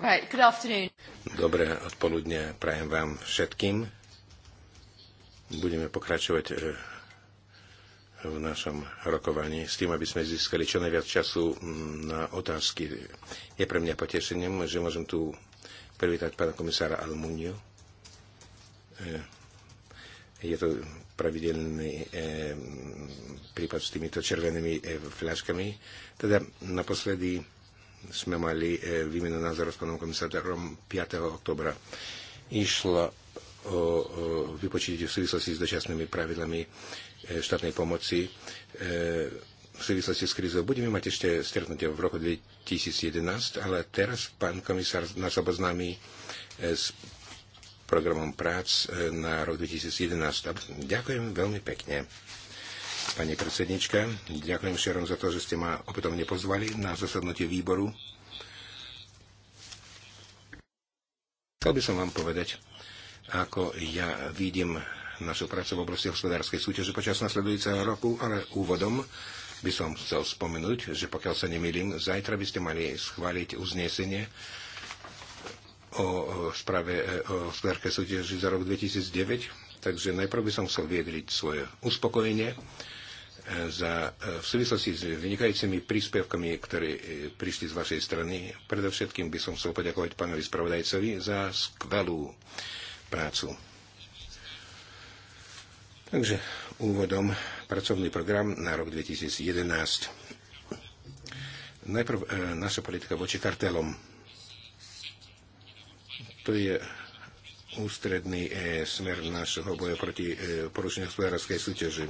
Right, good afternoon. Dobré odpoludne prajem vám všetkým. Budeme pokračovať eh, v našom rokovaní s tým, aby sme získali čo najviac času mm, na otázky. Je pre mňa potešením, že môžem tu privítať pána komisára Almunio. Eh, je to pravidelný eh, prípad s týmito červenými fľaškami. Teda naposledy sme mali e, výmenu názorov s pánom komisárom 5. oktobra. Išlo o vypočítiť v súvislosti s dočasnými pravidlami e, štátnej pomoci e, v súvislosti s krízou. Budeme mať ešte stretnutie v roku 2011, ale teraz pán komisár nás oboznámi s programom prác na rok 2011. Ďakujem veľmi pekne. Pani predsednička, ďakujem všetkým za to, že ste ma opätovne pozvali na zasadnutie výboru. Chcel by som vám povedať, ako ja vidím našu prácu v oblasti hospodárskej súťaže počas nasledujúceho roku, ale úvodom by som chcel spomenúť, že pokiaľ sa nemýlim, zajtra by ste mali schváliť uznesenie o správe o hospodárskej súťaži za rok 2009 Takže najprv by som chcel vyjadriť svoje uspokojenie e, za, e, v súvislosti s vynikajúcimi príspevkami, ktoré e, prišli z vašej strany. Predovšetkým by som chcel poďakovať pánovi spravodajcovi za skvelú prácu. Takže úvodom pracovný program na rok 2011. Najprv naša politika voči kartelom. To je ústredný e, smer našho boja proti e, porušeniu hospodárskej súťaži.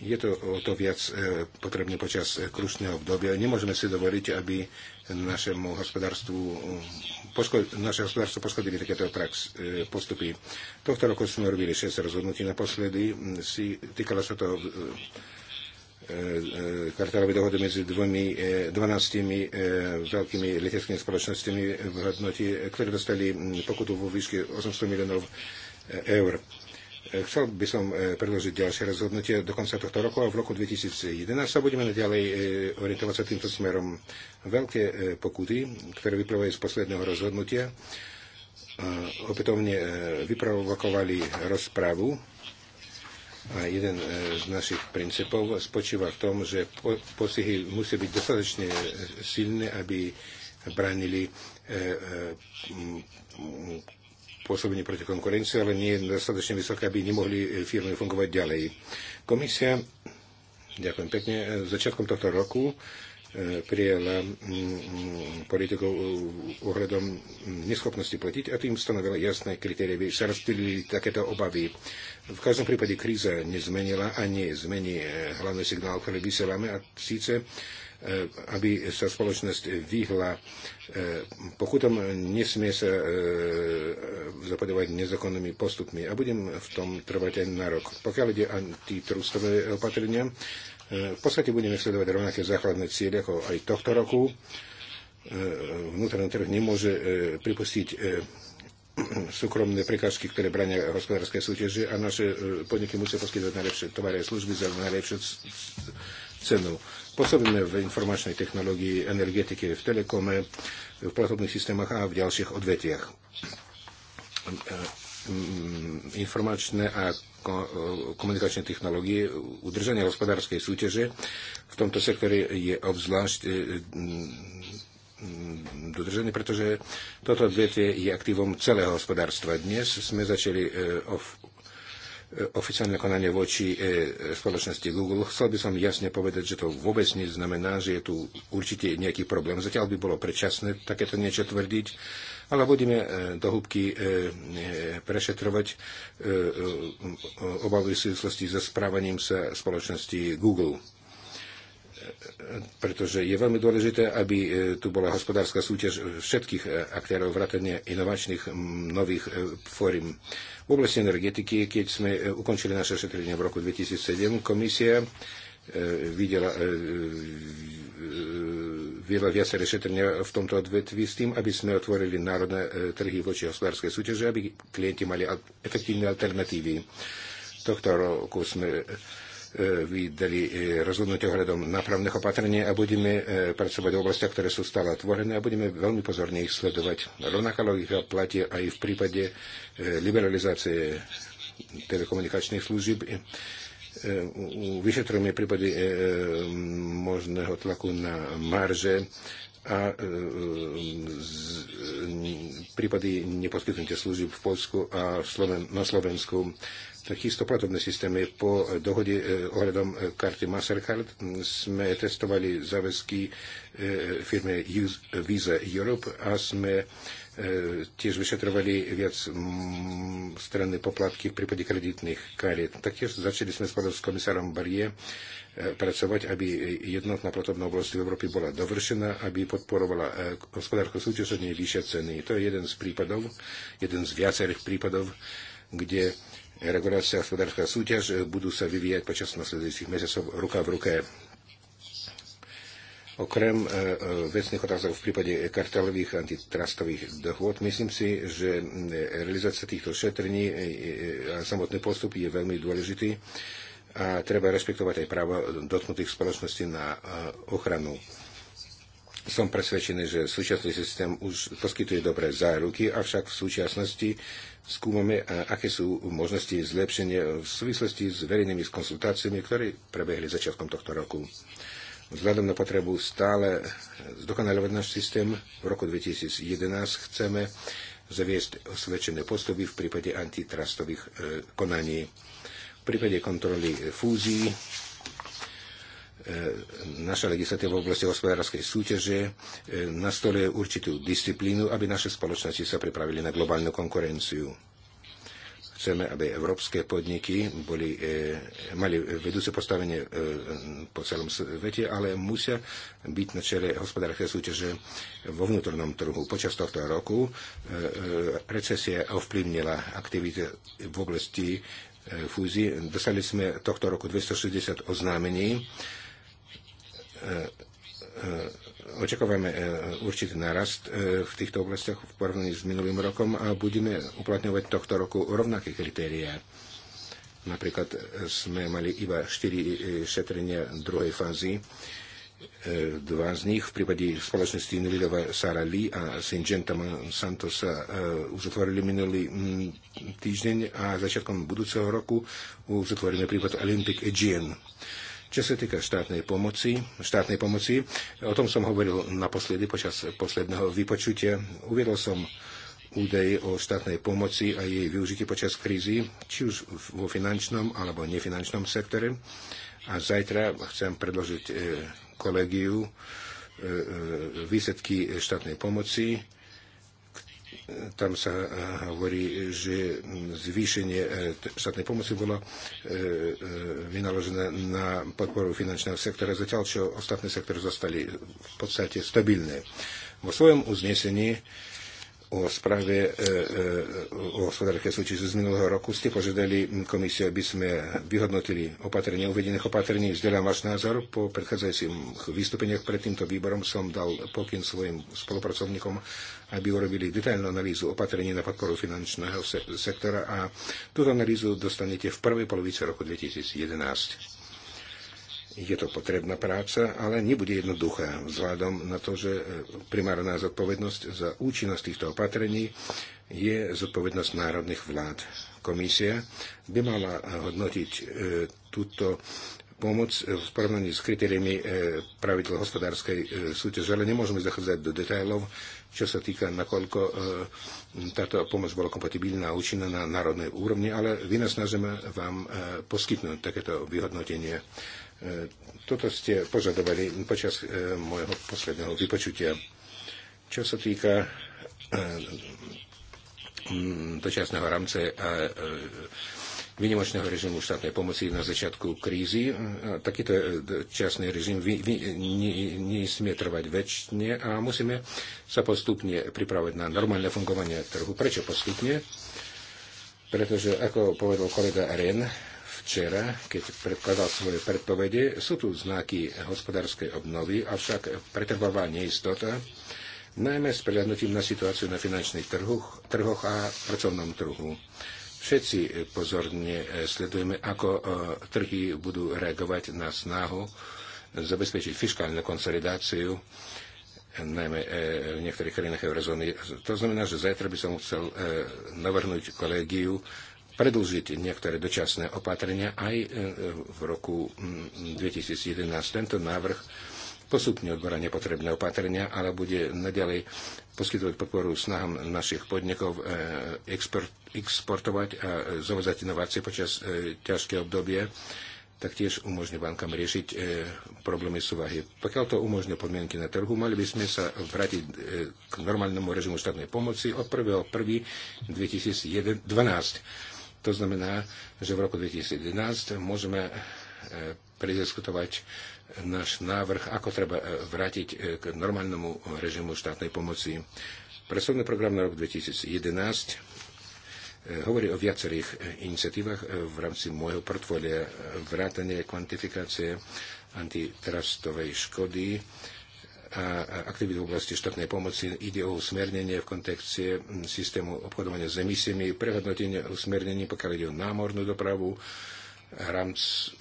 Je to o to viac e, potrebné počas krušného obdobia. Nemôžeme si dovoliť, aby našemu hospodárstvu, poško- naše hospodárstvo poškodili takéto prax, postupy. Tohto roku sme robili 6 rozhodnutí naposledy. Si, týkalo sa to E, e, kartelové dohody medzi dvomi, 12 e, veľkými leteckými spoločnosťami v hodnoti, ktoré dostali pokutu vo výške 800 miliónov eur. Chcel by som predložiť ďalšie rozhodnutie do konca tohto roku a v roku 2011 sa budeme naďalej orientovať sa týmto smerom. Veľké pokuty, ktoré vyplývajú z posledného rozhodnutia, opätovne vyprovokovali rozpravu a jeden e, z našich princípov spočíva v tom, že postihy musí byť dostatečne e, silné, aby bránili e, pôsobenie proti konkurencii, ale nie dostatočne vysoké, aby nemohli firmy fungovať ďalej. Komisia, ďakujem pekne, začiatkom tohto roku E, prijala mm, mm, politikov ohľadom e, neschopnosti platiť a tým stanovila jasné kritérie, aby sa rozptýlili takéto obavy. V každom prípade kríza nezmenila a nezmení e, hlavný signál, ktorý vysielame a síce aby sa spoločnosť vyhla pokutom, nesmie sa zapadovať nezákonnými postupmi a budem v tom trvať aj na rok. Pokiaľ ide antitrustové opatrenia, v podstate budeme sledovať rovnaké základné cieľe ako aj tohto roku. E, vnútorný trh nemôže e, pripustiť e, súkromné prekážky, ktoré brania hospodárske súťaže a naše podniky musia poskytovať najlepšie tovary a služby za najlepšiu cenu. Pôsobíme v informačnej technológii, energetike, v telekome, v platobných systémach a v ďalších odvetiach. Mm, informačné a e, komunikačné technológie, udržanie hospodárskej súťaže v tomto sektore je obzvlášť e, mm, dodržený, pretože toto odvetvie je aktívom celého hospodárstva. Dnes sme začali e, oficiálne konanie voči spoločnosti Google. Chcel by som jasne povedať, že to vôbec neznamená, že je tu určite nejaký problém. Zatiaľ by bolo predčasné takéto niečo tvrdiť ale budeme e, do hĺbky e, e, prešetrovať obavy v súvislosti so správaním sa spoločnosti Google pretože je veľmi dôležité, aby tu bola hospodárska súťaž všetkých aktérov vrátane inovačných nových fórim. V oblasti energetiky, keď sme ukončili naše šetrenie v roku 2007, komisia videla viedla viaceré šetrenia v tomto odvetví s tým, aby sme otvorili národné e, trhy voči hospodárskej súťaže, aby klienti mali efektívne alternatívy. Tohto roku sme e, vydali e, rozhodnutie ohľadom nápravných opatrení a budeme pracovať v oblastiach, ktoré sú stále otvorené a budeme veľmi pozorne ich sledovať. Rovnaká logika platí aj v prípade liberalizácie telekomunikačných služieb vyšetrujeme prípady e, e, možného tlaku na marže a e, prípady neposkytnutia služieb v Polsku a na Slovensku. Takisto platobné systémy po dohode ohľadom karty Mastercard sme testovali záväzky firmy Visa Europe a sme E, tiež vyšetrovali viac mm, strany poplatky v prípade kreditných kariet. Taktiež začali sme spolu s komisárom Barie e, pracovať, aby jednotná platobná oblasť v Európe bola dovršená, aby podporovala e, hospodárku súťaž od vyššie ceny. To je jeden z prípadov, jeden z viacerých prípadov, kde regulácia a hospodárska súťaž budú sa vyvíjať počas nasledujúcich mesiacov ruka v ruke. Okrem e, e, vecných otázok v prípade kartelových antitrustových dohôd, myslím si, že realizácia týchto šetrní e, a samotný postup je veľmi dôležitý a treba rešpektovať aj právo dotknutých spoločností na ochranu. Som presvedčený, že súčasný systém už poskytuje dobré záruky, avšak v súčasnosti skúmame, aké sú možnosti zlepšenia v súvislosti s verejnými konsultáciami, ktoré prebehli začiatkom tohto roku. Vzhľadom na potrebu stále zdokonalovať náš systém, v roku 2011 chceme zaviesť osvedčené postupy v prípade antitrustových e, konaní. V prípade kontroly e, fúzií e, naša legislatíva v oblasti hospodárskej súťaže nastoluje určitú disciplínu, aby naše spoločnosti sa pripravili na globálnu konkurenciu Chceme, aby európske podniky boli, eh, mali vedúce postavenie eh, po celom svete, ale musia byť na čele hospodárskej súťaže vo vnútornom trhu. Počas tohto roku eh, recesia ovplyvnila aktivity v oblasti fúzií. Dostali sme tohto roku 260 oznámení očakávame e, určitý narast e, v týchto oblastiach v porovnaní s minulým rokom a budeme uplatňovať tohto roku rovnaké kritériá. Napríklad e, sme mali iba 4 šetrenia druhej fázy. Dva z nich v prípade spoločnosti Nililova Sara Lee a Syngenta Santos sa uzatvorili minulý týždeň a začiatkom budúceho roku uzatvoríme prípad Olympic Aegean. Čo sa týka štátnej pomoci, štátnej pomoci, o tom som hovoril naposledy počas posledného vypočutia. Uviedol som údaje o štátnej pomoci a jej využití počas krízy, či už vo finančnom alebo nefinančnom sektore. A zajtra chcem predložiť eh, kolegiu eh, eh, výsledky štátnej pomoci tam sa eh, hovorí, že zvýšenie eh, štátnej pomoci bolo eh, vynaložené na podporu finančného sektora, zatiaľ čo ostatné sektory zostali v podstate stabilné. Vo svojom uznesení o správe o hospodárskej súťaži z minulého roku ste požiadali komisiu, aby sme vyhodnotili opatrenie uvedených opatrení. Vzdelám váš názor. Po predchádzajúcich vystúpeniach pred týmto výborom som dal pokyn svojim spolupracovníkom, aby urobili detailnú analýzu opatrení na podporu finančného sektora a túto analýzu dostanete v prvej polovici roku 2011. Je to potrebná práca, ale nebude jednoduchá vzhľadom na to, že e, primárna zodpovednosť za účinnosť týchto opatrení je zodpovednosť národných vlád. Komisia by mala hodnotiť e, túto pomoc v porovnaní s kritériami e, pravidel hospodárskej súťaže, ale nemôžeme zachádzať do detailov, čo sa týka, nakoľko e, táto pomoc bola kompatibilná a účinná na národnej úrovni, ale vy nás snažíme vám e, poskytnúť takéto vyhodnotenie. E, toto ste požadovali počas môjho posledného vypočutia. Čo sa týka dočasného rámce a vynimočného režimu štátnej pomoci na začiatku krízy. Takýto e, časný režim nesmie trvať väčšine a musíme sa postupne pripravať na normálne fungovanie trhu. Prečo postupne? Pretože, ako povedal kolega Ren včera, keď predkladal svoje predpovede, sú tu znaky hospodárskej obnovy, avšak pretrváva neistota, najmä s prihľadnutím na situáciu na finančných trhoch, trhoch a pracovnom trhu. Všetci e, pozorne e, sledujeme, ako e, trhy budú reagovať na snahu zabezpečiť fiskálnu konsolidáciu, najmä v niektorých krajinách eurozóny. To znamená, že zajtra by som chcel navrhnúť kolegiu predlžiť niektoré dočasné opatrenia aj v roku 2011. Mm, Tento návrh postupne odbora nepotrebné opatrenia, ale bude nadalej poskytovať podporu snahám našich podnikov e, export, exportovať a zavozať inovácie počas e, ťažkého obdobia, taktiež umožňuje bankám riešiť e, problémy súvahy. Pokiaľ to umožňuje podmienky na trhu, mali by sme sa vrátiť k normálnemu režimu štátnej pomoci od 1.1.2012. To znamená, že v roku 2011 môžeme prediskutovať náš návrh, ako treba e, vrátiť e, k normálnemu režimu štátnej pomoci. Pracovný program na rok 2011 e, hovorí o viacerých iniciatívach v rámci môjho portfólia vrátanie kvantifikácie antitrastovej škody a aktivít v oblasti štátnej pomoci. Ide o usmernenie v kontexte systému obchodovania s emisiami, prehodnotenie usmernení, pokiaľ ide o námornú dopravu,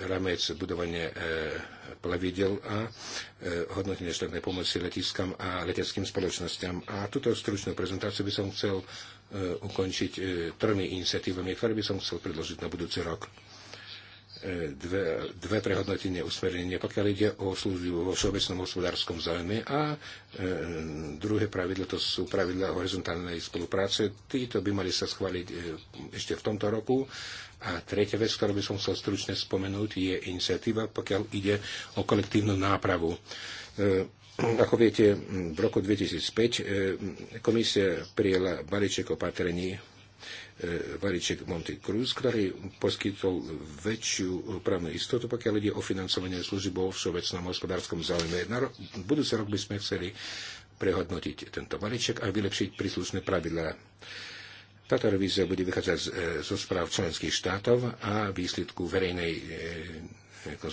rámec budovania e, plavidel a e, hodnotenie štátnej pomoci letiskám a leteckým spoločnosťam. A túto stručnú prezentáciu by som chcel e, ukončiť tromi iniciatívami, ktoré by som chcel predložiť na budúci rok. E, dve, dve prehodnotenie usmernenia, pokiaľ ide o služby vo všeobecnom hospodárskom záujme a e, druhé pravidlo, to sú pravidla horizontálnej spolupráce. Títo by mali sa schváliť e, ešte v tomto roku. A tretia vec, ktorú by som chcel stručne spomenúť, je iniciatíva, pokiaľ ide o kolektívnu nápravu. E, ako viete, v roku 2005 e, komisia prijela balíček opatrení balíček e, Monty Cruz, ktorý poskytol väčšiu právnu istotu, pokiaľ ide o financovanie služieb vo všeobecnom hospodárskom záujme. Na ro- budúci rok by sme chceli prehodnotiť tento balíček a vylepšiť príslušné pravidlá. Táto revízia bude vychádzať e, zo správ členských štátov a výsledku verejnej e,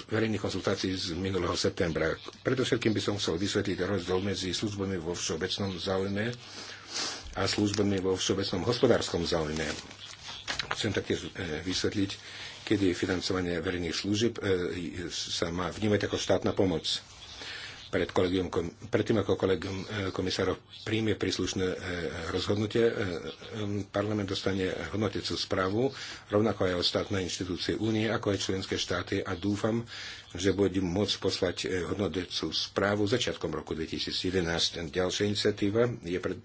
verejných konzultácií z minulého septembra. Predovšetkým by som chcel vysvetliť rozdiel medzi službami vo všeobecnom záujme a službami vo všeobecnom hospodárskom záujme. Chcem taktiež e, vysvetliť, kedy financovanie verejných služieb e, sa má vnímať ako štátna pomoc. Pred, kolegium, predtým, ako kolegium e, komisárov príjme príslušné rozhodnutie, parlament dostane hodnotecú správu, rovnako aj ostatné inštitúcie únie, ako aj členské štáty a dúfam, že budem môcť poslať hodnotecú správu začiatkom roku 2011. Ďalšia iniciatíva je pred,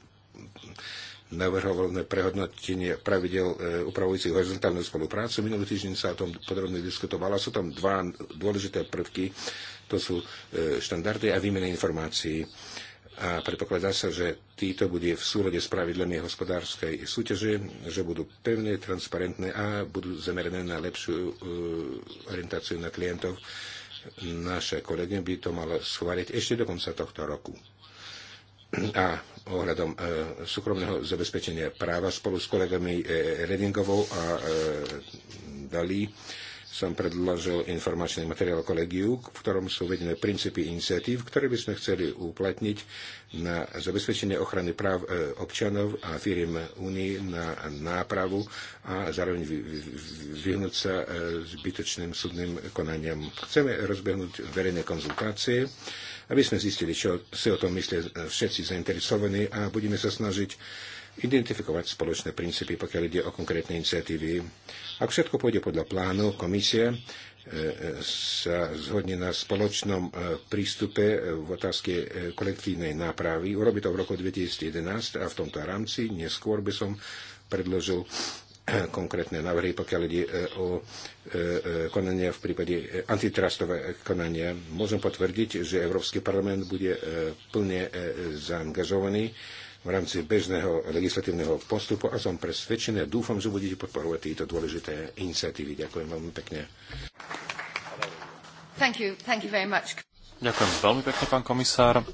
navrhované prehodnotenie pravidel e, upravujúcich horizontálnu spoluprácu. Minulý týždeň sa o tom podrobne diskutovalo. Sú tam dva dôležité prvky. To sú e, štandardy a výmena informácií. A predpokladá sa, že títo bude v súlade s pravidlami hospodárskej súťaže, že budú pevné, transparentné a budú zamerané na lepšiu e, orientáciu na klientov. Naše kolegy by to malo schváliť ešte do konca tohto roku a ohľadom e, súkromného zabezpečenia práva spolu s kolegami e, Redingovou a e, Dalí som predložil informačný materiál kolegiu, v ktorom sú uvedené princípy iniciatív, ktoré by sme chceli uplatniť na zabezpečenie ochrany práv občanov a firiem únie na nápravu a zároveň vyhnúť sa zbytočným súdnym konaniam. Chceme rozbehnúť verejné konzultácie aby sme zistili, čo si o tom myslia všetci zainteresovaní a budeme sa snažiť identifikovať spoločné princípy, pokiaľ ide o konkrétne iniciatívy. Ak všetko pôjde podľa plánu, komisia e, e, sa zhodne na spoločnom e, prístupe v otázke kolektívnej nápravy. Urobí to v roku 2011 a v tomto rámci neskôr by som predložil konkrétne návrhy, pokiaľ ide e, o e, e, konania v prípade antitrustové konania. Môžem potvrdiť, že Európsky parlament bude plne zaangažovaný v rámci bežného legislatívneho postupu a som presvedčený a dúfam, že budete podporovať tieto dôležité iniciatívy. Ďakujem veľmi pekne. Thank you. Thank you very much. Ďakujem veľmi pekne, pán komisár.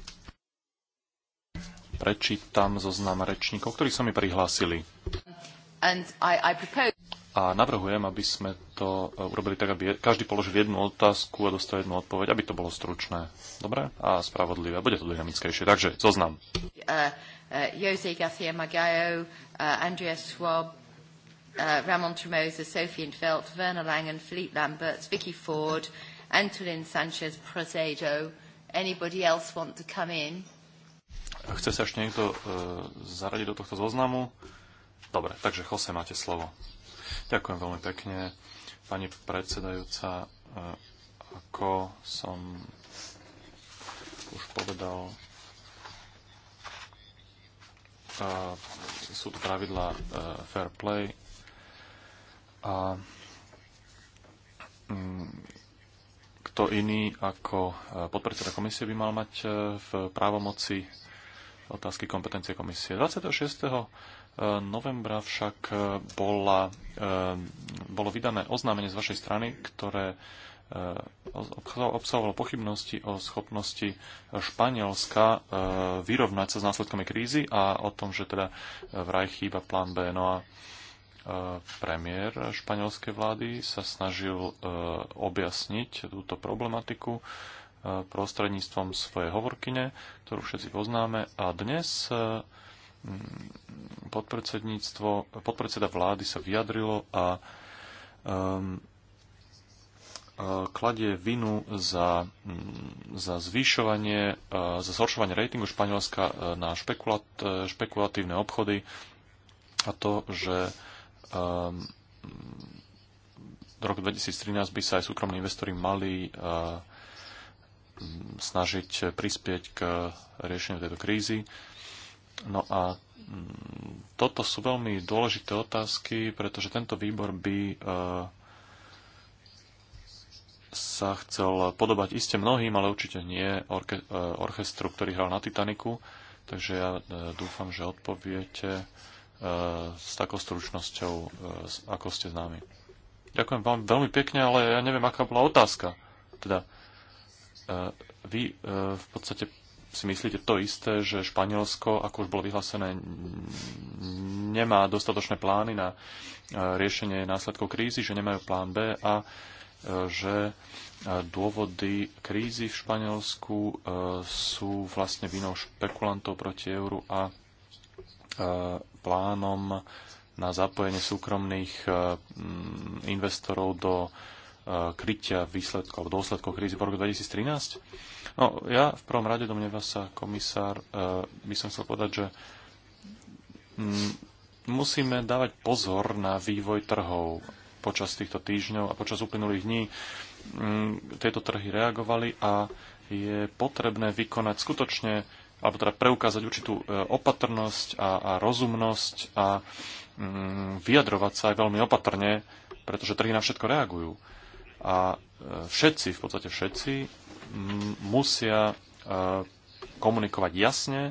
Prečítam zoznam rečníkov, ktorí sa mi prihlásili. A navrhujem, aby sme to e, urobili tak, aby každý položil jednu otázku a dostal jednu odpoveď, aby to bolo stručné. Dobre? A spravodlivé. Bude to dynamickejšie. Takže, zoznam. Uh, uh, Jose Garcia Magallo, uh, Andreas Schwab, uh, Ramon Tremosa, Sophie Infelt, Werner Langen, Philippe Lambert, Vicky Ford, Antolin Sanchez Prozedo. Anybody else want to come in? Chce sa ešte niekto uh, zaradiť do tohto zoznamu? Dobre, takže Jose, máte slovo. Ďakujem veľmi pekne. Pani predsedajúca, e, ako som už povedal, e, sú tu pravidla e, fair play a mm, kto iný ako podpredseda komisie by mal mať v právomoci otázky kompetencie komisie. 26 novembra však e, bola, e, bolo vydané oznámenie z vašej strany, ktoré e, obsahovalo pochybnosti o schopnosti Španielska vyrovnať sa s následkami krízy a o tom, že teda vraj chýba plán B. No a premiér španielskej vlády sa snažil objasniť túto problematiku prostredníctvom svojej hovorkyne, ktorú všetci poznáme. A dnes Mm, podpredsedníctvo, podpredseda vlády sa vyjadrilo a um, kladie vinu za, mm, za zvyšovanie, za zhoršovanie rejtingu Španielska e, na špekulat, e, špekulatívne obchody a to, že um, do roku 2013 by sa aj súkromní investori mali uh, snažiť prispieť k riešeniu tejto krízy. Uh, No a mm, toto sú veľmi dôležité otázky, pretože tento výbor by e, sa chcel podobať iste mnohým, ale určite nie orke- e, orchestru, ktorý hral na Titaniku. Takže ja e, dúfam, že odpoviete s takou stručnosťou, ako ste známi. Ďakujem vám veľmi pekne, ale ja neviem, aká bola otázka. Teda, vy v podstate si myslíte to isté, že Španielsko, ako už bolo vyhlásené, nemá dostatočné plány na e, riešenie následkov krízy, že nemajú plán B a e, že e, dôvody krízy v Španielsku sú vlastne vinou špekulantov proti euru a plánom na zapojenie súkromných investorov do krytia výsledkov, dôsledkov krízy v roku 2013? No, ja v prvom rade domnieva sa komisár, e, by som chcel povedať, že mm, musíme dávať pozor na vývoj trhov počas týchto týždňov a počas uplynulých dní. Mm, tieto trhy reagovali a je potrebné vykonať skutočne alebo teda preukázať určitú e, opatrnosť a, a rozumnosť a mm, vyjadrovať sa aj veľmi opatrne, pretože trhy na všetko reagujú. A e, všetci, v podstate všetci, musia e, komunikovať jasne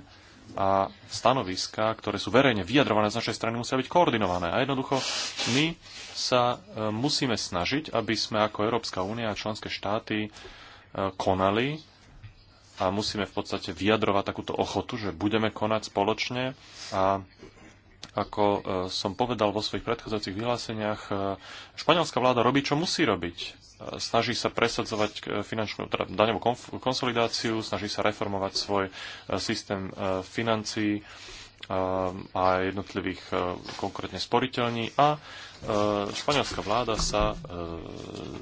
a stanoviska, ktoré sú verejne vyjadrované z našej strany, musia byť koordinované. A jednoducho my sa e, musíme snažiť, aby sme ako Európska únia a členské štáty konali a musíme v podstate vyjadrovať takúto ochotu, že budeme konať spoločne a ako e, som povedal vo svojich predchádzajúcich vyhláseniach, e, španielská vláda robí, čo musí robiť. E, snaží sa presadzovať finančnú, teda daňovú konsolidáciu, snaží sa reformovať svoj systém financií Ehm, a jednotlivých ehm, konkrétne sporiteľní a ehm, španielská vláda sa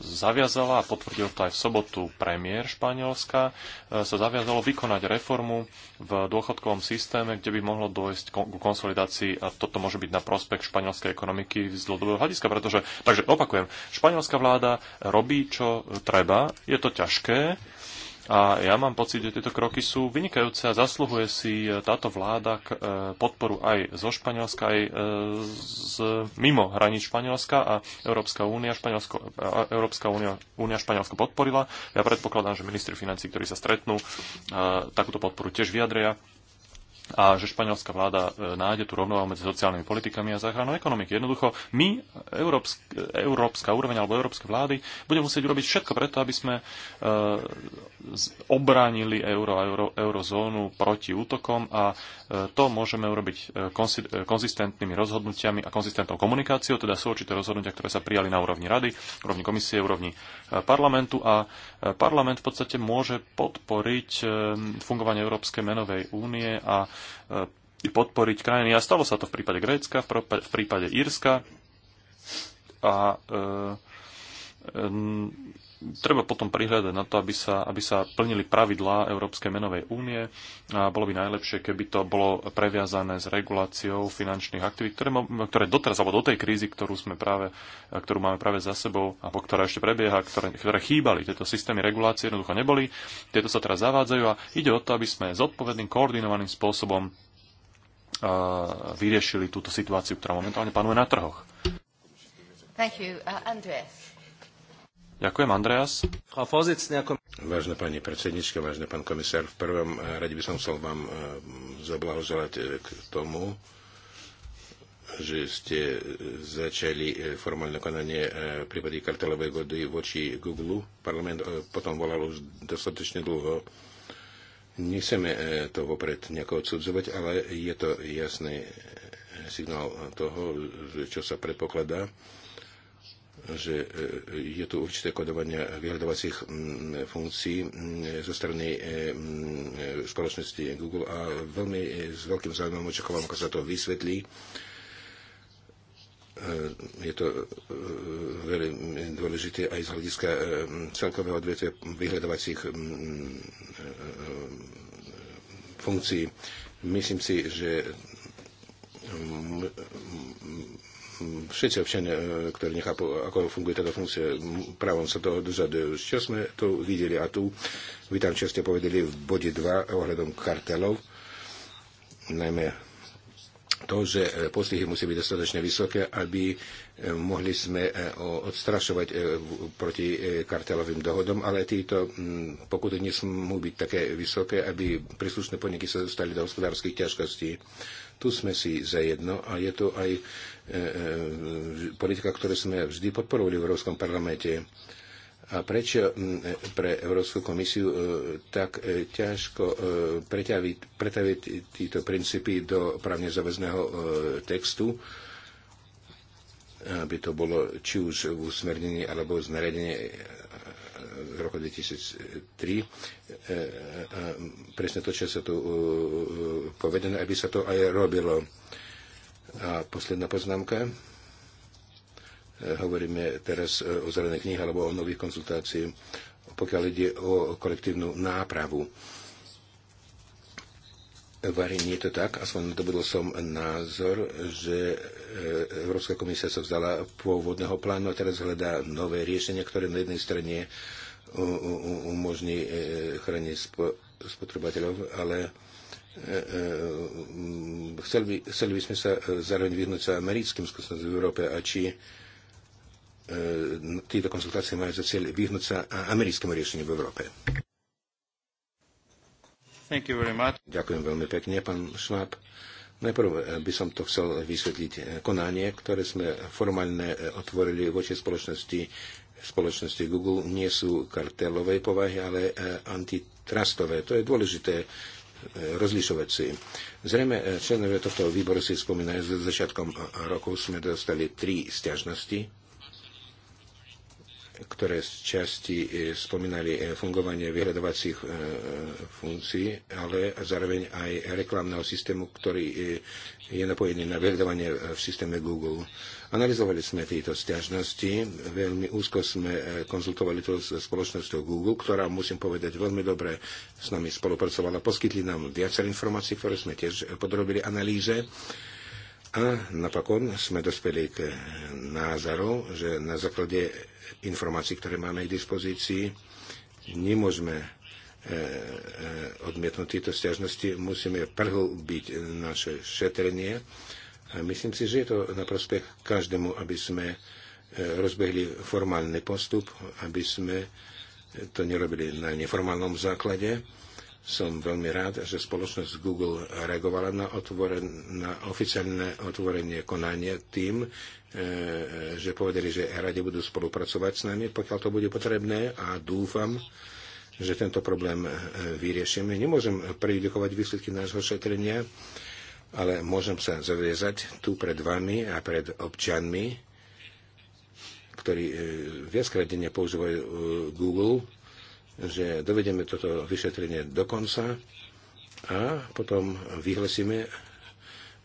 zaviazala a potvrdil to aj v sobotu premiér Španielska, sa zaviazalo vykonať reformu v dôchodkovom systéme, kde by mohlo dôjsť k konsolidácii a toto môže byť na prospech španielskej ekonomiky z dlhodobého hľadiska, pretože, takže opakujem, španielská vláda robí, čo treba, je to ťažké, a ja mám pocit, že tieto kroky sú vynikajúce a zasluhuje si e, táto vláda k e, podporu aj zo Španielska, aj e, z, mimo hraníc Španielska a Európska únia, Španielsko, Európska únia, únia Španielsko podporila. Ja predpokladám, že ministri financí, ktorí sa stretnú, takúto podporu tiež vyjadria a že španielská vláda e, nájde tú rovnováhu medzi sociálnymi politikami a záchranou ekonomiky. Jednoducho, my, európsk, európska úroveň alebo európske vlády, budeme musieť urobiť všetko preto, aby sme uh, obránili euro a euro, eurozónu proti útokom a uh, to môžeme urobiť konsi, konzistentnými rozhodnutiami a konzistentnou komunikáciou, teda sú určité rozhodnutia, ktoré sa prijali na úrovni rady, úrovni komisie, úrovni parlamentu a parlament v podstate môže podporiť eh, fungovanie Európskej menovej únie a eh, podporiť krajiny. A stalo sa to v prípade Grécka, v prípade Írska a eh, treba potom prihľadať na to, aby sa, aby sa plnili pravidlá Európskej menovej únie a bolo by najlepšie, keby to bolo previazané s reguláciou finančných aktivít, ktoré, ktoré doteraz, alebo do tej krízy, ktorú, sme práve, ktorú máme práve za sebou, alebo ktorá ešte prebieha, ktoré, ktoré chýbali. Tieto systémy regulácie jednoducho neboli, tieto sa teraz zavádzajú a ide o to, aby sme zodpovedným, koordinovaným spôsobom vyriešili túto situáciu, ktorá momentálne panuje na trhoch. Thank you. Uh, Andreas. Ďakujem, Andreas. Vážna pani predsednička, vážny pán komisár, v prvom eh, rade by som chcel vám eh, zablahoželať eh, k tomu, že ste začali formálne konanie v prípade kartelovej gody voči Google. Parlament potom volal už dostatočne dlho. Nechceme to vopred nejako odsudzovať, ale je to jasný signál toho, čo sa predpokladá že e, je tu určité kodovanie vyhľadovacích funkcií zo strany e, spoločnosti Google a veľmi e, s veľkým zaujímavým očakávam, ako sa to vysvetlí. Je to veľmi dôležité aj z hľadiska celkového odvetia vyhľadovacích funkcií. Myslím si, že všetci občania, e, ktorí nechápu, ako funguje táto funkcia, právom sa toho dožadujú. Čo sme tu videli a tu, vy tam čo ste povedali v bode 2 ohľadom kartelov, najmä to, že e, postihy musí byť dostatočne vysoké, aby e, mohli sme odstrašovať proti kartelovým dohodom, ale títo pokuty nesmú byť také vysoké, aby príslušné podniky sa dostali do hospodárskych ťažkostí. Tu sme si zajedno a je to aj E, e, politika, ktorú sme vždy podporovali v Európskom parlamente. A prečo e, pre Európsku komisiu tak ťažko pretaviť, pretaviť títo princípy do právne záväzného textu, aby to bolo či už v usmernení alebo v znariadení v roku 2003, presne to, čo sa tu povedané, aby sa to aj robilo a posledná poznámka. E, hovoríme teraz e, o zelených knihe alebo o nových konzultáciách, pokiaľ ide o kolektívnu nápravu. Vary, nie je to tak, aspoň dobudol som názor, že e, Európska komisia sa vzala pôvodného plánu a teraz hľadá nové riešenia, ktoré na jednej strane umožní chrániť spotrebateľov, ale E, e, chceli by, chceli by sme sa e, zároveň vyhnúť sa americkým skúsenostiam v Európe a či tieto konzultácie majú za cieľ vyhnúť sa americkému riešeniu v Európe. Thank you very much. Ďakujem veľmi pekne, pán Šváb. Najprv by som to chcel vysvetliť. Konanie, ktoré sme formálne otvorili voči spoločnosti, spoločnosti Google, nie sú kartelovej povahy, ale antitrustové. To je dôležité rozlišovať si. Zrejme, eh, členovia tohto výboru si spomínajú, že začiatkom eh, roku sme dostali tri stiažnosti ktoré z časti eh, spomínali fungovanie vyhľadovacích funkcií, ale zároveň aj reklamného systému, ktorý je napojený na vyhľadovanie v systéme Google. Analizovali sme tieto stiažnosti, veľmi úzko sme e, konzultovali to s spoločnosťou Google, ktorá, musím povedať, veľmi dobre s nami spolupracovala. Poskytli nám viacer informácií, ktoré sme tiež podrobili analýze. A napokon sme dospeli k názoru, že na základe informácií, ktoré máme k dispozícii, nemôžeme e, e, odmietnúť tieto stiažnosti, musíme prhlbiť naše šetrenie Myslím si, že je to na prospech každému, aby sme e, rozbehli formálny postup, aby sme to nerobili na neformálnom základe. Som veľmi rád, že spoločnosť Google reagovala na, otvoren, na oficiálne otvorenie konania tým, e, že povedali, že rade budú spolupracovať s nami, pokiaľ to bude potrebné a dúfam, že tento problém e, vyriešime. Nemôžem prejudikovať výsledky nášho šetrenia. E, ale môžem sa zaviezať tu pred vami a pred občanmi, ktorí e, viackrát denne používajú e, Google, že dovedeme toto vyšetrenie do konca a potom vyhlasíme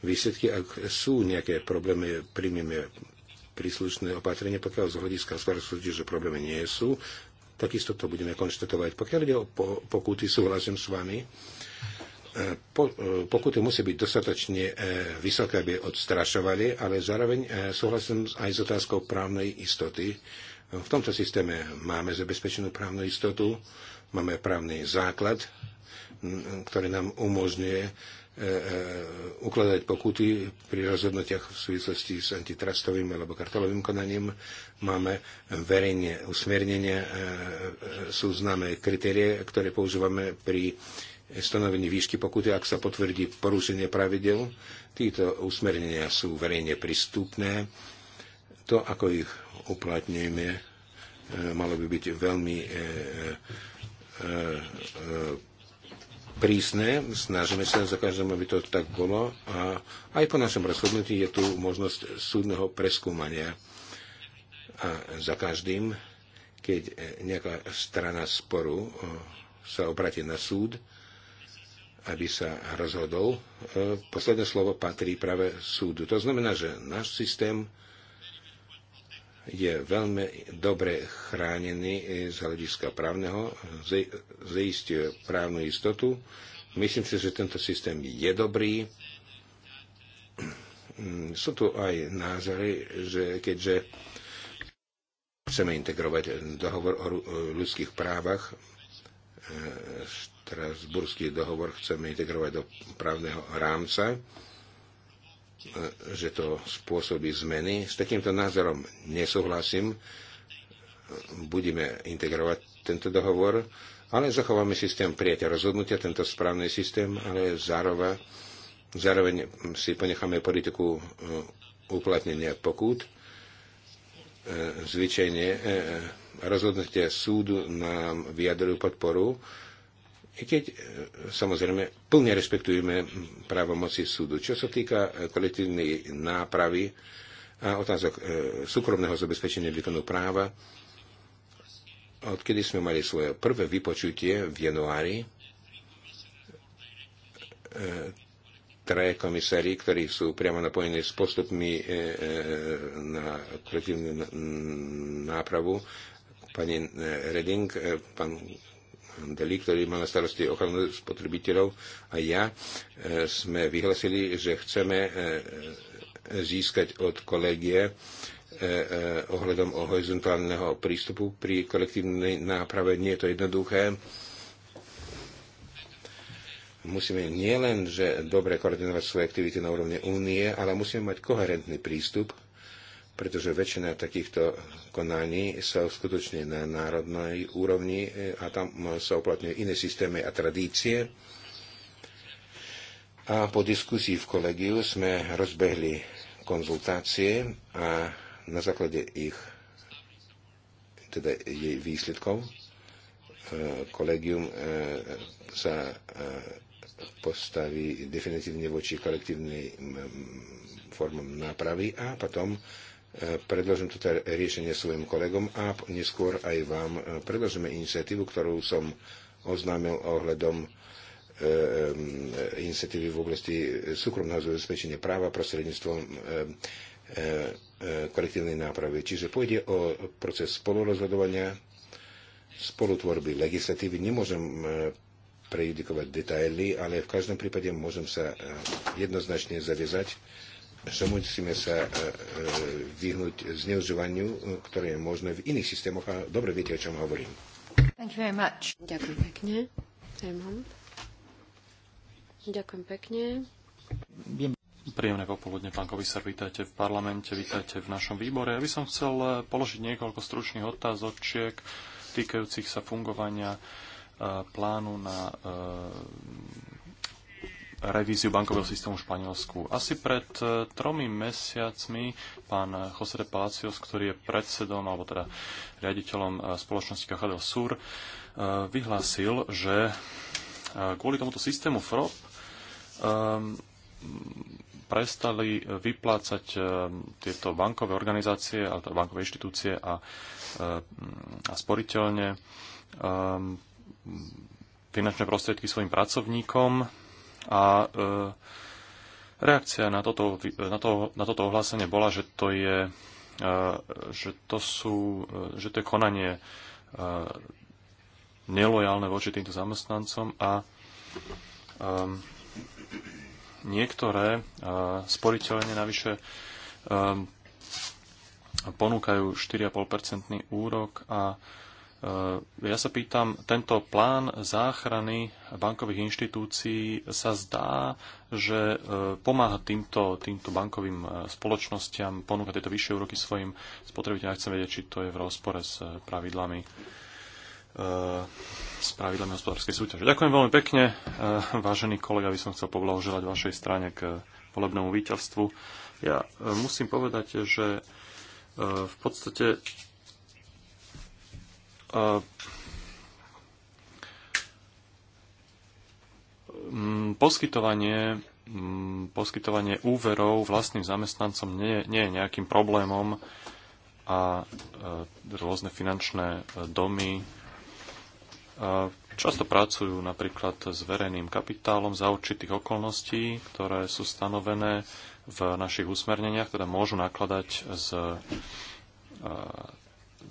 výsledky, ak sú nejaké problémy, príjmeme príslušné opatrenie, pokiaľ z hľadiska hospodárstva že problémy nie sú, takisto to budeme konštatovať. Pokiaľ ide o pokuty, súhlasím s vami, E, e, pokuty musí byť dostatočne e, vysoké, aby odstrašovali, ale zároveň súhlasím aj s otázkou právnej istoty. V tomto systéme máme zabezpečenú právnu istotu, máme právny základ, ktorý nám umožňuje ukladať pokuty pri rozhodnutiach v súvislosti s antitrustovým alebo kartelovým konaním. Máme verejne usmernenia, sú známe kritérie, ktoré používame pri stanovení výšky pokuty, ak sa potvrdí porušenie pravidel. Títo usmernenia sú verejne prístupné. To, ako ich uplatňujeme, e, malo by byť veľmi e, e, e, prísne, snažíme sa za každým, aby to tak bolo a aj po našom rozhodnutí je tu možnosť súdneho preskúmania. A za každým, keď e, nejaká strana sporu e, sa obratí na súd, aby sa rozhodol, e, posledné slovo patrí práve súdu. To znamená, že náš systém je veľmi dobre chránený e, z hľadiska právneho, zaistuje právnu istotu. Myslím si, že tento systém je dobrý. Mm, sú tu aj názory, že keďže chceme integrovať dohovor o ľudských právach, Strasburský dohovor chceme integrovať do právneho rámca, že to spôsobí zmeny. S takýmto názorom nesúhlasím. Budeme integrovať tento dohovor, ale zachováme systém prijatia rozhodnutia, tento správny systém, ale zároveň, zároveň si ponecháme politiku e, uplatnenia pokút. E, zvyčajne e, rozhodnutia súdu nám vyjadrujú podporu, i keď e, samozrejme plne rešpektujeme právomoci súdu. Čo sa týka e, kolektívnej nápravy a otázok e, súkromného zabezpečenia výkonu práva, odkedy sme mali svoje prvé vypočutie v januári, traje komisári, ktorí sú priamo napojení s postupmi na kolektívnu nápravu, pani eh, Reding, eh, pán Deli, ktorý má na starosti ochranu spotrebiteľov a ja eh, sme vyhlasili, že chceme získať od kolegie ohľadom o horizontálneho prístupu pri kolektívnej náprave. Nie je to jednoduché. Musíme nielen, že dobre koordinovať svoje aktivity na úrovni únie, ale musíme mať koherentný prístup pretože väčšina takýchto konaní sa uskutočne na národnej úrovni e, a tam e, sa uplatňujú iné systémy a tradície. A po diskusii v kolegiu sme rozbehli konzultácie a na základe ich, teda jej výsledkov, e, kolegium sa postaví definitívne voči kolektívnej formám nápravy a potom E, predložím toto riešenie svojim kolegom a neskôr aj vám e, predložíme iniciatívu, ktorú som oznámil ohľadom e, iniciatívy v oblasti súkromného zabezpečenia práva prostredníctvom kolektívnej nápravy. Čiže pôjde o proces spolurozhodovania, spolutvorby legislatívy. Nemôžem prejudikovať detaily, ale v každom prípade môžem sa jednoznačne zaviazať, že musíme sa e, e, vyhnúť zneužívaniu, e, ktoré je možné v iných systémoch a dobre viete, o čom hovorím. Thank you very much. Ďakujem pekne. Ďakujem pekne. Príjemné popoludne, pán komisár, vítajte v parlamente, vítajte v našom výbore. Ja by som chcel položiť niekoľko stručných otázočiek týkajúcich sa fungovania plánu na revíziu bankového systému v Španielsku. Asi pred e, tromi mesiacmi pán José de Palacios, ktorý je predsedom, alebo teda riaditeľom e, spoločnosti Cajadel Sur, e, vyhlásil, že kvôli tomuto systému FROP um, prestali vyplácať tieto bankové organizácie, teda bankové inštitúcie a, a sporiteľne um, finančné prostriedky svojim pracovníkom a e, reakcia na toto, na, to, na toto ohlásenie bola, že to je, e, že to sú, e, že to je konanie nelojálne voči týmto zamestnancom a e, niektoré e, sporiteľne navyše e, ponúkajú 4,5% úrok a e, E, ja sa pýtam, tento plán záchrany bankových inštitúcií sa zdá, že e, pomáha týmto, týmto bankovým e, spoločnosťam ponúkať tieto vyššie úroky svojim spotrebiteľom. Chcem vedieť, či to je v rozpore s pravidlami s pravidlami hospodárskej súťaže. Ďakujem veľmi pekne. Vážený kolega, by som chcel poblahoželať vašej strane k volebnému víťazstvu. Ja musím povedať, že v podstate Ehm, poskytovanie, ehm, poskytovanie úverov vlastným zamestnancom nie, nie je nejakým problémom a e, rôzne finančné e, domy e, často pracujú napríklad s verejným kapitálom za určitých okolností, ktoré sú stanovené v našich usmerneniach, teda môžu nakladať s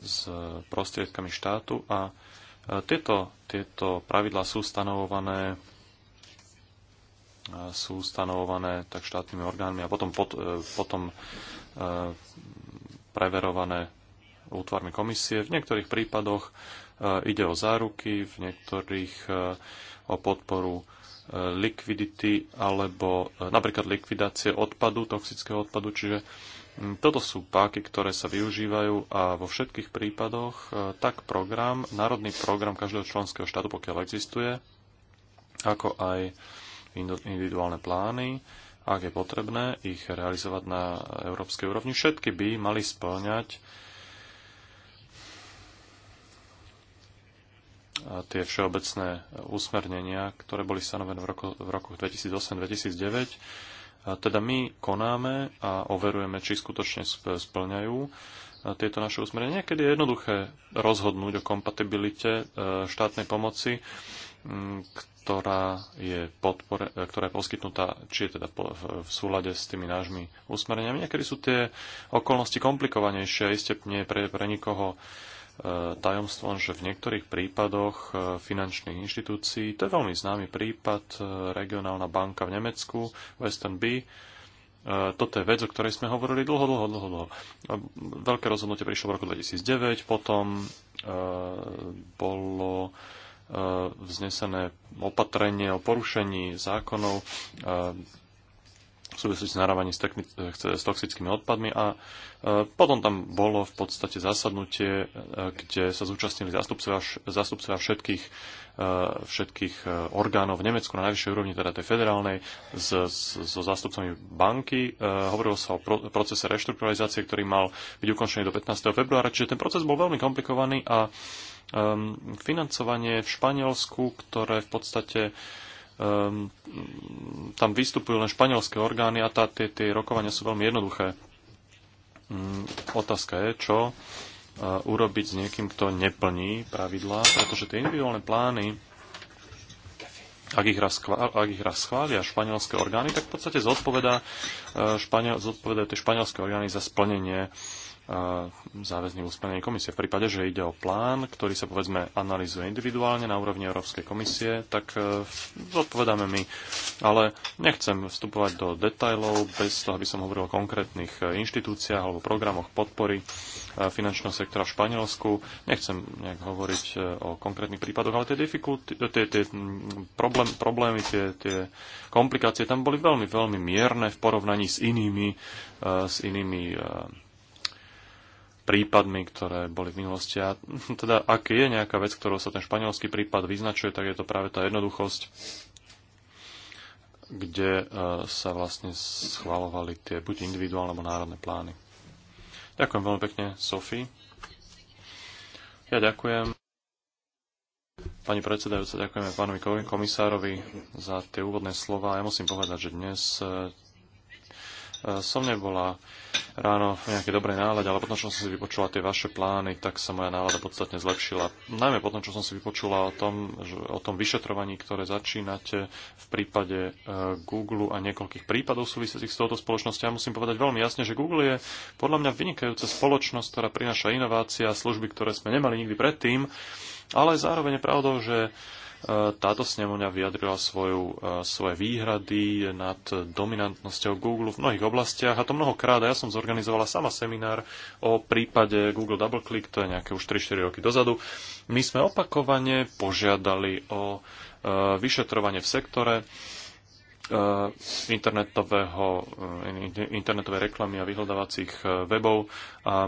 s prostriedkami štátu a e, tieto, tieto pravidlá sú stanovované e, sú stanovované tak štátnymi orgánmi a potom, pot, e, potom preverované útvarmi komisie. V niektorých prípadoch ide o záruky, v niektorých o podporu likvidity alebo napríklad likvidácie odpadu, toxického odpadu, čiže Mm, toto sú páky, ktoré sa využívajú a vo všetkých prípadoch e, tak program, národný program každého členského štátu, pokiaľ existuje, ako aj individuálne plány, ak je potrebné ich realizovať na európskej úrovni, všetky by mali spĺňať tie všeobecné usmernenia, ktoré boli stanovené v, roku, v rokoch 2008-2009 teda my konáme a overujeme, či skutočne splňajú e, tieto naše usmerenia. Niekedy je jednoduché rozhodnúť o kompatibilite e, štátnej pomoci, ktorá je, podpore, e, ktorá je poskytnutá, či je teda v súlade s tými nášmi usmereniami. Niekedy sú tie okolnosti komplikovanejšie a iste nie pre, pre nikoho tajomstvom, že v niektorých prípadoch e, finančných inštitúcií, to je veľmi známy prípad, e, regionálna banka v Nemecku, Western B, e, toto je vec, o ktorej sme hovorili dlho, dlho, dlho, dlho. Veľké rozhodnutie prišlo v roku 2009, potom bolo vznesené opatrenie o porušení zákonov v súvislosti s narávaním s, toxickými odpadmi a e, potom tam bolo v podstate zasadnutie, e, kde sa zúčastnili zástupcovia, zástupcovia všetkých, e, všetkých orgánov v Nemecku na najvyššej úrovni, teda tej federálnej, s, so zástupcami banky. Hovorilo sa o procese reštrukturalizácie, ktorý mal byť ukončený do 15. februára, čiže ten proces bol veľmi komplikovaný a financovanie v Španielsku, ktoré v podstate um, tam vystupujú len španielské orgány a tá, tie, tie rokovania sú veľmi jednoduché. Um, otázka je, čo uh, urobiť s niekým, kto neplní pravidlá, pretože tie individuálne plány, ak ich raz, ak ich raz schvália španielské orgány, tak v podstate zodpovedá, uh, španiel, zodpovedajú tie španielské orgány za splnenie záväzným usmernením komisie. V prípade, že ide o plán, ktorý sa povedzme analýzuje individuálne na úrovni Európskej komisie, tak e, zodpovedáme my. Ale nechcem vstupovať do detajlov bez toho, aby som hovoril o konkrétnych e, inštitúciách alebo programoch podpory e, finančného sektora v Španielsku. Nechcem nejak hovoriť o konkrétnych prípadoch, ale tie, tie, tie problém, problémy, tie, tie komplikácie tam boli veľmi, veľmi mierne v porovnaní s inými, s inými prípadmi, ktoré boli v minulosti. A teda ak je nejaká vec, ktorou sa ten španielský prípad vyznačuje, tak je to práve tá jednoduchosť, kde e, sa vlastne schvalovali tie buď individuálne alebo národné plány. Ďakujem veľmi pekne, Sofí. Ja ďakujem. Pani predsedajúca, ďakujeme pánovi komisárovi za tie úvodné slova. Ja musím povedať, že dnes e, Eh, som nebola ráno v nejakej dobrej nálade, ale potom, čo som si vypočula tie vaše plány, tak sa moja nálada podstatne zlepšila. Najmä potom, čo som si vypočula o tom, že, o tom vyšetrovaní, ktoré začínate v prípade eh, Google a niekoľkých prípadov súvisiacich s touto spoločnosťou. Ja musím povedať veľmi jasne, že Google je podľa mňa vynikajúca spoločnosť, ktorá prináša inovácia a služby, ktoré sme nemali nikdy predtým, ale zároveň je pravdou, že E, táto snemovňa vyjadrila svoju, e, svoje výhrady nad dominantnosťou Google v mnohých oblastiach a to mnohokrát. A ja som zorganizovala sama seminár o prípade Google Double Click, to je nejaké už 3-4 roky dozadu. My sme opakovane požiadali o e, vyšetrovanie v sektore internetového, internetovej reklamy a vyhľadávacích webov a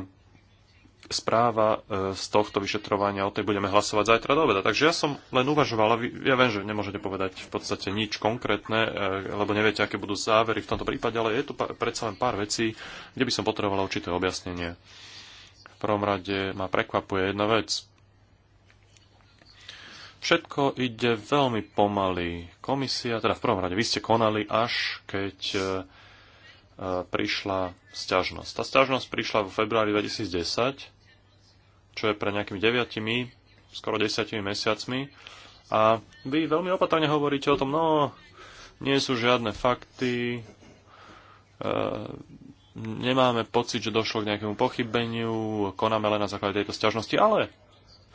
správa e, z tohto vyšetrovania, o tej budeme hlasovať zajtra do obeda. Takže ja som len uvažoval, ja viem, že nemôžete povedať v podstate nič konkrétne, e, lebo neviete, aké budú závery v tomto prípade, ale je tu predsa len pár vecí, kde by som potreboval určité objasnenie. V prvom rade ma prekvapuje jedna vec. Všetko ide veľmi pomaly. Komisia, teda v prvom rade vy ste konali, až keď e, prišla sťažnosť. Tá sťažnosť prišla v februári 2010, čo je pre nejakými 9, skoro 10 mesiacmi. A vy veľmi opatrne hovoríte o tom, no, nie sú žiadne fakty, e, nemáme pocit, že došlo k nejakému pochybeniu, konáme len na základe tejto sťažnosti, ale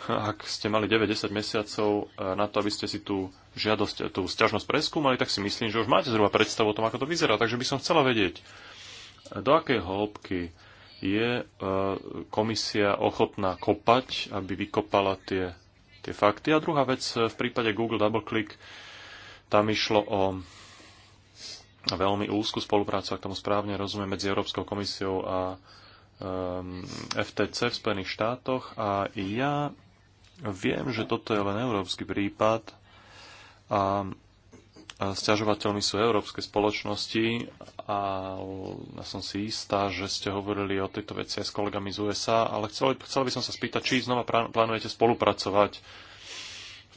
ak ste mali 9-10 mesiacov e, na to, aby ste si tú žiadosť, tú sťažnosť preskúmali, tak si myslím, že už máte zhruba predstavu o tom, ako to vyzerá. Takže by som chcela vedieť, do akej hĺbky je e, komisia ochotná kopať, aby vykopala tie, tie fakty. A druhá vec, e, v prípade Google Double Click, tam išlo o veľmi úzku spoluprácu, ak tomu správne rozumiem, medzi Európskou komisiou a um, FTC v Spojených štátoch. A ja Viem, že toto je len európsky prípad a sťažovateľmi sú európske spoločnosti a ja som si istá, že ste hovorili o tejto veci aj s kolegami z USA, ale chcel, chcel by som sa spýtať, či znova plánujete spolupracovať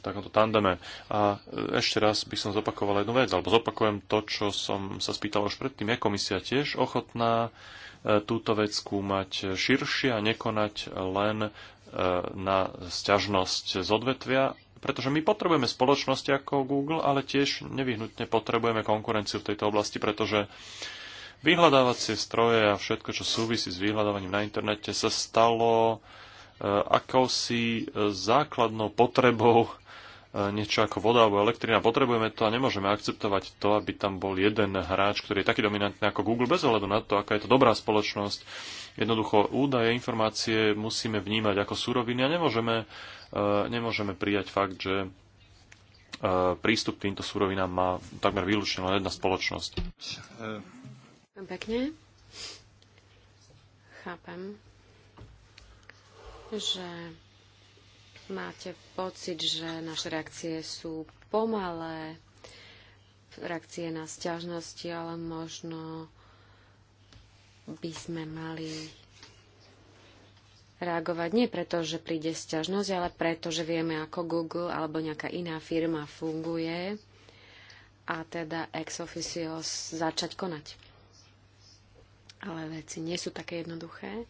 v takomto tandeme. A ešte raz by som zopakoval jednu vec, alebo zopakujem to, čo som sa spýtal už predtým. Je komisia tiež ochotná e, túto vec skúmať širšie a nekonať len Eh, na sťažnosť z odvetvia, pretože my potrebujeme spoločnosti ako Google, ale tiež nevyhnutne potrebujeme konkurenciu v tejto oblasti, pretože vyhľadávacie stroje a všetko, čo súvisí s vyhľadávaním na internete, sa stalo eh, akousi eh, základnou potrebou niečo ako voda alebo elektrina. Potrebujeme to a nemôžeme akceptovať to, aby tam bol jeden hráč, ktorý je taký dominantný ako Google, bez ohľadu na to, aká je to dobrá spoločnosť. Jednoducho údaje, informácie musíme vnímať ako suroviny a nemôžeme, eh, nemôžeme prijať fakt, že eh, prístup k týmto surovinám má takmer výlučne len jedna spoločnosť. Pekne. Chápem, že máte pocit, že naše reakcie sú pomalé, reakcie na stiažnosti, ale možno by sme mali reagovať nie preto, že príde sťažnosť, ale preto, že vieme, ako Google alebo nejaká iná firma funguje a teda ex officio začať konať. Ale veci nie sú také jednoduché.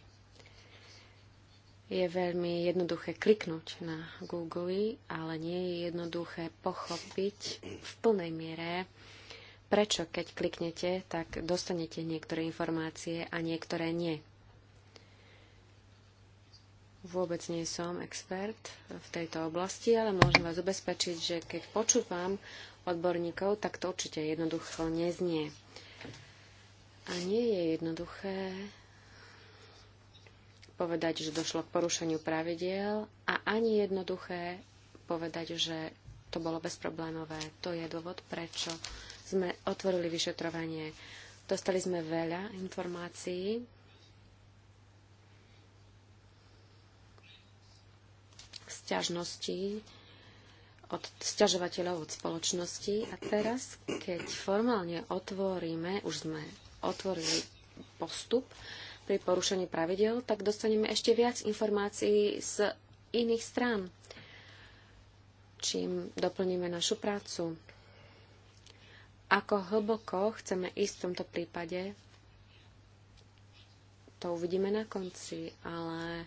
Je veľmi jednoduché kliknúť na Google, ale nie je jednoduché pochopiť v plnej miere, prečo keď kliknete, tak dostanete niektoré informácie a niektoré nie. Vôbec nie som expert v tejto oblasti, ale môžem vás ubezpečiť, že keď počúvam odborníkov, tak to určite jednoducho neznie. A nie je jednoduché povedať, že došlo k porušeniu pravidiel a ani jednoduché povedať, že to bolo bezproblémové. To je dôvod, prečo sme otvorili vyšetrovanie. Dostali sme veľa informácií. Sťažností od sťažovateľov, od spoločnosti. A teraz, keď formálne otvoríme, už sme otvorili postup pri porušení pravidel, tak dostaneme ešte viac informácií z iných strán, čím doplníme našu prácu. Ako hlboko chceme ísť v tomto prípade, to uvidíme na konci, ale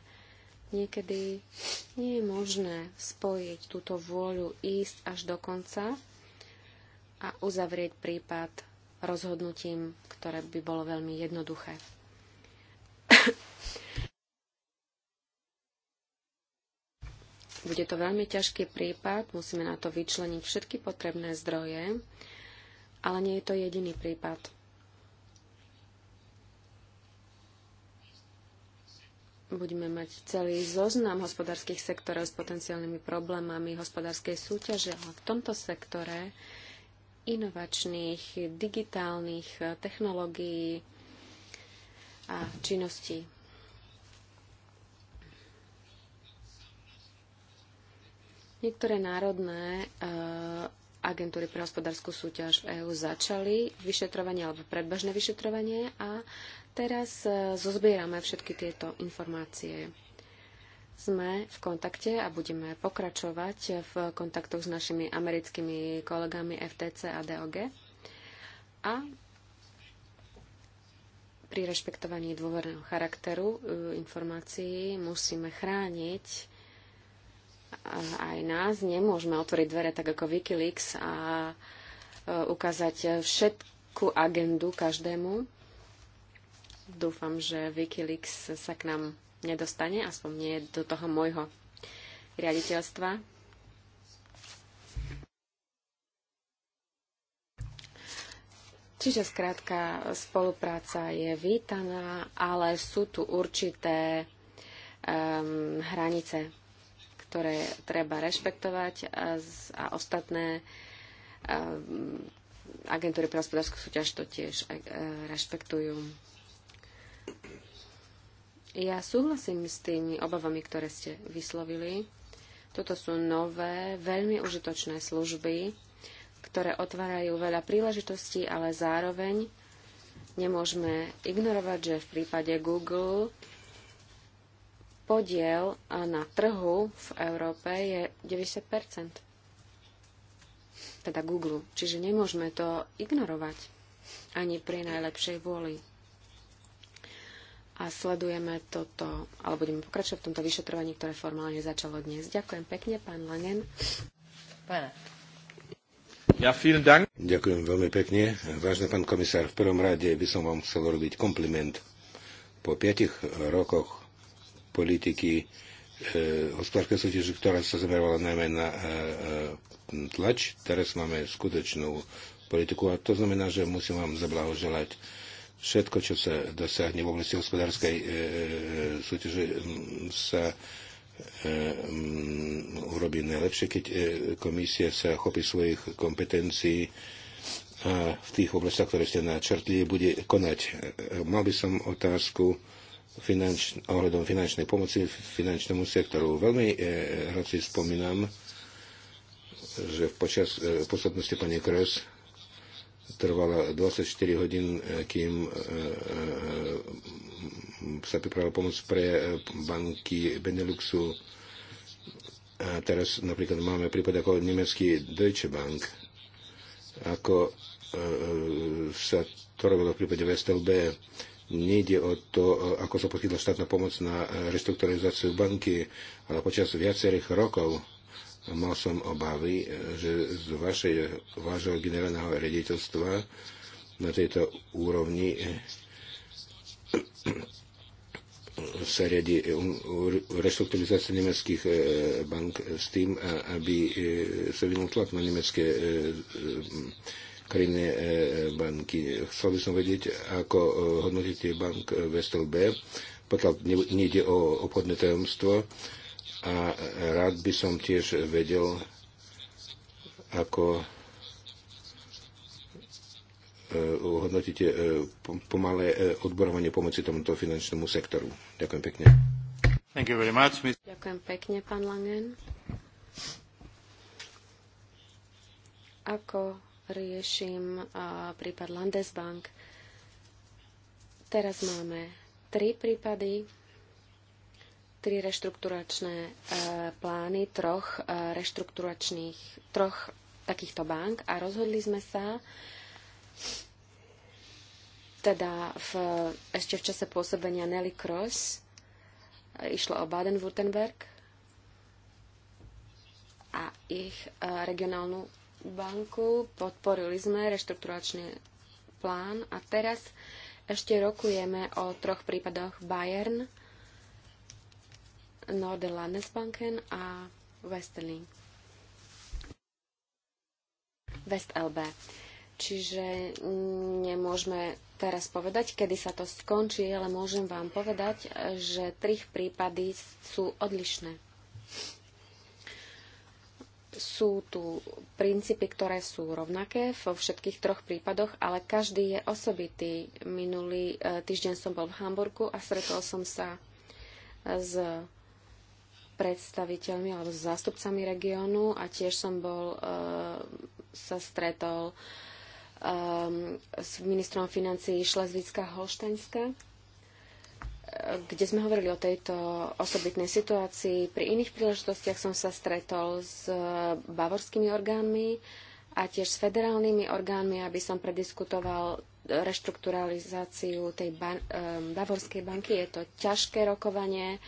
niekedy nie je možné spojiť túto vôľu ísť až do konca a uzavrieť prípad rozhodnutím, ktoré by bolo veľmi jednoduché. Bude to veľmi ťažký prípad, musíme na to vyčleniť všetky potrebné zdroje, ale nie je to jediný prípad. budeme mať celý zoznam hospodárskych sektorov s potenciálnymi problémami hospodárskej súťaže, ale v tomto sektore inovačných, digitálnych eh, technológií a činností. Niektoré národné eh, agentúry pre hospodárskú súťaž v EÚ začali vyšetrovanie alebo predbežné vyšetrovanie a teraz e, zozbierame všetky tieto informácie. Sme v kontakte a budeme pokračovať v kontaktoch s našimi americkými kolegami FTC a DOG a pri rešpektovaní dôverného charakteru e, informácií musíme chrániť aj nás. Nemôžeme otvoriť dvere tak ako Wikileaks a e, ukázať všetku agendu každému. Dúfam, že Wikileaks sa k nám nedostane, aspoň nie do toho môjho riaditeľstva. Čiže skrátka spolupráca je vítaná, ale sú tu určité um, hranice ktoré treba rešpektovať a, a ostatné a, ehm, agentúry pre hospodárskú súťaž to tiež a, e, e, rešpektujú. Ja súhlasím s tými obavami, ktoré ste vyslovili. Toto sú nové, veľmi užitočné služby, ktoré otvárajú veľa príležitostí, ale zároveň nemôžeme ignorovať, že v prípade Google podiel na trhu v Európe je 90%. Teda Google. Čiže nemôžeme to ignorovať ani pri najlepšej vôli. A sledujeme toto, ale budeme pokračovať v tomto vyšetrovaní, ktoré formálne začalo dnes. Ďakujem pekne, pán Langen. Pane. Ja, Ďakujem veľmi pekne. Vážne pán komisár, v prvom rade by som vám chcel robiť kompliment. Po piatich rokoch politiky e, hospodárskej súťaže, ktorá sa zamerovala najmä na e, e, tlač. Teraz máme skutočnú politiku a to znamená, že musím vám zablahoželať všetko, čo sa dosiahne v oblasti hospodárskej e, súťaže, sa e, urobí najlepšie, keď e, komisia sa chopí svojich kompetencií a v tých oblastiach, ktoré ste načrtli, bude konať. Mal by som otázku finanč, ohľadom finančnej pomoci finančnému sektoru. Veľmi e, rád si spomínam, že počas e, posadnosti pani Kres trvala 24 hodín, e, kým e, e, sa pripravila pomoc pre e, banky Beneluxu. A teraz napríklad máme prípad ako nemecký Deutsche Bank, ako e, e sa to robilo v prípade VSTLB Nejde o to, ako sa poskytla štátna pomoc na e, restrukturalizáciu banky, ale počas viacerých rokov mal som obavy, e, že z vašej, vášho generálneho rediteľstva na tejto úrovni e, sa riadi reštrukturalizácia nemeckých bank s tým, aby sa vynul tlak na nemecké E, e, banky. Chcel by som vedieť, ako e, hodnotíte bank e, Vestel B, pokiaľ nejde o obchodné tajomstvo. A rád by som tiež vedel, ako e, hodnotíte e, pomalé e, odborovanie pomoci tomuto finančnému sektoru. Ďakujem pekne. Thank you very Much, Ďakujem pekne, pán Langen. Ako riešim prípad Landesbank. Teraz máme tri prípady, tri reštrukturačné e, plány troch e, reštrukturačných, troch takýchto bank a rozhodli sme sa teda v, ešte v čase pôsobenia Nelly Cross e, išlo o Baden-Württemberg a ich regionálnu banku, podporili sme reštrukturačný plán a teraz ešte rokujeme o troch prípadoch Bayern, Norden a Westerling. West LB. Čiže nemôžeme teraz povedať, kedy sa to skončí, ale môžem vám povedať, že tri prípady sú odlišné sú tu princípy, ktoré sú rovnaké vo všetkých troch prípadoch, ale každý je osobitý. Minulý e, týždeň som bol v Hamburgu a stretol som sa e, s predstaviteľmi alebo s zástupcami regiónu a tiež som bol, e, sa stretol s ministrom financií Šlezvická Holštaňska kde sme hovorili o tejto osobitnej situácii. Pri iných príležitostiach som sa stretol s bavorskými orgánmi a tiež s federálnymi orgánmi, aby som prediskutoval reštrukturalizáciu tej ban- bavorskej banky. Je to ťažké rokovanie.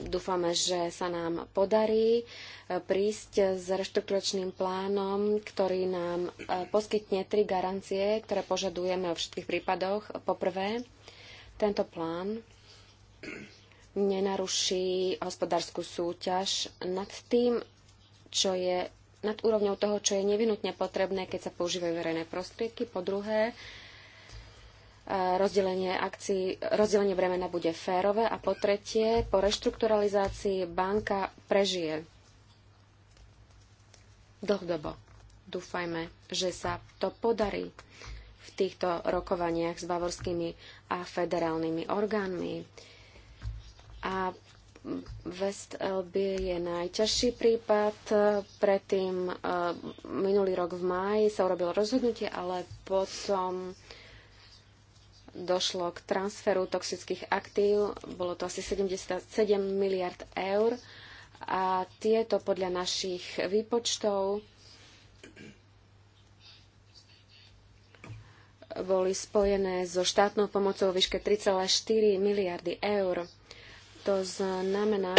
Dúfame, že sa nám podarí e, prísť s reštrukturačným plánom, ktorý nám e, poskytne tri garancie, ktoré požadujeme vo všetkých prípadoch. Poprvé, tento plán nenaruší hospodárskú súťaž nad tým, čo je nad úrovňou toho, čo je nevinutne potrebné, keď sa používajú verejné prostriedky. Po druhé, e, rozdelenie akcií, rozdelenie bremena bude férové a po tretie, po reštrukturalizácii banka prežije dlhodobo. Dúfajme, že sa to podarí v týchto rokovaniach s bavorskými a federálnymi orgánmi. A West LB je najťažší prípad. Predtým e, minulý rok v máji sa urobilo rozhodnutie, ale potom došlo k transferu toxických aktív. Bolo to asi 77 miliard eur. A tieto podľa našich výpočtov boli spojené so štátnou pomocou výške 3,4 miliardy eur to znamená,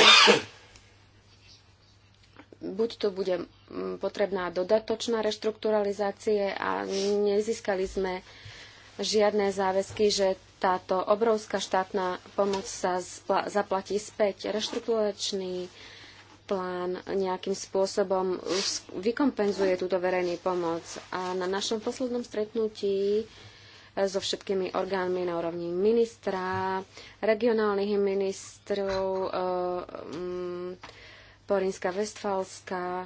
buď tu bude potrebná dodatočná reštrukturalizácie a nezískali sme žiadne záväzky, že táto obrovská štátna pomoc sa zaplatí späť. Reštrukturačný plán nejakým spôsobom vykompenzuje túto verejnú pomoc. A na našom poslednom stretnutí so všetkými orgánmi na úrovni ministra, regionálnych ministrov, e, mm, Porinská, Vestfalská, e,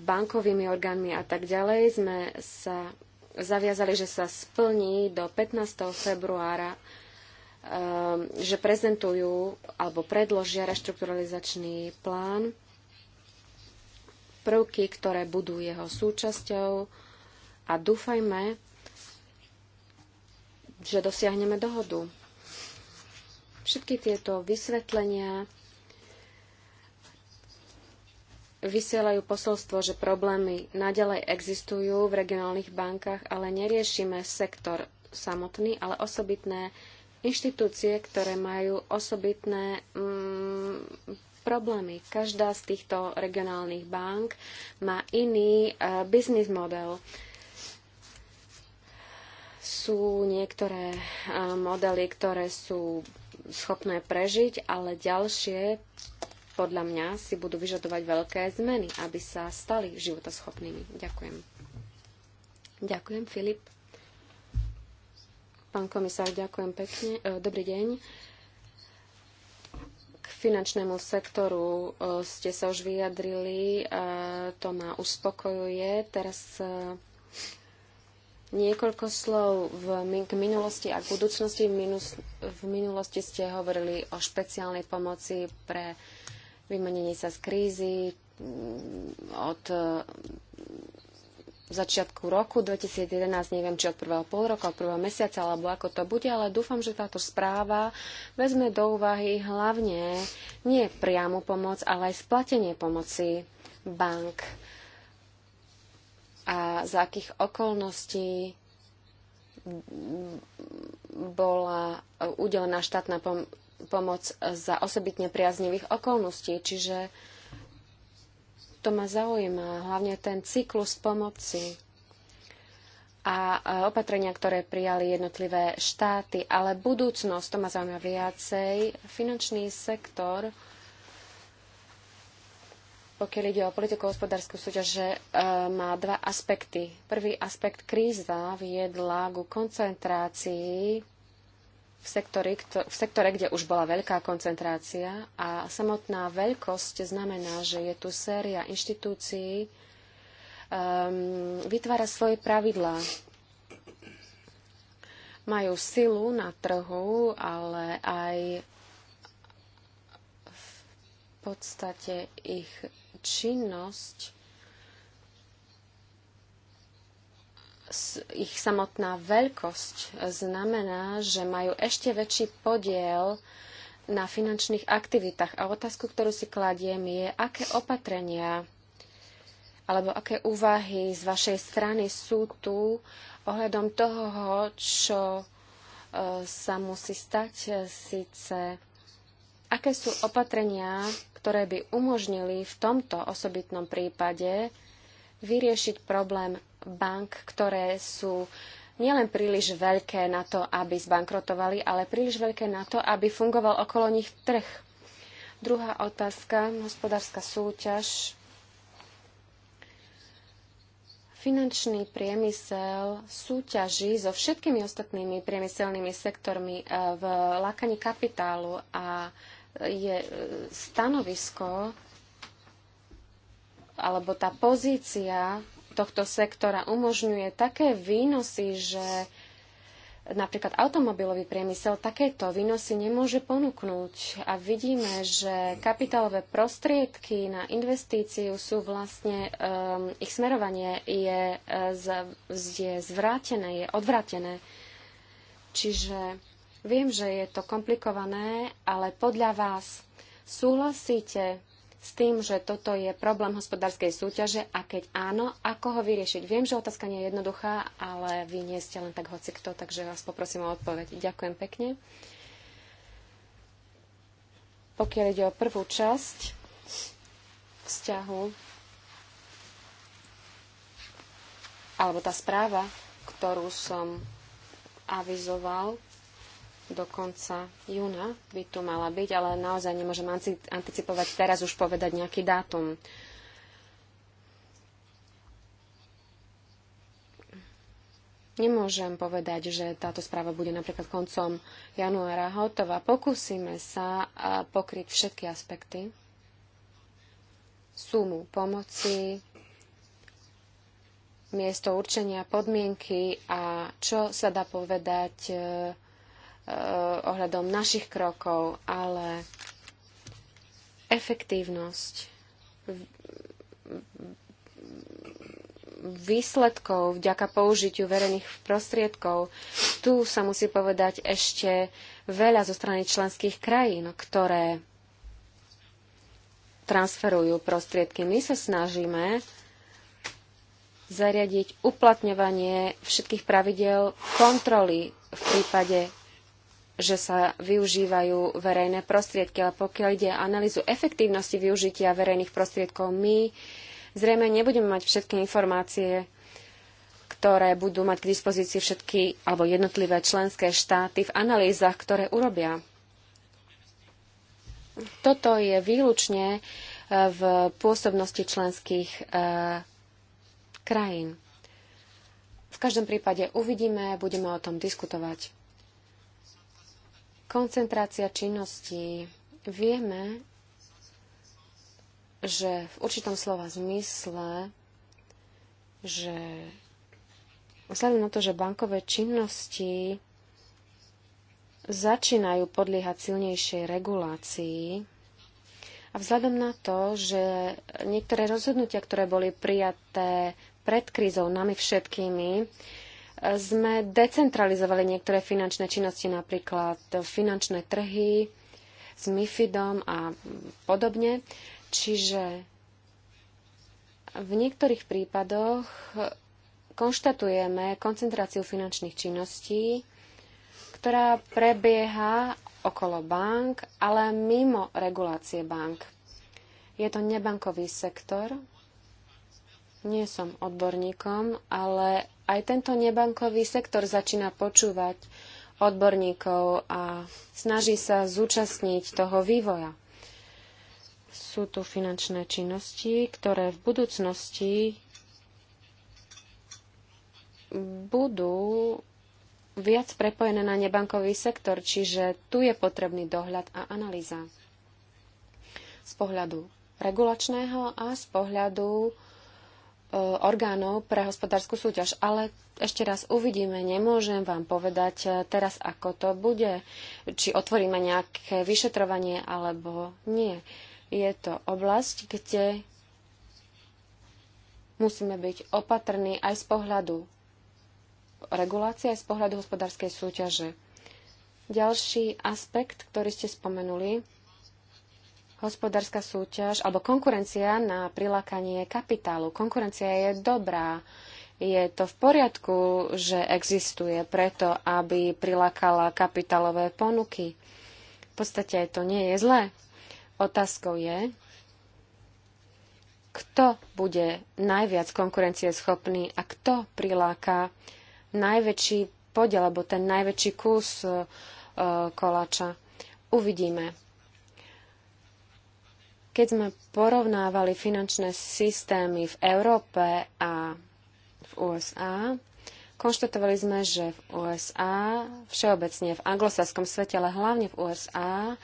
bankovými orgánmi a tak ďalej. Sme sa zaviazali, že sa splní do 15. februára e, že prezentujú alebo predložia reštrukturalizačný plán, prvky, ktoré budú jeho súčasťou a dúfajme, že dosiahneme dohodu. Všetky tieto vysvetlenia vysielajú posolstvo, že problémy nadalej existujú v regionálnych bankách, ale neriešime sektor samotný, ale osobitné inštitúcie, ktoré majú osobitné mm, problémy. Každá z týchto regionálnych bank má iný uh, eh, biznis model. Uh, sú niektoré modely, ktoré sú schopné prežiť, ale ďalšie podľa mňa si budú vyžadovať veľké zmeny, aby sa stali životoschopnými. Ďakujem. Ďakujem, Filip. Pán komisár, ďakujem pekne. E, dobrý deň. K finančnému sektoru e, ste sa už vyjadrili, e, to ma uspokojuje. Teraz Niekoľko slov v, k minulosti a k budúcnosti. V, minus, v minulosti ste hovorili o špeciálnej pomoci pre vymanenie sa z krízy mm, od e, začiatku roku 2011, neviem či od prvého pol roka, od prvého mesiaca, alebo ako to bude, ale dúfam, že táto správa vezme do úvahy hlavne nie priamu pomoc, ale aj splatenie pomoci bank a za akých okolností bola udelená štátna pom- pomoc za osobitne priaznivých okolností. Čiže to ma zaujíma, hlavne ten cyklus pomoci a opatrenia, ktoré prijali jednotlivé štáty, ale budúcnosť, to ma zaujíma viacej, finančný sektor pokiaľ ide o politiko-hospodárskú súťaž, že e, má dva aspekty. Prvý aspekt kríza viedla ku koncentrácii v, sektori, v sektore, kde už bola veľká koncentrácia a samotná veľkosť znamená, že je tu séria inštitúcií, e, vytvára svoje pravidlá. Majú silu na trhu, ale aj v podstate ich činnosť, ich samotná veľkosť znamená, že majú ešte väčší podiel na finančných aktivitách. A otázku, ktorú si kladiem, je, aké opatrenia alebo aké úvahy z vašej strany sú tu ohľadom toho, čo e, sa musí stať, e, síce Aké sú opatrenia, ktoré by umožnili v tomto osobitnom prípade vyriešiť problém bank, ktoré sú nielen príliš veľké na to, aby zbankrotovali, ale príliš veľké na to, aby fungoval okolo nich trh. Druhá otázka, hospodárska súťaž. Finančný priemysel súťaží so všetkými ostatnými priemyselnými sektormi eh, v lákaní kapitálu a je e, stanovisko alebo tá pozícia tohto sektora umožňuje také výnosy, že napríklad automobilový priemysel takéto výnosy nemôže ponúknuť. A vidíme, že kapitálové prostriedky na investíciu sú vlastne, um, ich smerovanie je, e, z, je zvrátené, je odvrátené. Čiže Viem, že je to komplikované, ale podľa vás súhlasíte s tým, že toto je problém hospodárskej súťaže a keď áno, ako ho vyriešiť? Viem, že otázka nie je jednoduchá, ale vy nie ste len tak hoci kto, takže vás poprosím o odpoveď. Ďakujem pekne. Pokiaľ ide o prvú časť vzťahu alebo tá správa, ktorú som avizoval, do konca júna by tu mala byť, ale naozaj nemôžem anticipovať teraz už povedať nejaký dátum. Nemôžem povedať, že táto správa bude napríklad koncom januára hotová. Pokúsime sa pokryť všetky aspekty. Sumu pomoci, miesto určenia podmienky a čo sa dá povedať e, Eh, ohľadom našich krokov, ale efektívnosť výsledkov vďaka použitiu verejných prostriedkov, tu sa musí povedať ešte veľa zo strany členských krajín, ktoré transferujú prostriedky. My sa snažíme zariadiť uplatňovanie všetkých pravidel kontroly v prípade že sa využívajú verejné prostriedky, ale pokiaľ ide o analýzu efektívnosti využitia verejných prostriedkov, my zrejme nebudeme mať všetky informácie, ktoré budú mať k dispozícii všetky alebo jednotlivé členské štáty v analýzach, ktoré urobia. Toto je výlučne e, v pôsobnosti členských e, krajín. V každom prípade uvidíme, budeme o tom diskutovať. Koncentrácia činností. Vieme, že v určitom slova zmysle, že vzhľadom na to, že bankové činnosti začínajú podliehať silnejšej regulácii a vzhľadom na to, že niektoré rozhodnutia, ktoré boli prijaté pred krízou nami všetkými, sme decentralizovali niektoré finančné činnosti, napríklad finančné trhy s MIFIDom a podobne. Čiže v niektorých prípadoch konštatujeme koncentráciu finančných činností, ktorá prebieha okolo bank, ale mimo regulácie bank. Je to nebankový sektor, nie som odborníkom, ale aj tento nebankový sektor začína počúvať odborníkov a snaží sa zúčastniť toho vývoja. Sú tu finančné činnosti, ktoré v budúcnosti budú viac prepojené na nebankový sektor, čiže tu je potrebný dohľad a analýza. Z pohľadu regulačného a z pohľadu E, orgánov pre hospodárskú súťaž. Ale ešte raz uvidíme, nemôžem vám povedať e, teraz, ako to bude, či otvoríme nejaké vyšetrovanie alebo nie. Je to oblasť, kde musíme byť opatrní aj z pohľadu regulácie, aj z pohľadu hospodárskej súťaže. Ďalší aspekt, ktorý ste spomenuli, hospodárska súťaž alebo konkurencia na prilákanie kapitálu. Konkurencia je dobrá. Je to v poriadku, že existuje preto, aby prilákala kapitálové ponuky. V podstate to nie je zlé. Otázkou je, kto bude najviac konkurencie schopný a kto priláka najväčší podiel alebo ten najväčší kus eh, koláča. Uvidíme. Keď sme porovnávali finančné systémy v Európe a v USA, konštatovali sme, že v USA, všeobecne v anglosaskom svete, ale hlavne v USA,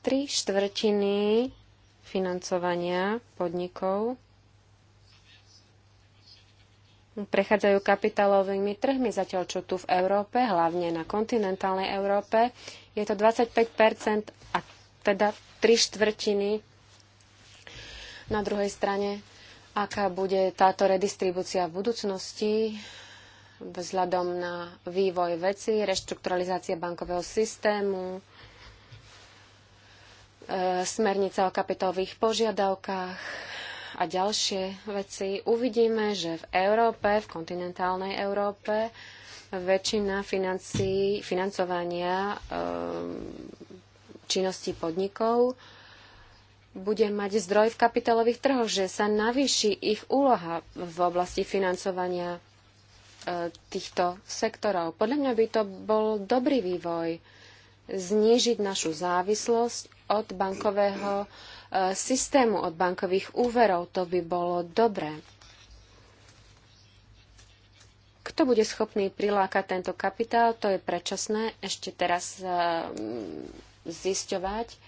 tri štvrtiny financovania podnikov prechádzajú kapitálovými trhmi, zatiaľ čo tu v Európe, hlavne na kontinentálnej Európe, je to 25 a teda tri štvrtiny na druhej strane, aká bude táto redistribúcia v budúcnosti vzhľadom na vývoj veci, reštrukturalizácia bankového systému, e, smernica o kapitálových požiadavkách a ďalšie veci. Uvidíme, že v Európe, v kontinentálnej Európe, väčšina financí, financovania e, činností podnikov bude mať zdroj v kapitálových trhoch, že sa navýši ich úloha v oblasti financovania e, týchto sektorov. Podľa mňa by to bol dobrý vývoj znížiť našu závislosť od bankového e, systému, od bankových úverov. To by bolo dobré. Kto bude schopný prilákať tento kapitál, to je predčasné ešte teraz e, zisťovať.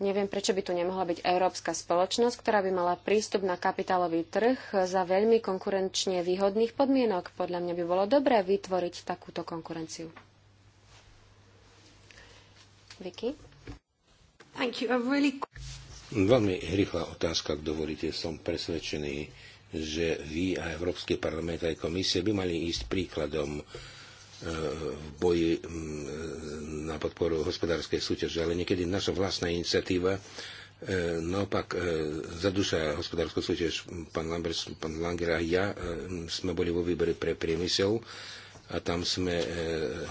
Neviem, prečo by tu nemohla byť európska spoločnosť, ktorá by mala prístup na kapitálový trh za veľmi konkurenčne výhodných podmienok. Podľa mňa by bolo dobré vytvoriť takúto konkurenciu. Vicky? Thank you. A really... Veľmi rýchla otázka, ak dovolíte. Som presvedčený, že vy a Európsky parlament aj komisie by mali ísť príkladom v boji mm, e, na podporu hospodárskej súťaže, ale niekedy naša vlastná iniciatíva e, naopak e, zadúša hospodárskú súťaž. Pán Lambers, pán Langer a ja sme boli vo výbere pre priemysel a tam sme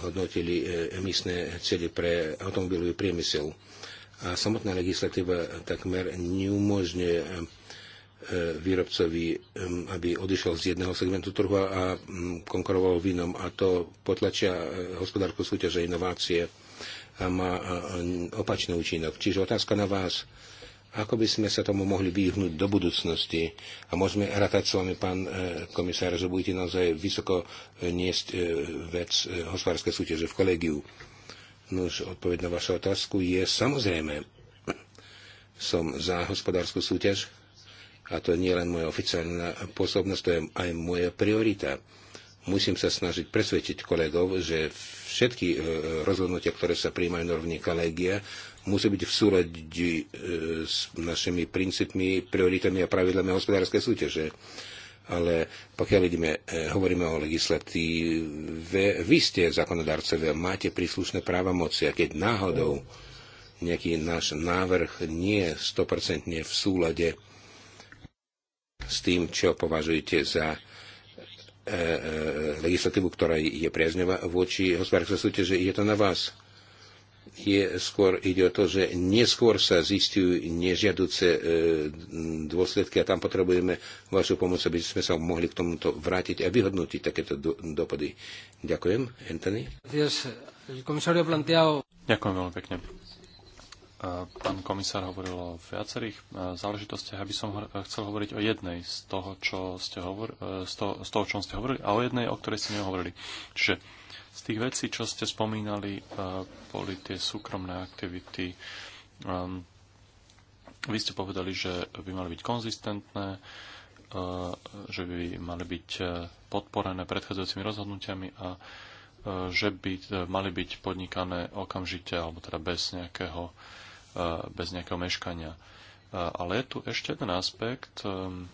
hodnotili emisné cely pre automobilový priemysel. A samotná legislatíva takmer neumožňuje E, výrobcovi, aby odišiel z jedného segmentu trhu a konkuroval v inom. A to potlačia e, hospodárku súťaže inovácie a má opačný účinok. Čiže otázka na vás, ako by sme sa tomu mohli vyhnúť do budúcnosti a môžeme ratať s vami, pán e, komisár, že budete naozaj vysoko niesť vec hospodárskej súťaže v kolegiu. už odpoveď na vašu otázku je samozrejme. Som za hospodárskú súťaž, a to nie je len moja oficiálna pôsobnosť, to je aj moja priorita. Musím sa snažiť presvedčiť kolegov, že všetky e, rozhodnutia, ktoré sa príjmajú na rovni kolegia, musí byť v súlade e, s našimi princípmi, prioritami a pravidlami hospodárskej súťaže. Ale pokiaľ ideme, e, hovoríme o legislatíve, vy ste zákonodarcovia, máte príslušné právomoci a keď náhodou nejaký náš návrh nie je 100% v súlade s tým, čo považujete za e, e, legislatívu, ktorá je priazňová voči hospodárskej súťaže, je to na vás. Je, skôr ide o to, že neskôr sa zistujú nežiaduce e, dôsledky a tam potrebujeme vašu pomoc, aby sme sa mohli k tomuto vrátiť a vyhodnotiť takéto do, dopady. Ďakujem, Anthony. Ďakujem veľmi pekne. Pán komisár hovoril o viacerých e, záležitostiach. aby som e, chcel hovoriť o jednej z toho, čo ste hovor, e, z toho, z toho, čo ste hovorili, a o jednej, o ktorej ste nehovorili. Čiže z tých vecí, čo ste spomínali, boli tie súkromné aktivity. Ehm, vy ste povedali, že by mali byť konzistentné, že by mali byť podporené predchádzajúcimi rozhodnutiami a že by mali byť podnikané okamžite alebo teda bez nejakého bez nejakého meškania. Ale je tu ešte jeden aspekt, um,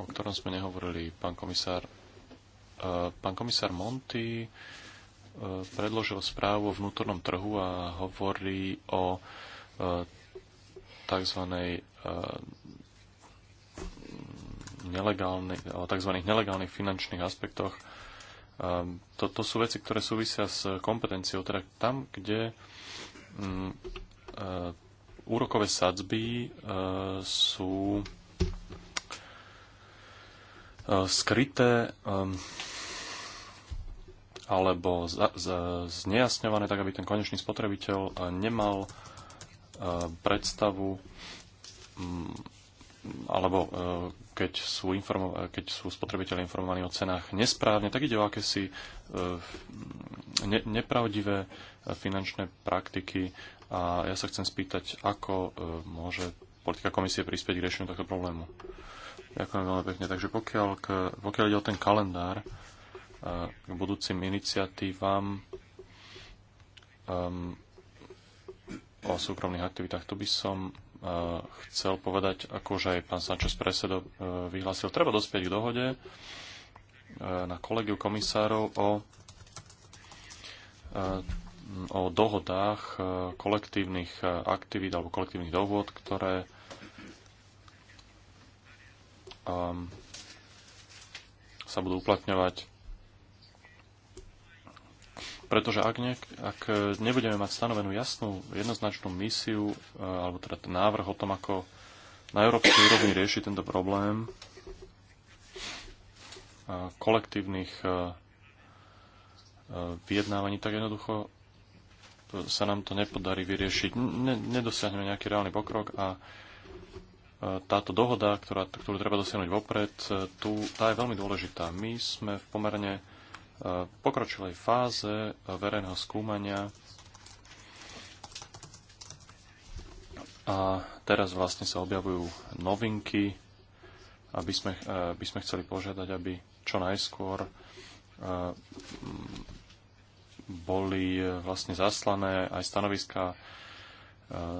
o ktorom sme nehovorili. Pán komisár, pán komisár Monty predložil správu o vnútornom trhu a hovorí o tzv. Nelegálnych, o tzv. nelegálnych finančných aspektoch. Toto sú veci, ktoré súvisia s kompetenciou, teda tam, kde mm, Eh, úrokové sadzby eh, sú eh, skryté alebo znejasňované, tak aby ten konečný spotrebiteľ nemal predstavu mm, alebo keď sú, informo- keď sú spotrebiteľi informovaní o cenách nesprávne, tak ide o akési ne- nepravdivé finančné praktiky. A ja sa chcem spýtať, ako e, môže politika komisie prispieť k riešeniu tohto problému. Ďakujem veľmi pekne. Takže pokiaľ, k, pokiaľ ide o ten kalendár e, k budúcim iniciatívam um, o súkromných aktivitách, tu by som uh, chcel povedať, ako už aj pán Sanchez presedo uh, vyhlásil, treba dospieť k dohode uh, na kolegiu komisárov o uh, o dohodách e, kolektívnych e, aktivít alebo kolektívnych dohôd, ktoré um, sa budú uplatňovať. Pretože ak, ne, ak nebudeme mať stanovenú jasnú, jednoznačnú misiu, e, alebo teda ten návrh o tom, ako na európskej úrovni riešiť tento problém kolektívnych vyjednávaní, tak jednoducho sa nám to nepodarí vyriešiť. Ne, nedosiahneme nejaký reálny pokrok a e, táto dohoda, ktorá, ktorú treba dosiahnuť vopred, e, tu, tá je veľmi dôležitá. My sme v pomerne e, pokročilej fáze verejného skúmania a teraz vlastne sa objavujú novinky, aby sme, by sme chceli požiadať, aby čo najskôr boli eh, vlastne zaslané aj stanoviska eh,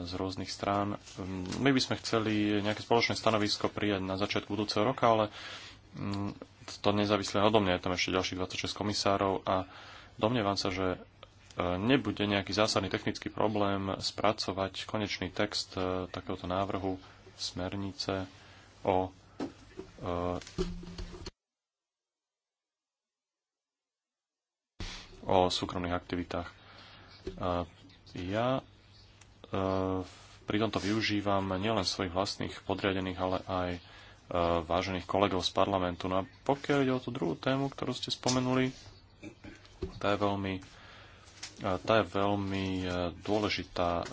z rôznych strán. Mm, my by sme chceli nejaké spoločné stanovisko prijať na začiatku budúceho roka, ale mm, to nezávisle odo mňa, je tam ešte ďalších 26 komisárov a domnievam sa, že eh, nebude nejaký zásadný technický problém spracovať konečný text takéhoto návrhu smernice o o súkromných aktivitách. Ja e, pri tomto využívam nielen svojich vlastných podriadených, ale aj e, vážených kolegov z parlamentu. No a pokiaľ ide o tú druhú tému, ktorú ste spomenuli, tá je veľmi, e, tá je veľmi dôležitá.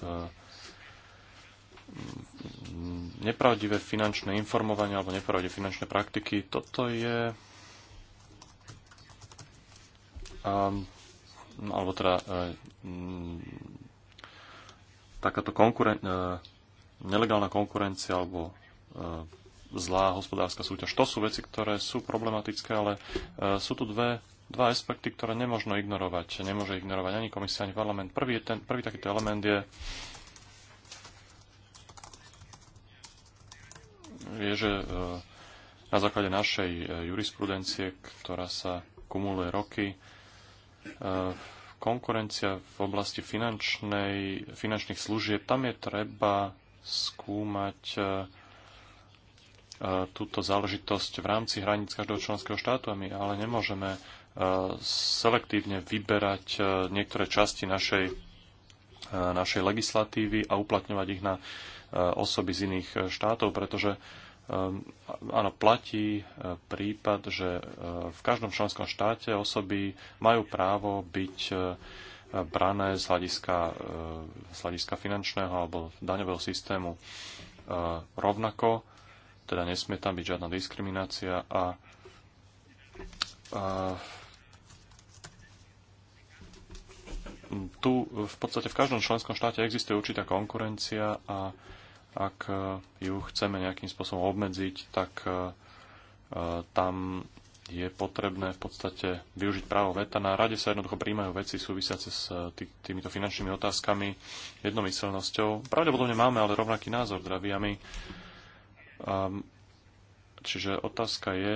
Nepravdivé finančné informovanie alebo nepravdivé finančné praktiky, toto je alebo teda e, mm, takáto konkuren- e, nelegálna konkurencia alebo e, zlá hospodárska súťaž. To sú veci, ktoré sú problematické, ale sú tu dve, dva aspekty, ktoré nemôžno ignorovať. Nemôže ignorovať ani komisia, ani parlament. Prvý, je ten, prvý takýto element je, je, že na základe našej jurisprudencie, ktorá sa kumuluje roky, Eh, konkurencia v oblasti finančnej, finančných služieb, tam je treba skúmať eh, eh, túto záležitosť v rámci hraníc každého členského štátu, a my ale nemôžeme selektívne vyberať niektoré časti našej, našej legislatívy a uplatňovať ich na osoby z iných štátov, pretože Ehm, áno, platí e, prípad, že e, v každom členskom štáte osoby majú právo byť e, brané z hľadiska, z hľadiska finančného alebo daňového systému rovnako, teda nesmie tam byť žiadna diskriminácia a, a tu v podstate v každom členskom štáte existuje určitá konkurencia a ak e, ju chceme nejakým spôsobom obmedziť, tak e, e, tam je potrebné v podstate využiť právo veta. Na rade sa jednoducho príjmajú veci súvisiace s týmito finančnými otázkami, jednomyselnosťou. Pravdepodobne máme ale rovnaký názor, zdraví. a my. Ehm, čiže otázka je,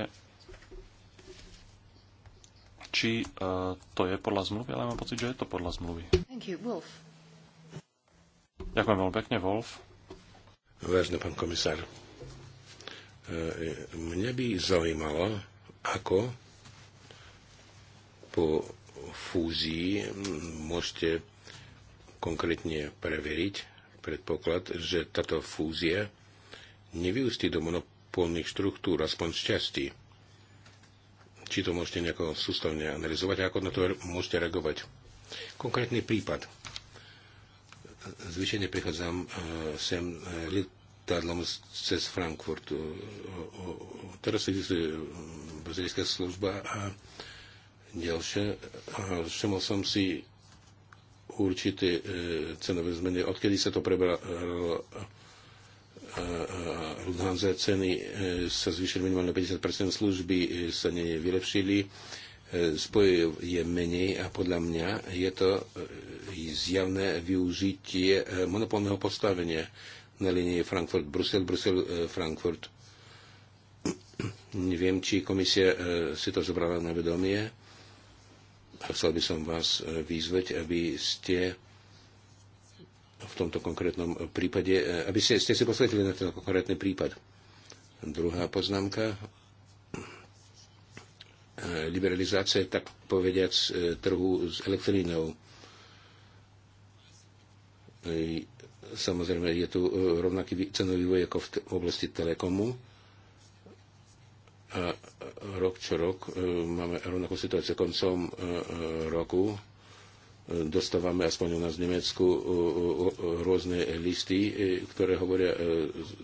či to je podľa zmluvy, ale mám pocit, že je to podľa zmluvy. Ďakujem veľmi pekne, Wolf. Vážne pán komisár, e, mňa by zaujímalo, ako po fúzii môžete konkrétne preveriť predpoklad, že táto fúzia nevyústi do monopolných štruktúr, aspoň z časti. Či to môžete nejako sústavne analyzovať a ako na to môžete reagovať. Konkrétny prípad zvyčajne prichádzam e, sem e, lietadlom cez Frankfurt. Teraz existuje e, bazilická služba a ďalšia. Všimol som si určité cenové zmeny. Odkedy sa to prebralo Lufthansa ceny sa zvýšili minimálne 50%, služby sa nevylepšili spojov je menej a podľa mňa je to e, zjavné využitie e, monopolného postavenia na linii Frankfurt-Brusel, Brusel-Frankfurt. Neviem, či komisia e, si to zobrala na vedomie. A chcel by som vás vyzvať, aby ste v tomto konkrétnom prípade, aby ste, ste si posvetili na ten konkrétny prípad. Druhá poznámka liberalizácie, tak povediac, e, trhu s elektrínou. E, samozrejme, je tu e, rovnaký cenový vývoj ako v oblasti telekomu. A rok čo rok máme rovnakú situáciu. Koncom roku dostávame aspoň u nás v Nemecku rôzne listy, ktoré hovoria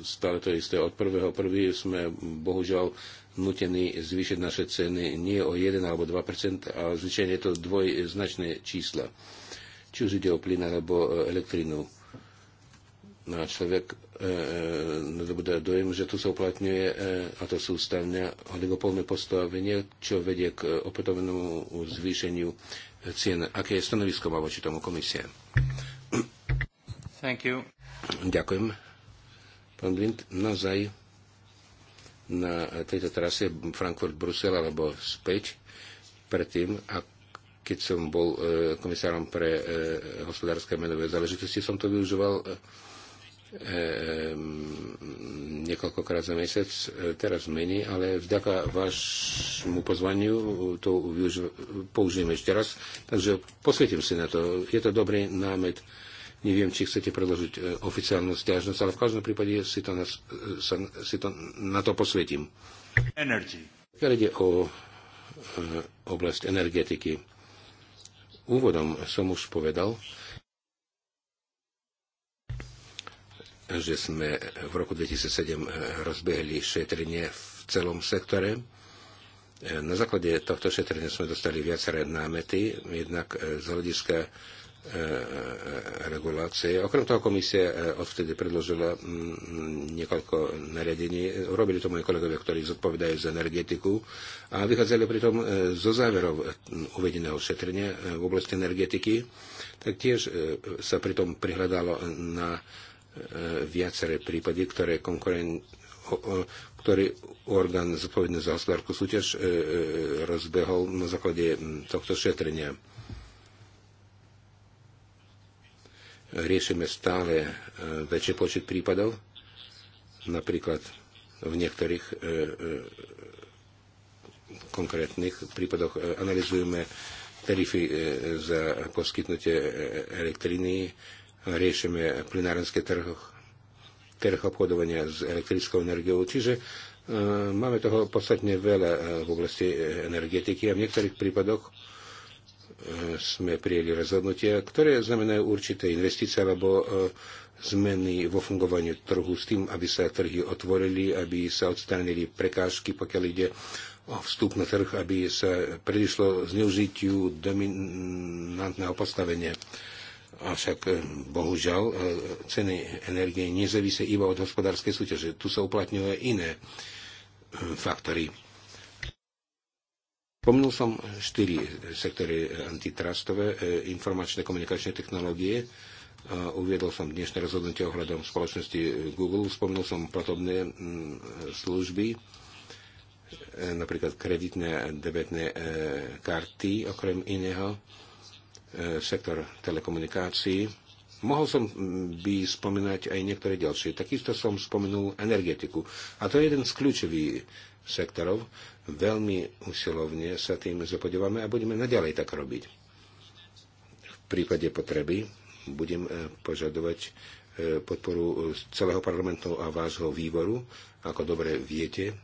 stále to isté. Od prvého prvý sme bohužiaľ nutení zvýšiť naše ceny nie o 1 alebo 2 a zvyčajne je to dvojznačné čísla, či už ide o plyn alebo e, elektrínu. No a človek e, e, bude dojem, že tu sa uplatňuje, e, a to sústavne, oligopolné postavenie, čo vedie k e, opätovnému zvýšeniu e, cien. Aké je stanovisko má voči tomu komisie? Thank you. Ďakujem. Pán Blind, nazaj. No na tejto trase Frankfurt-Brusel alebo späť predtým, a keď som bol e, komisárom pre e, hospodárske menové záležitosti, som to využíval e, niekoľkokrát za mesiac, teraz menej, ale vďaka vášmu pozvaniu to využi- použijem ešte raz. Takže posvetím si na to. Je to dobrý námet Neviem, či chcete predložiť e, oficiálnu stiažnosť, ale v každom prípade si to, na, e, sa, si to na to posvetím. Energy. Keď ide o e, oblasť energetiky, úvodom som už povedal, že sme v roku 2007 rozbehli šetrenie v celom sektore. Na základe tohto šetrenia sme dostali viaceré námety, jednak z hľadiska E, e, regulácie. Okrem toho komisia e, odvtedy predložila mm, mm, niekoľko nariadení. Robili to moji kolegovia, ktorí zodpovedajú za energetiku a vychádzali pritom zo záverov uvedeného šetrenia v oblasti energetiky. Taktiež sa pritom prihľadalo na viaceré prípady, ktoré konkuren ktorý orgán zodpovedný za hospodárku súťaž rozbehol na základe mm, tohto šetrenia. riešime stále e, väčší počet prípadov. Napríklad v niektorých e, e, konkrétnych prípadoch analizujeme tarify za poskytnutie elektriny, riešime plinárenské trhoch, trh obchodovania s elektrickou energiou. Čiže máme toho podstatne veľa v oblasti energetiky a v niektorých prípadoch sme prijeli rozhodnutia, ktoré znamenajú určité investície alebo e, zmeny vo fungovaní trhu s tým, aby sa trhy otvorili, aby sa odstránili prekážky, pokiaľ ide o vstup na trh, aby sa predišlo zneužitiu dominantného postavenia. Avšak e, bohužiaľ e, ceny energie nezávisia iba od hospodárskej súťaže. Tu sa uplatňujú iné faktory Pomenul som štyri sektory eh, antitrustové, eh, informačné komunikačné technológie, uviedol som dnešné rozhodnutie ohľadom spoločnosti eh, Google, spomenul som platobné mm, služby, napríklad kreditné a debetné karty, okrem iného, sektor telekomunikácií. Mohol som mm, by spomínať aj niektoré ďalšie. Takisto som spomenul energetiku. A to je jeden z kľúčových sektorov. Veľmi usilovne sa tým zapodívame a budeme naďalej tak robiť. V prípade potreby budem e, požadovať e, podporu e, celého parlamentu a vášho výboru. Ako dobre viete,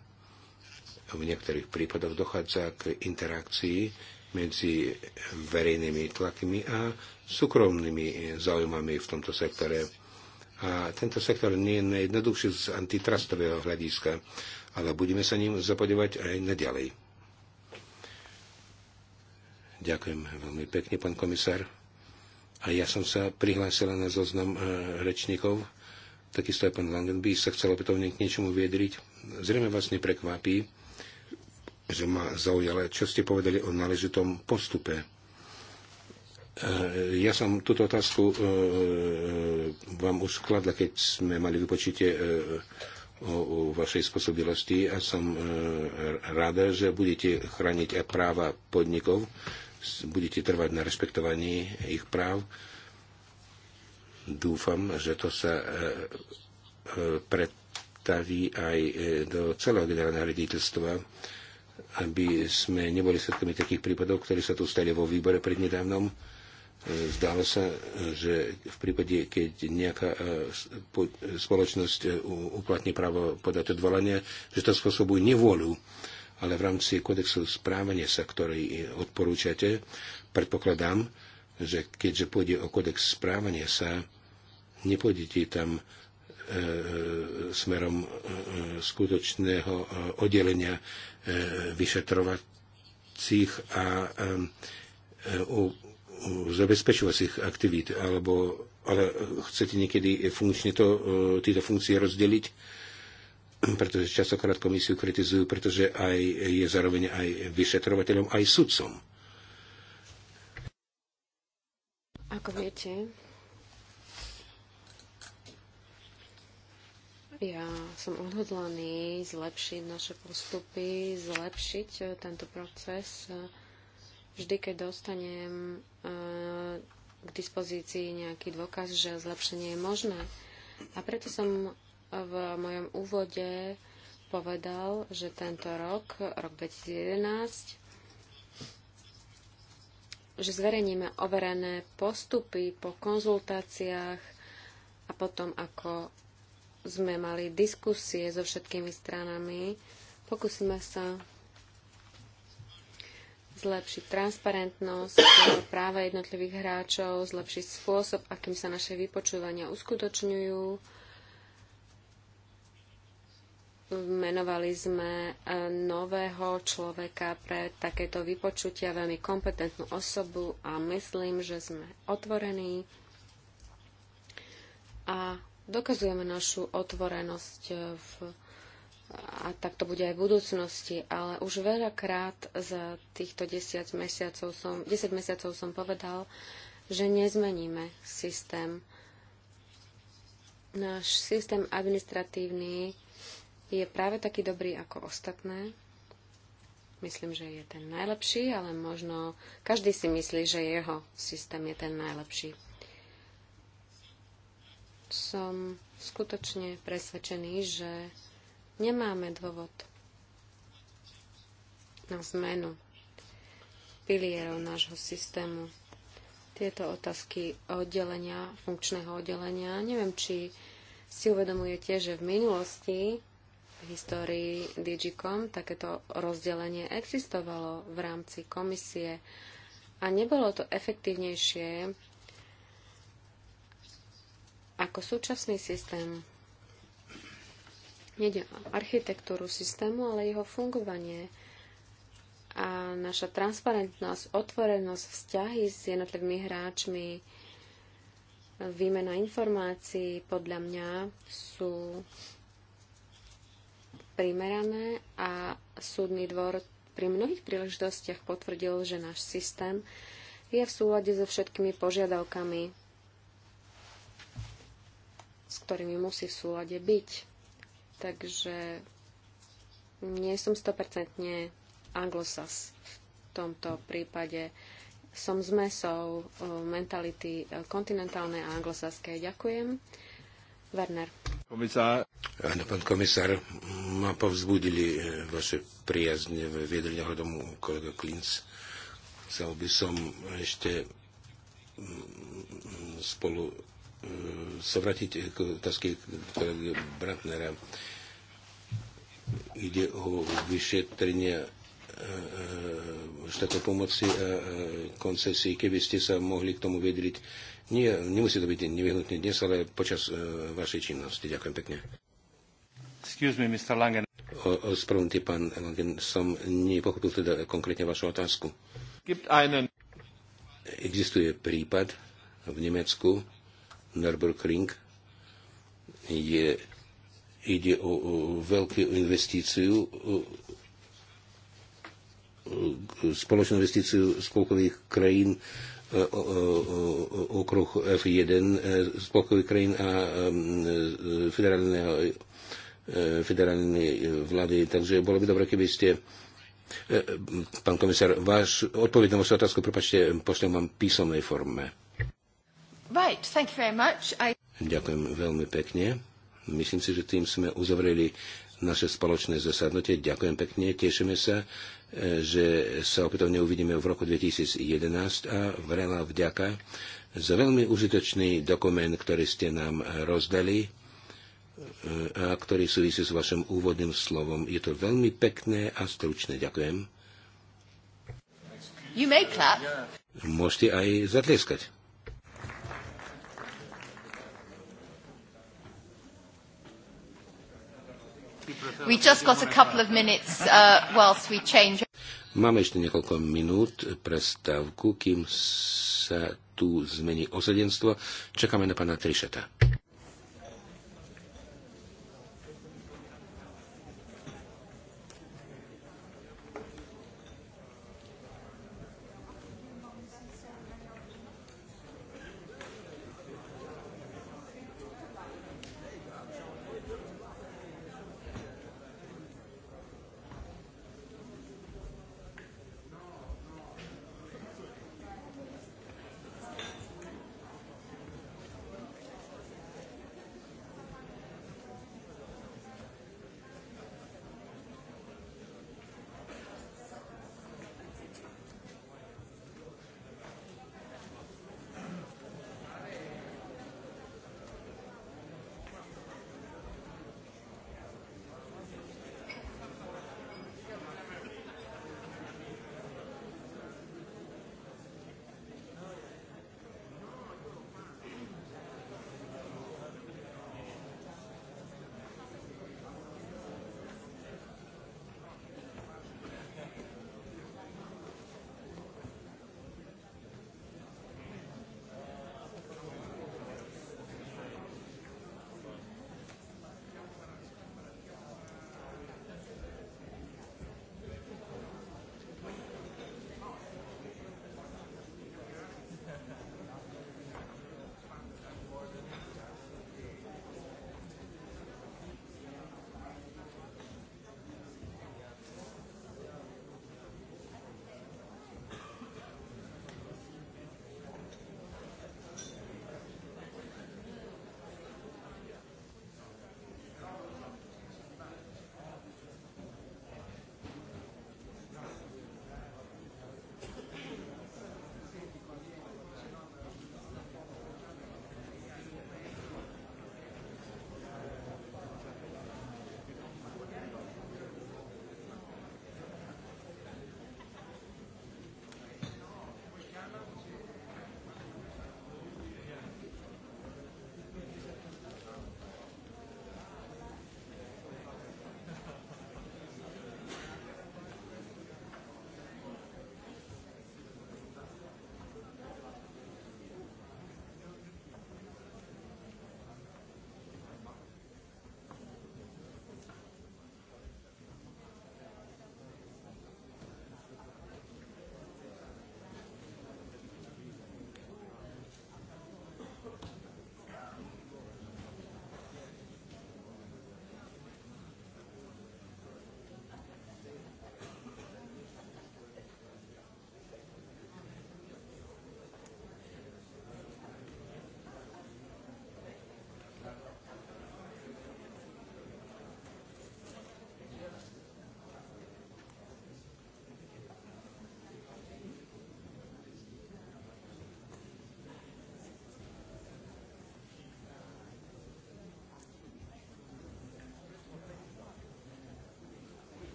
v niektorých prípadoch dochádza k interakcii medzi verejnými tlakmi a súkromnými záujmami v tomto sektore. A tento sektor nie je najjednoduchší z antitrustového hľadiska ale budeme sa ním zapodívať aj naďalej. Ďakujem veľmi pekne, pán komisár. A ja som sa prihlásila na zoznam e, rečníkov. Takisto aj pán Langenby sa chcel opätovne k niečomu viedriť. Zrejme vás neprekvapí, že ma zaujala, čo ste povedali o náležitom postupe. E, ja som túto otázku e, vám už skladla, keď sme mali vypočíte o, o vašej spôsobilosti a som e, rada, že budete chrániť aj práva podnikov, budete trvať na rešpektovaní ich práv. Dúfam, že to sa e, e, pretaví aj e, do celého generálneho rediteľstva, aby sme neboli svetkami takých prípadov, ktorí sa tu stali vo výbore prednedávnom. nedávnom E, Zdalo sa, že v prípade, keď nejaká e, spoločnosť e, uplatní právo podať odvolanie, že to spôsobuje nevôľu. Ale v rámci kodexu správania sa, ktorý odporúčate, predpokladám, že keďže pôjde o kodex správania sa, nepôjdete tam smerom skutočného oddelenia vyšetrovacích a zabezpečovacích aktivít, alebo, ale chcete niekedy funkčne to, e, tieto funkcie rozdeliť, pretože častokrát komisiu kritizujú, pretože aj je zároveň aj vyšetrovateľom, aj sudcom. Ako viete, ja som odhodlaný zlepšiť naše postupy, zlepšiť e, tento proces e, Vždy, keď dostanem e, k dispozícii nejaký dôkaz, že zlepšenie je možné. A preto som v mojom úvode povedal, že tento rok, rok 2011, že zverejníme overené postupy po konzultáciách a potom, ako sme mali diskusie so všetkými stranami, pokúsime sa zlepšiť transparentnosť práva jednotlivých hráčov, zlepšiť spôsob, akým sa naše vypočúvania uskutočňujú. Menovali sme e, nového človeka pre takéto vypočutia, veľmi kompetentnú osobu a myslím, že sme otvorení a dokazujeme našu otvorenosť v a tak to bude aj v budúcnosti, ale už veľakrát za týchto 10 mesiacov som, 10 mesiacov som povedal, že nezmeníme systém. Náš systém administratívny je práve taký dobrý ako ostatné. Myslím, že je ten najlepší, ale možno každý si myslí, že jeho systém je ten najlepší. Som skutočne presvedčený, že Nemáme dôvod na zmenu pilierov nášho systému. Tieto otázky oddelenia, funkčného oddelenia, neviem, či si uvedomujete, že v minulosti, v histórii Digicom, takéto rozdelenie existovalo v rámci komisie a nebolo to efektívnejšie ako súčasný systém Nede o architektúru systému, ale jeho fungovanie a naša transparentnosť, otvorenosť, vzťahy s jednotlivými hráčmi, výmena informácií podľa mňa sú primerané a súdny dvor pri mnohých príležitostiach potvrdil, že náš systém je v súlade so všetkými požiadavkami, s ktorými musí v súlade byť. Takže nie som 100% anglosas v tomto prípade. Som zmesou eh, mentality eh, kontinentálnej a anglosaskej. Ďakujem. Werner. Komisár. Áno, pán komisár, ma povzbudili eh, vaše v viedenia hľadomu kolega Klinc. Chcel by som ešte mm, mm, spolu sa vrátiť k otázke kolegu Brantnera. Ide o vyšetrenie e, e, štátnej pomoci a e, koncesii. Keby ste sa mohli k tomu vedriť, nie, nemusí to byť nevyhnutne dnes, ale počas vašej činnosti. Ďakujem pekne. Excuse me, Mr. Langen. Ospravedlňte, pán Langen, som nepochopil teda konkrétne vašu otázku. Gibt einen... Existuje prípad v Nemecku, Nürburgring je, ide o, o veľkú investíciu, spoločnú investíciu spolkových krajín okruh F1 e, spolkových krajín a e, e, federálnej, federálne vlády. Takže bolo by dobre, keby ste Pán komisár, váš odpoveď na vašu otázku, prepačte, pošlem vám písomnej forme. Right, thank you very much. I... Ďakujem veľmi pekne. Myslím si, že tým sme uzavreli naše spoločné zasadnutie. Ďakujem pekne, tešíme sa, e, že sa opätovne uvidíme v roku 2011 a veľa vďaka za veľmi užitočný dokument, ktorý ste nám rozdali e, a ktorý súvisí s vašim úvodným slovom. Je to veľmi pekné a stručné. Ďakujem. You may clap. Môžete aj zatleskať. We just got a couple of minutes uh, whilst we change. Máme ešte niekoľko minút pre stavku, kým sa tu zmení osadenstvo. Čakáme na pána Trišeta.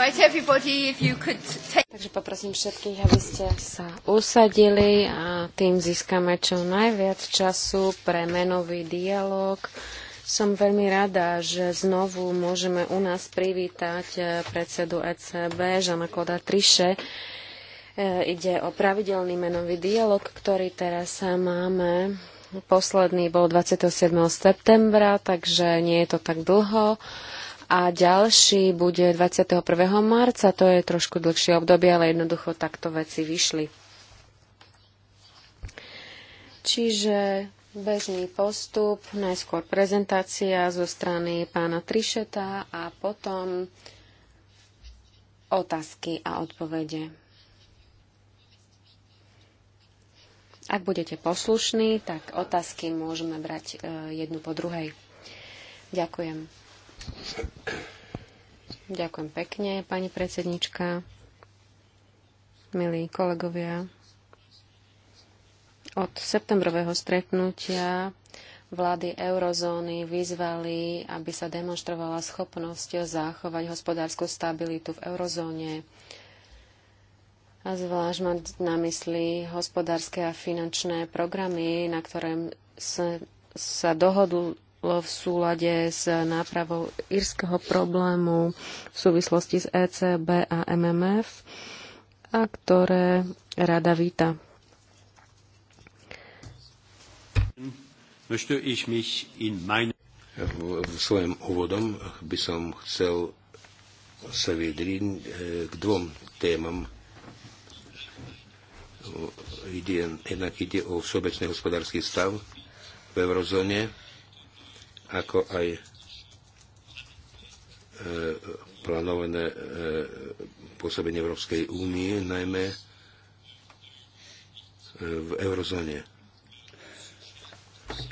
Takže poprosím všetkých, aby ste sa usadili a tým získame čo najviac času pre menový dialog. Som veľmi rada, že znovu môžeme u nás privítať eh, predsedu ECB, Žana Koda Triše. Eh, ide o pravidelný menový dialog, ktorý teraz máme. Posledný bol 27. septembra, takže nie je to tak dlho a ďalší bude 21. marca. To je trošku dlhšie obdobie, ale jednoducho takto veci vyšli. Čiže bežný postup, najskôr prezentácia zo strany pána Trišeta a potom otázky a odpovede. Ak budete poslušní, tak otázky môžeme brať e, jednu po druhej. Ďakujem. Ďakujem pekne, pani predsednička, milí kolegovia. Od septembrového stretnutia vlády eurozóny vyzvali, aby sa demonštrovala schopnosť zachovať hospodárskú stabilitu v eurozóne a zvlášť mať na mysli hospodárske a finančné programy, na ktoré sa dohodl, v súlade s nápravou írskeho problému v súvislosti s ECB a MMF a ktoré rada víta. V svojom úvodom by som chcel sa vyjadriť e, k dvom témam. Ide, jednak ide o všeobecný hospodársky stav v eurozóne ako aj e, plánované e, pôsobenie Európskej únie, najmä e, v eurozóne.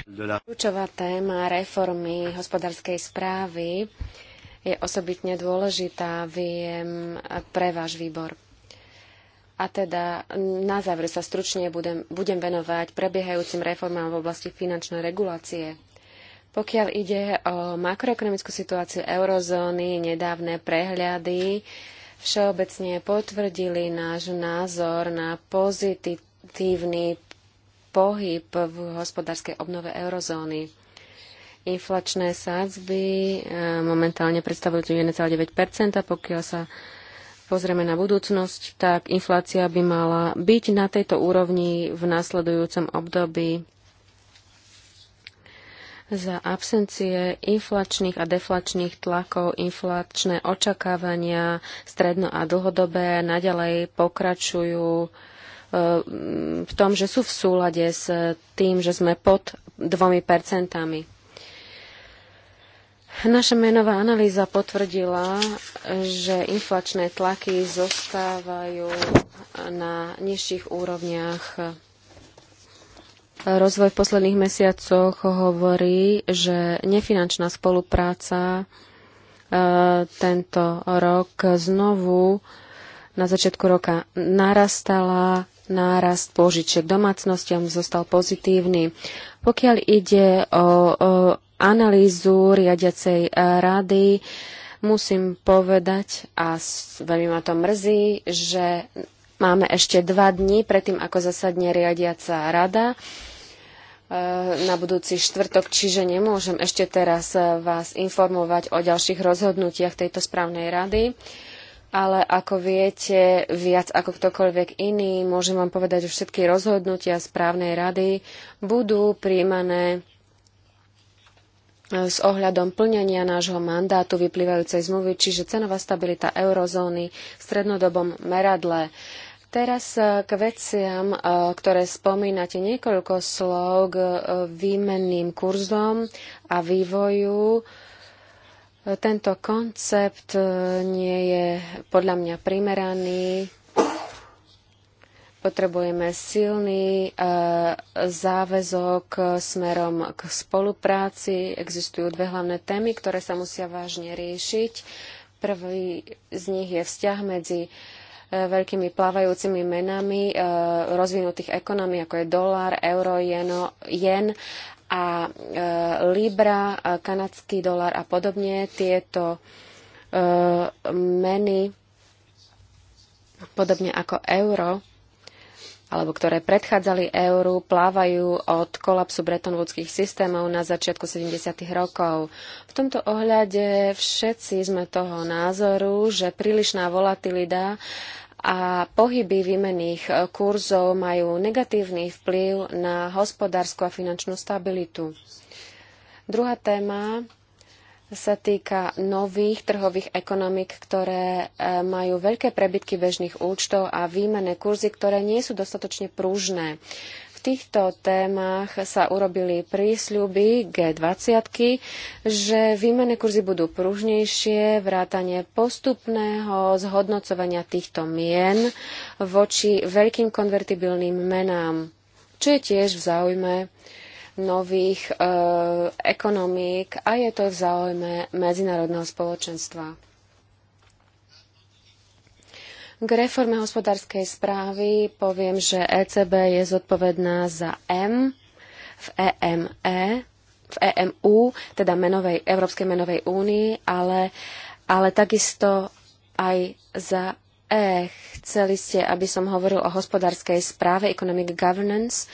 Kľúčová téma reformy hospodárskej správy je osobitne dôležitá, viem, pre váš výbor. A teda na záver sa stručne budem, budem venovať prebiehajúcim reformám v oblasti finančnej regulácie. Pokiaľ ide o makroekonomickú situáciu eurozóny, nedávne prehľady všeobecne potvrdili náš názor na pozitívny pohyb v hospodárskej obnove eurozóny. Inflačné sádzby eh, momentálne predstavujú 1,9 pokiaľ sa pozrieme na budúcnosť, tak inflácia by mala byť na tejto úrovni v nasledujúcom období za absencie inflačných a deflačných tlakov, inflačné očakávania stredno a dlhodobé naďalej pokračujú eh, v tom, že sú v súlade s tým, že sme pod dvomi percentami. Naša menová analýza potvrdila, že inflačné tlaky zostávajú na nižších úrovniach Rozvoj v posledných mesiacoch hovorí, že nefinančná spolupráca e, tento rok znovu na začiatku roka narastala, nárast požičiek domácnostiam zostal pozitívny. Pokiaľ ide o, o analýzu riadiacej e, rady, musím povedať, a veľmi ma to mrzí, že máme ešte dva dní predtým, ako zasadne riadiaca rada. Eh, na budúci štvrtok, čiže nemôžem ešte teraz eh, vás informovať o ďalších rozhodnutiach tejto správnej rady. Ale ako viete, viac ako ktokoľvek iný, môžem vám povedať, že všetky rozhodnutia správnej rady budú príjmané eh, s ohľadom plnenia nášho mandátu vyplývajúcej zmluvy, čiže cenová stabilita eurozóny v strednodobom meradle. Uh, Teraz eh, k veciam, eh, ktoré spomínate niekoľko slov k eh, výmenným kurzom a vývoju. Tento koncept nie je podľa mňa primeraný. Potrebujeme silný záväzok smerom k spolupráci. Existujú dve hlavné témy, ktoré sa musia vážne riešiť. Prvý z nich je vzťah medzi uh, veľkými plávajúcimi menami e, rozvinutých ekonomí, ako je dolár, euro, jeno, jen a e, libra, kanadský dolár a podobne. Tieto e, meny, podobne ako euro, alebo ktoré predchádzali euru, plávajú od kolapsu bretonvudských systémov na začiatku 70. rokov. V tomto ohľade všetci sme toho názoru, že prílišná volatilita a pohyby výmených kurzov majú negatívny vplyv na hospodárskú a finančnú stabilitu. Druhá téma sa týka nových trhových ekonomik, ktoré e, majú veľké prebytky bežných účtov a výmenné kurzy, ktoré nie sú dostatočne prúžne. V týchto témach sa urobili prísľuby G20, že výmenné kurzy budú pružnejšie, vrátanie postupného zhodnocovania týchto mien voči veľkým konvertibilným menám, čo je tiež v záujme nových e, ekonomík a je to v záujme medzinárodného spoločenstva. K reforme hospodárskej správy poviem, že ECB je zodpovedná za M v EME, e, v EMU, teda menovej, Európskej menovej únii, ale, ale takisto aj za E. Chceli ste, aby som hovoril o hospodárskej správe, economic governance.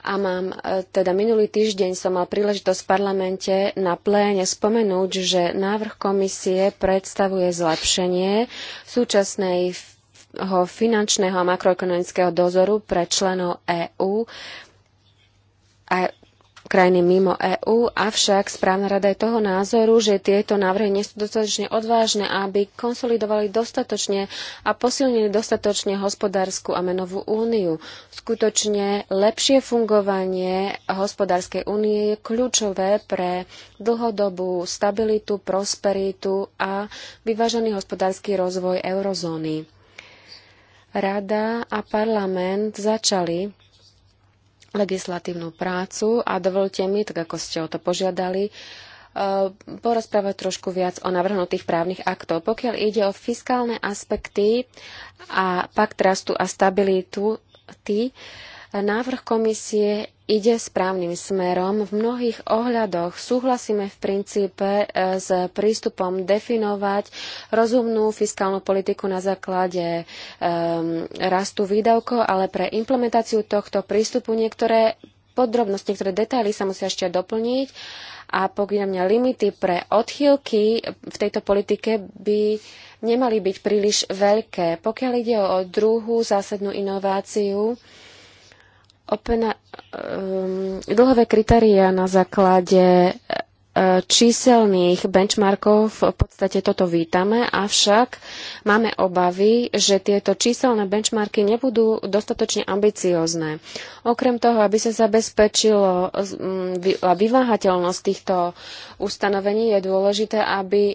A mám, e, teda minulý týždeň som mal príležitosť v parlamente na pléne spomenúť, že návrh komisie predstavuje zlepšenie súčasnej finančného a makroekonomického dozoru pre členov EÚ a krajiny mimo EÚ, avšak správna rada je toho názoru, že tieto návrhy nie sú dostatočne odvážne, aby konsolidovali dostatočne a posilnili dostatočne hospodárskú a menovú úniu. Skutočne lepšie fungovanie hospodárskej únie je kľúčové pre dlhodobú stabilitu, prosperitu a vyvážený hospodársky rozvoj eurozóny. Rada a parlament začali legislatívnu prácu a dovolte mi, tak ako ste o to požiadali, e, porozprávať trošku viac o navrhnutých právnych aktov. Pokiaľ ide o fiskálne aspekty a pakt rastu a stabilitu, návrh komisie ide správnym smerom. V mnohých ohľadoch súhlasíme v princípe e, s prístupom definovať rozumnú fiskálnu politiku na základe um, rastu výdavkov, ale pre implementáciu tohto prístupu niektoré podrobnosti, niektoré detaily sa musia ešte doplniť a pokiaľ mňa limity pre odchýlky v tejto politike by nemali byť príliš veľké. Pokiaľ ide o druhú zásadnú inováciu, um, dlhové kritéria na základe e, číselných benchmarkov v podstate toto vítame, avšak máme obavy, že tieto číselné benchmarky nebudú dostatočne ambiciozne. Okrem toho, aby sa zabezpečilo vyváhateľnosť týchto ustanovení, je dôležité, aby e,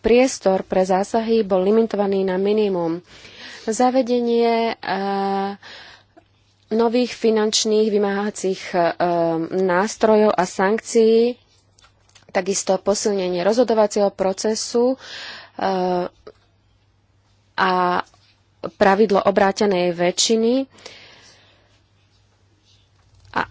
priestor pre zásahy bol limitovaný na minimum. Zavedenie e, nových finančných vymáhacích e, nástrojov a sankcií, takisto posilnenie rozhodovacieho procesu e, a pravidlo obrátenej väčšiny. A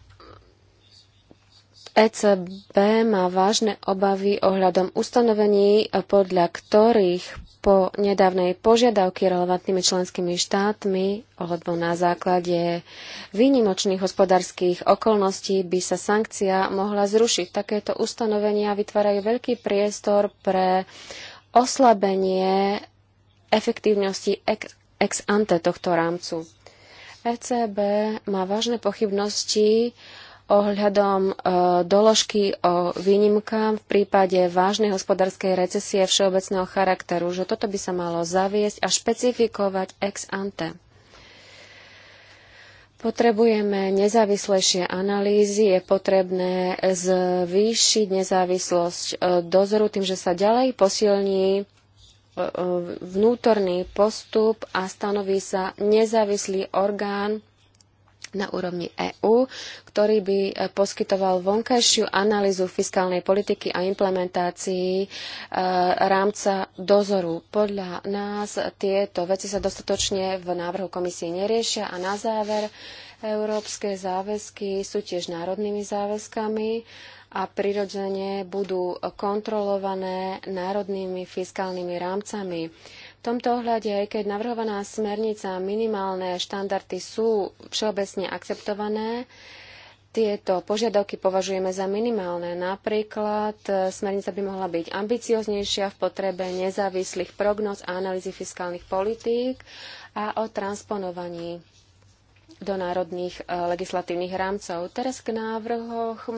ECB má vážne obavy ohľadom ustanovení, podľa ktorých po nedávnej požiadavky relevantnými členskými štátmi alebo na základe výnimočných hospodárskych okolností by sa sankcia mohla zrušiť. Takéto ustanovenia vytvárajú veľký priestor pre oslabenie efektívnosti ex, ex ante tohto rámcu. ECB má vážne pochybnosti ohľadom e, doložky o výnimkám v prípade vážnej hospodárskej recesie všeobecného charakteru, že toto by sa malo zaviesť a špecifikovať ex ante. Potrebujeme nezávislejšie analýzy, je potrebné zvýšiť nezávislosť e, dozoru tým, že sa ďalej posilní e, vnútorný postup a stanoví sa nezávislý orgán na úrovni EÚ, ktorý by e, poskytoval vonkajšiu analýzu fiskálnej politiky a implementácii e, rámca dozoru. Podľa nás tieto veci sa dostatočne v návrhu komisie neriešia a na záver európske záväzky sú tiež národnými záväzkami a prirodzene budú kontrolované národnými fiskálnymi rámcami tomto ohľade, aj keď navrhovaná smernica minimálne štandardy sú všeobecne akceptované, tieto požiadavky považujeme za minimálne. Napríklad e, smernica by mohla byť ambicioznejšia v potrebe nezávislých prognóz a analýzy fiskálnych politík a o transponovaní do národných e, legislatívnych rámcov. Teraz k návrhoch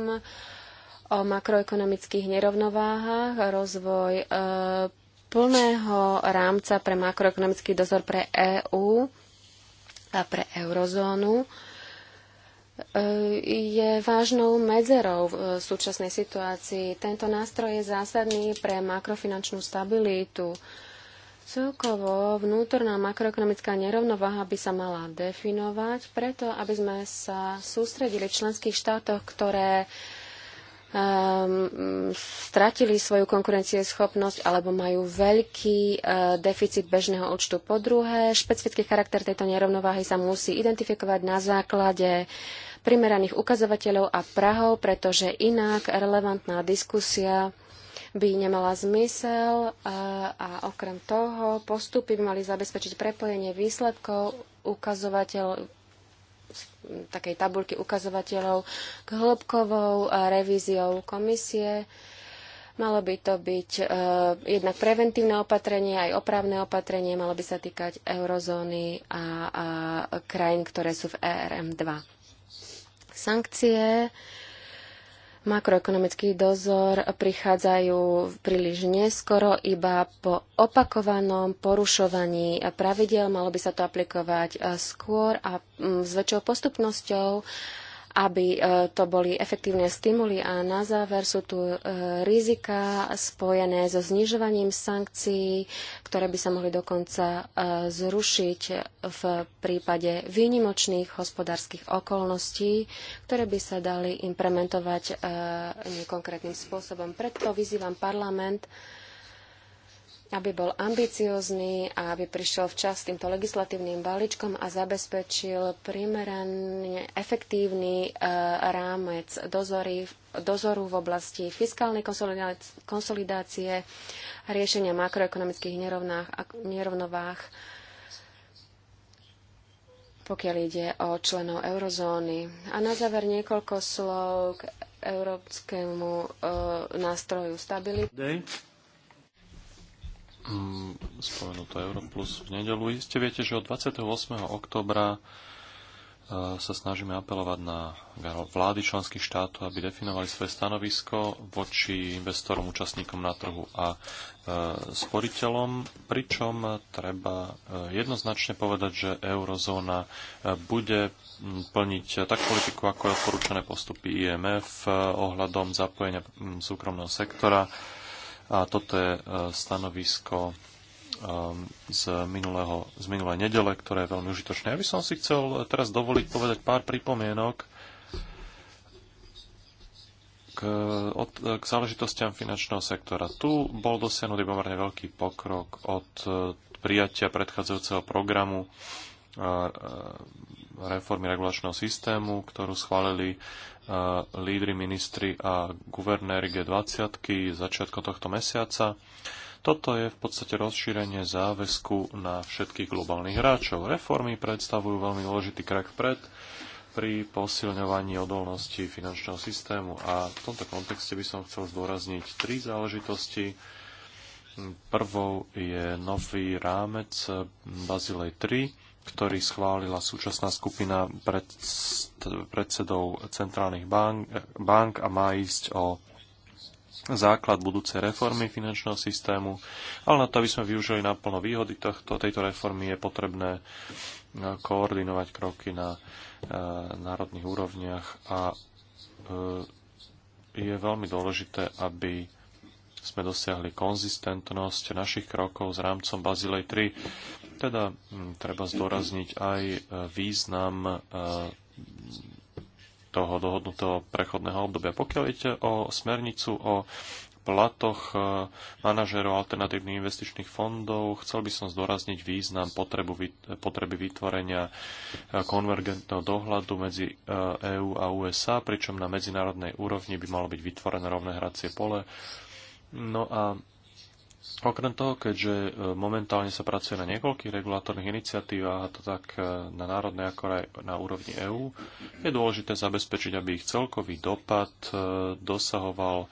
o makroekonomických nerovnováhach, rozvoj e, plného rámca pre makroekonomický dozor pre EÚ a pre eurozónu e, je vážnou medzerou v súčasnej situácii. Tento nástroj je zásadný pre makrofinančnú stabilitu. Celkovo vnútorná makroekonomická nerovnováha by sa mala definovať preto, aby sme sa sústredili v členských štátoch, ktoré um, stratili svoju konkurencieschopnosť alebo majú veľký uh, deficit bežného účtu. Po druhé, špecifický charakter tejto nerovnováhy sa musí identifikovať na základe primeraných ukazovateľov a prahov, pretože inak relevantná diskusia by nemala zmysel a, e, a okrem toho postupy by mali zabezpečiť prepojenie výsledkov ukazovateľov takej tabulky ukazovateľov k hĺbkovou revíziou komisie. Malo by to byť uh, jednak preventívne opatrenie, aj opravné opatrenie, malo by sa týkať eurozóny a, a krajín, ktoré sú v ERM2. Sankcie. Uh, makroekonomický dozor prichádzajú príliš neskoro, iba po opakovanom porušovaní pravidel. Malo by sa to aplikovať eh, skôr a mm, s väčšou postupnosťou aby e, to boli efektívne stimuly a na záver sú tu e, rizika spojené so znižovaním sankcií, ktoré by sa mohli dokonca e, zrušiť v prípade výnimočných hospodárskych okolností, ktoré by sa dali implementovať nekonkrétnym spôsobom. Preto vyzývam parlament, aby bol ambiciózny a aby prišiel včas s týmto legislatívnym balíčkom a zabezpečil primerane efektívny e, rámec dozory, dozoru v oblasti fiskálnej konsolidácie, riešenia makroekonomických nerovnovách, pokiaľ ide o členov eurozóny. A na záver niekoľko slov k európskemu e, nástroju stability. Mm, spomenuté Europlus v nedelu. Iste viete, že od 28. oktobra e, sa snažíme apelovať na vlády členských štátov, aby definovali svoje stanovisko voči investorom, účastníkom na trhu a e, sporiteľom, pričom treba e, jednoznačne povedať, že eurozóna bude plniť tak politiku, ako je odporúčané postupy IMF ohľadom zapojenia súkromného sektora a toto je e, stanovisko e, z, minulého, z minulej nedele, ktoré je veľmi užitočné. Ja by som si chcel teraz dovoliť povedať pár pripomienok k, od, k záležitostiam finančného sektora. Tu bol dosiahnutý pomerne veľký pokrok od e, prijatia predchádzajúceho programu reformy regulačného systému, ktorú schválili lídry, ministri a guvernéry G20 začiatkom tohto mesiaca. Toto je v podstate rozšírenie záväzku na všetkých globálnych hráčov. Reformy predstavujú veľmi dôležitý krok vpred pri posilňovaní odolnosti finančného systému a v tomto kontexte by som chcel zdôrazniť tri záležitosti. Prvou je nový rámec Bazilej 3, ktorý schválila súčasná skupina predsedov centrálnych bank, bank a má ísť o základ budúcej reformy finančného systému, ale na to, aby sme využili naplno výhody tohto, tejto reformy, je potrebné e, koordinovať kroky na e, národných úrovniach a e, je veľmi dôležité, aby sme dosiahli konzistentnosť našich krokov s rámcom Bazilej 3 teda hm, treba zdôrazniť aj e, význam e, toho dohodnutého prechodného obdobia. Pokiaľ ide o smernicu o platoch e, manažérov alternatívnych investičných fondov chcel by som zdôrazniť význam potrebu, potreby vytvorenia konvergentného dohľadu medzi EÚ a USA, pričom na medzinárodnej úrovni by malo byť vytvorené rovné hracie pole. No a Okrem toho, keďže e, momentálne sa pracuje na niekoľkých regulatórnych iniciatívach, a to tak e, na národnej, ako aj na úrovni EÚ, je dôležité zabezpečiť, aby ich celkový dopad e, dosahoval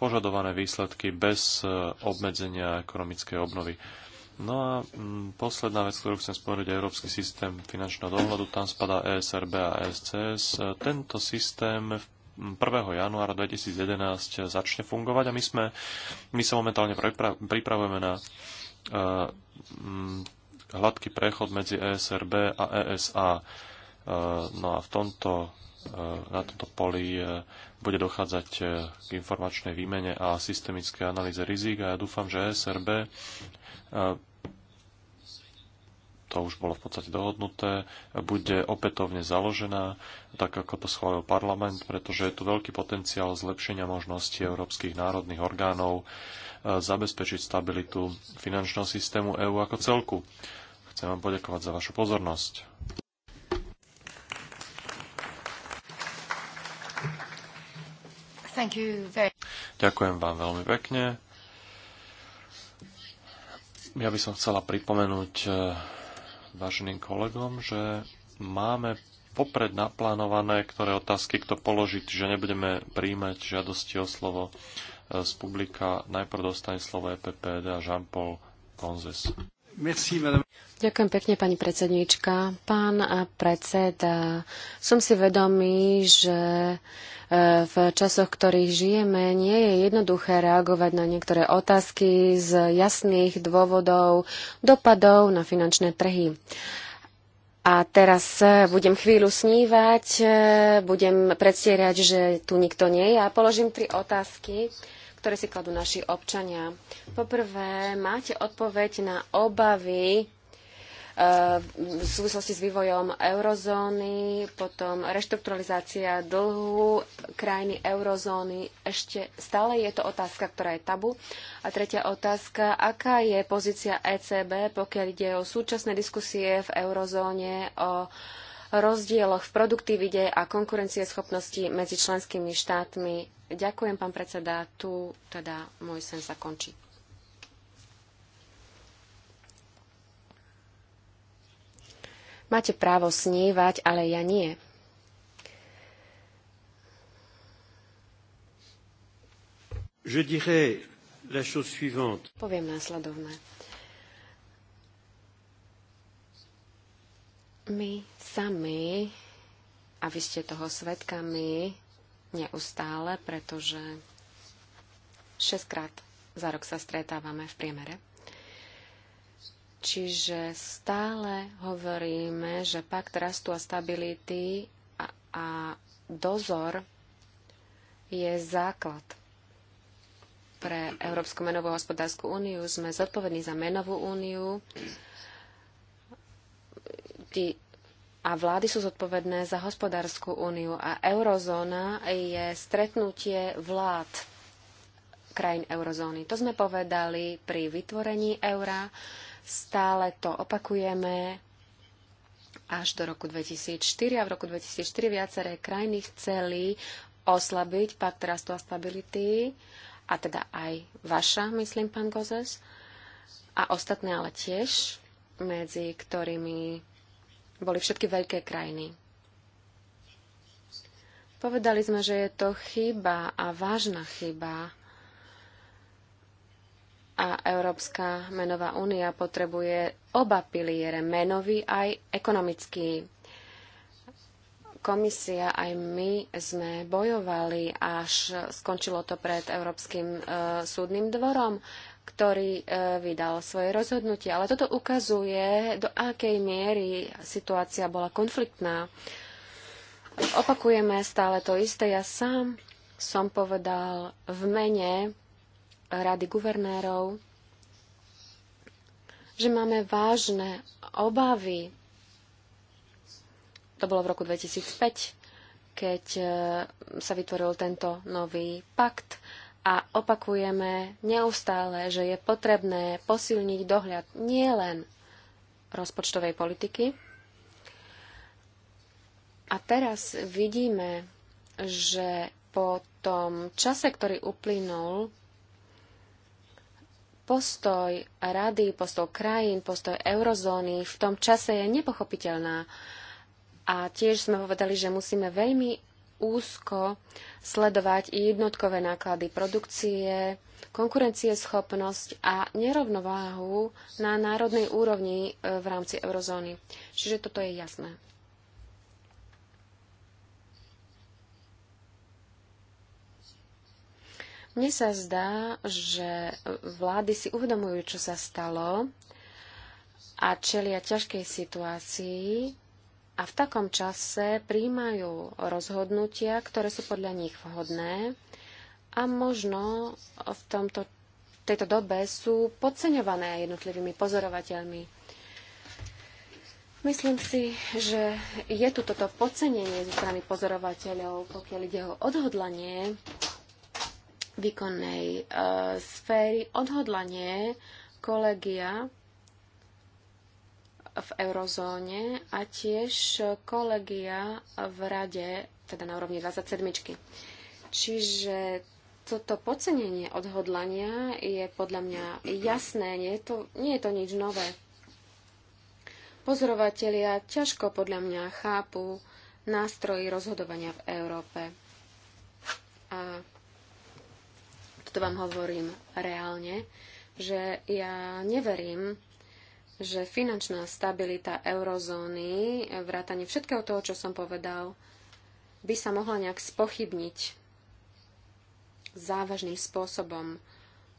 požadované výsledky bez obmedzenia ekonomickej obnovy. No a posledná vec, ktorú chcem spomenúť, je Európsky systém finančného dohľadu. Tam spadá ESRB a ESCS. Tento systém v 1. januára 2011 začne fungovať a my, sme, my sa momentálne pripravujeme na eh, mm, hladký prechod medzi ESRB a ESA. Eh, no a v tomto, eh, na tomto poli bude dochádzať k informačnej výmene a systemické analýze rizik a ja dúfam, že ESRB to už bolo v podstate dohodnuté, bude opätovne založená, tak ako to schválil parlament, pretože je tu veľký potenciál zlepšenia možností európskych národných orgánov e, zabezpečiť stabilitu finančného systému EÚ ako celku. Chcem vám poďakovať za vašu pozornosť. Very... Ďakujem vám veľmi pekne. Ja by som chcela pripomenúť e, váženým kolegom, že máme popred naplánované, ktoré otázky kto položiť, že nebudeme príjmať žiadosti o slovo e, z publika. Najprv dostane slovo EPPD a Jean-Paul Gonzes. Ďakujem pekne, pani predsedníčka. Pán predseda, som si vedomý, že e, v časoch, ktorých žijeme, nie je jednoduché reagovať na niektoré otázky z jasných dôvodov, dopadov na finančné trhy. A teraz e, budem chvíľu snívať, e, budem predstierať, že tu nikto nie je a položím tri otázky ktoré si kladú naši občania. Poprvé, máte odpoveď na obavy eh, v súvislosti s vývojom eurozóny, potom reštrukturalizácia dlhu krajiny eurozóny. Ešte stále je to otázka, ktorá je tabu. A tretia otázka, aká je pozícia ECB, pokiaľ ide o súčasné diskusie v eurozóne, o rozdieloch v produktivite a konkurencieschopnosti medzi členskými štátmi Ďakujem, pán predseda. Tu teda môj sen sa končí. Máte právo snívať, ale ja nie. Je dirais la chose suivante. Poviem následovné. My sami, a vy ste toho svetkami, neustále, pretože 6 krát za rok sa stretávame v priemere. Čiže stále hovoríme, že pakt rastu a stability a, a dozor je základ pre Európsku menovú hospodárskú úniu. Sme zodpovední za menovú úniu. Tí a vlády sú zodpovedné za hospodárskú úniu a eurozóna je stretnutie vlád krajín eurozóny. To sme povedali pri vytvorení eura, stále to opakujeme až do roku 2004 a v roku 2004 viaceré krajiny chceli oslabiť pakt rastu a stability a teda aj vaša, myslím, pán Gozes, a ostatné ale tiež, medzi ktorými boli všetky veľké krajiny. Povedali sme, že je to chyba a vážna chyba a Európska menová únia potrebuje oba piliere, menový aj ekonomický. Komisia aj my sme bojovali, až skončilo to pred Európskym e, súdnym dvorom ktorý e, vydal svoje rozhodnutie. Ale toto ukazuje, do akej miery situácia bola konfliktná. Opakujeme stále to isté. Ja sám som povedal v mene Rady guvernérov, že máme vážne obavy. To bolo v roku 2005, keď e, sa vytvoril tento nový pakt a opakujeme neustále, že je potrebné posilniť dohľad nielen rozpočtovej politiky. A teraz vidíme, že po tom čase, ktorý uplynul, postoj rady, postoj krajín, postoj eurozóny v tom čase je nepochopiteľná. A tiež sme povedali, že musíme veľmi úzko sledovať jednotkové náklady produkcie, konkurencieschopnosť a nerovnováhu na národnej úrovni e, v rámci eurozóny. Čiže toto je jasné. Mne sa zdá, že vlády si uvedomujú, čo sa stalo a čelia ťažkej situácii, a v takom čase príjmajú rozhodnutia, ktoré sú podľa nich vhodné a možno v tomto, tejto dobe sú podceňované jednotlivými pozorovateľmi. Myslím si, že je tu toto podcenenie zo strany pozorovateľov, pokiaľ ide o odhodlanie výkonnej e, sféry, odhodlanie kolegia v eurozóne a tiež kolegia v rade, teda na úrovni 27. Čiže toto pocenenie odhodlania je podľa mňa jasné, nie je to, nie je to nič nové. Pozorovatelia ťažko podľa mňa chápu nástroji rozhodovania v Európe. A toto vám hovorím reálne, že ja neverím že finančná stabilita eurozóny, vrátanie všetkého toho, čo som povedal, by sa mohla nejak spochybniť závažným spôsobom.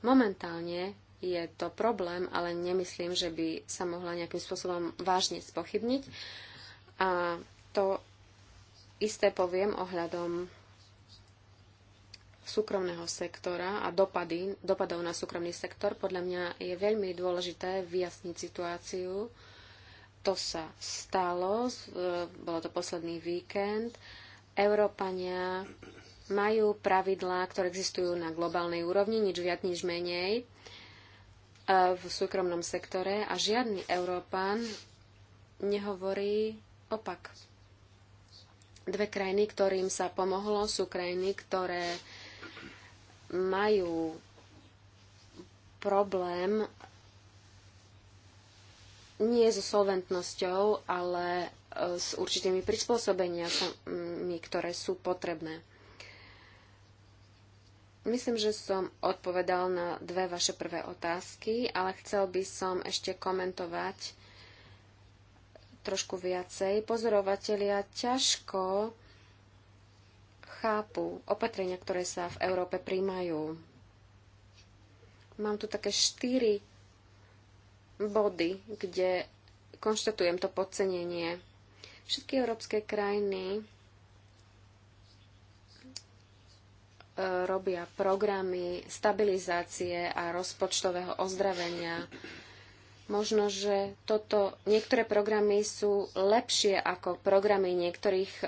Momentálne je to problém, ale nemyslím, že by sa mohla nejakým spôsobom vážne spochybniť. A to isté poviem ohľadom súkromného sektora a dopady, dopadov na súkromný sektor, podľa mňa je veľmi dôležité vyjasniť situáciu. To sa stalo, e, bolo to posledný víkend. Európania majú pravidlá, ktoré existujú na globálnej úrovni, nič viac, nič menej e, v súkromnom sektore a žiadny Európan nehovorí opak. Dve krajiny, ktorým sa pomohlo, sú krajiny, ktoré majú problém nie so solventnosťou, ale e, s určitými prispôsobeniami, ktoré sú potrebné. Myslím, že som odpovedal na dve vaše prvé otázky, ale chcel by som ešte komentovať trošku viacej. Pozorovatelia ťažko chápu opatrenia, ktoré sa v Európe príjmajú. Mám tu také štyri body, kde konštatujem to podcenenie. Všetky európske krajiny e, robia programy stabilizácie a rozpočtového ozdravenia Možno, že toto, niektoré programy sú lepšie ako programy niektorých e,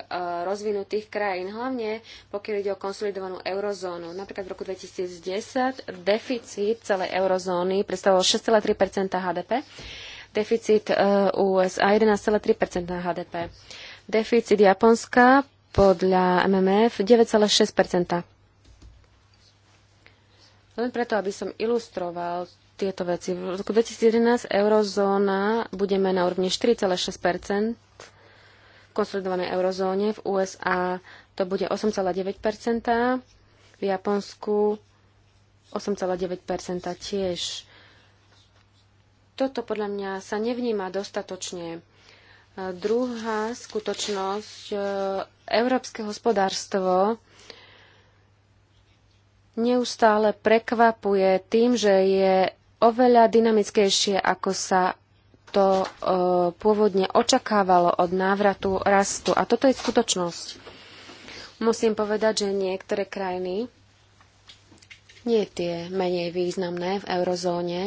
rozvinutých krajín, hlavne pokiaľ ide o konsolidovanú eurozónu. Napríklad v roku 2010 deficit celej eurozóny predstavoval 6,3 HDP, deficit e, USA 11,3 HDP, deficit Japonska podľa MMF 9,6 len preto, aby som ilustroval tieto veci. V roku 2011 eurozóna budeme na úrovni 4,6 v konsolidovanej eurozóne, v USA to bude 8,9 v Japonsku 8,9 tiež. Toto podľa mňa sa nevníma dostatočne. Druhá skutočnosť, e, európske hospodárstvo neustále prekvapuje tým, že je oveľa dynamickejšie, ako sa to e, pôvodne očakávalo od návratu rastu. A toto je skutočnosť. Musím povedať, že niektoré krajiny, nie tie menej významné v eurozóne,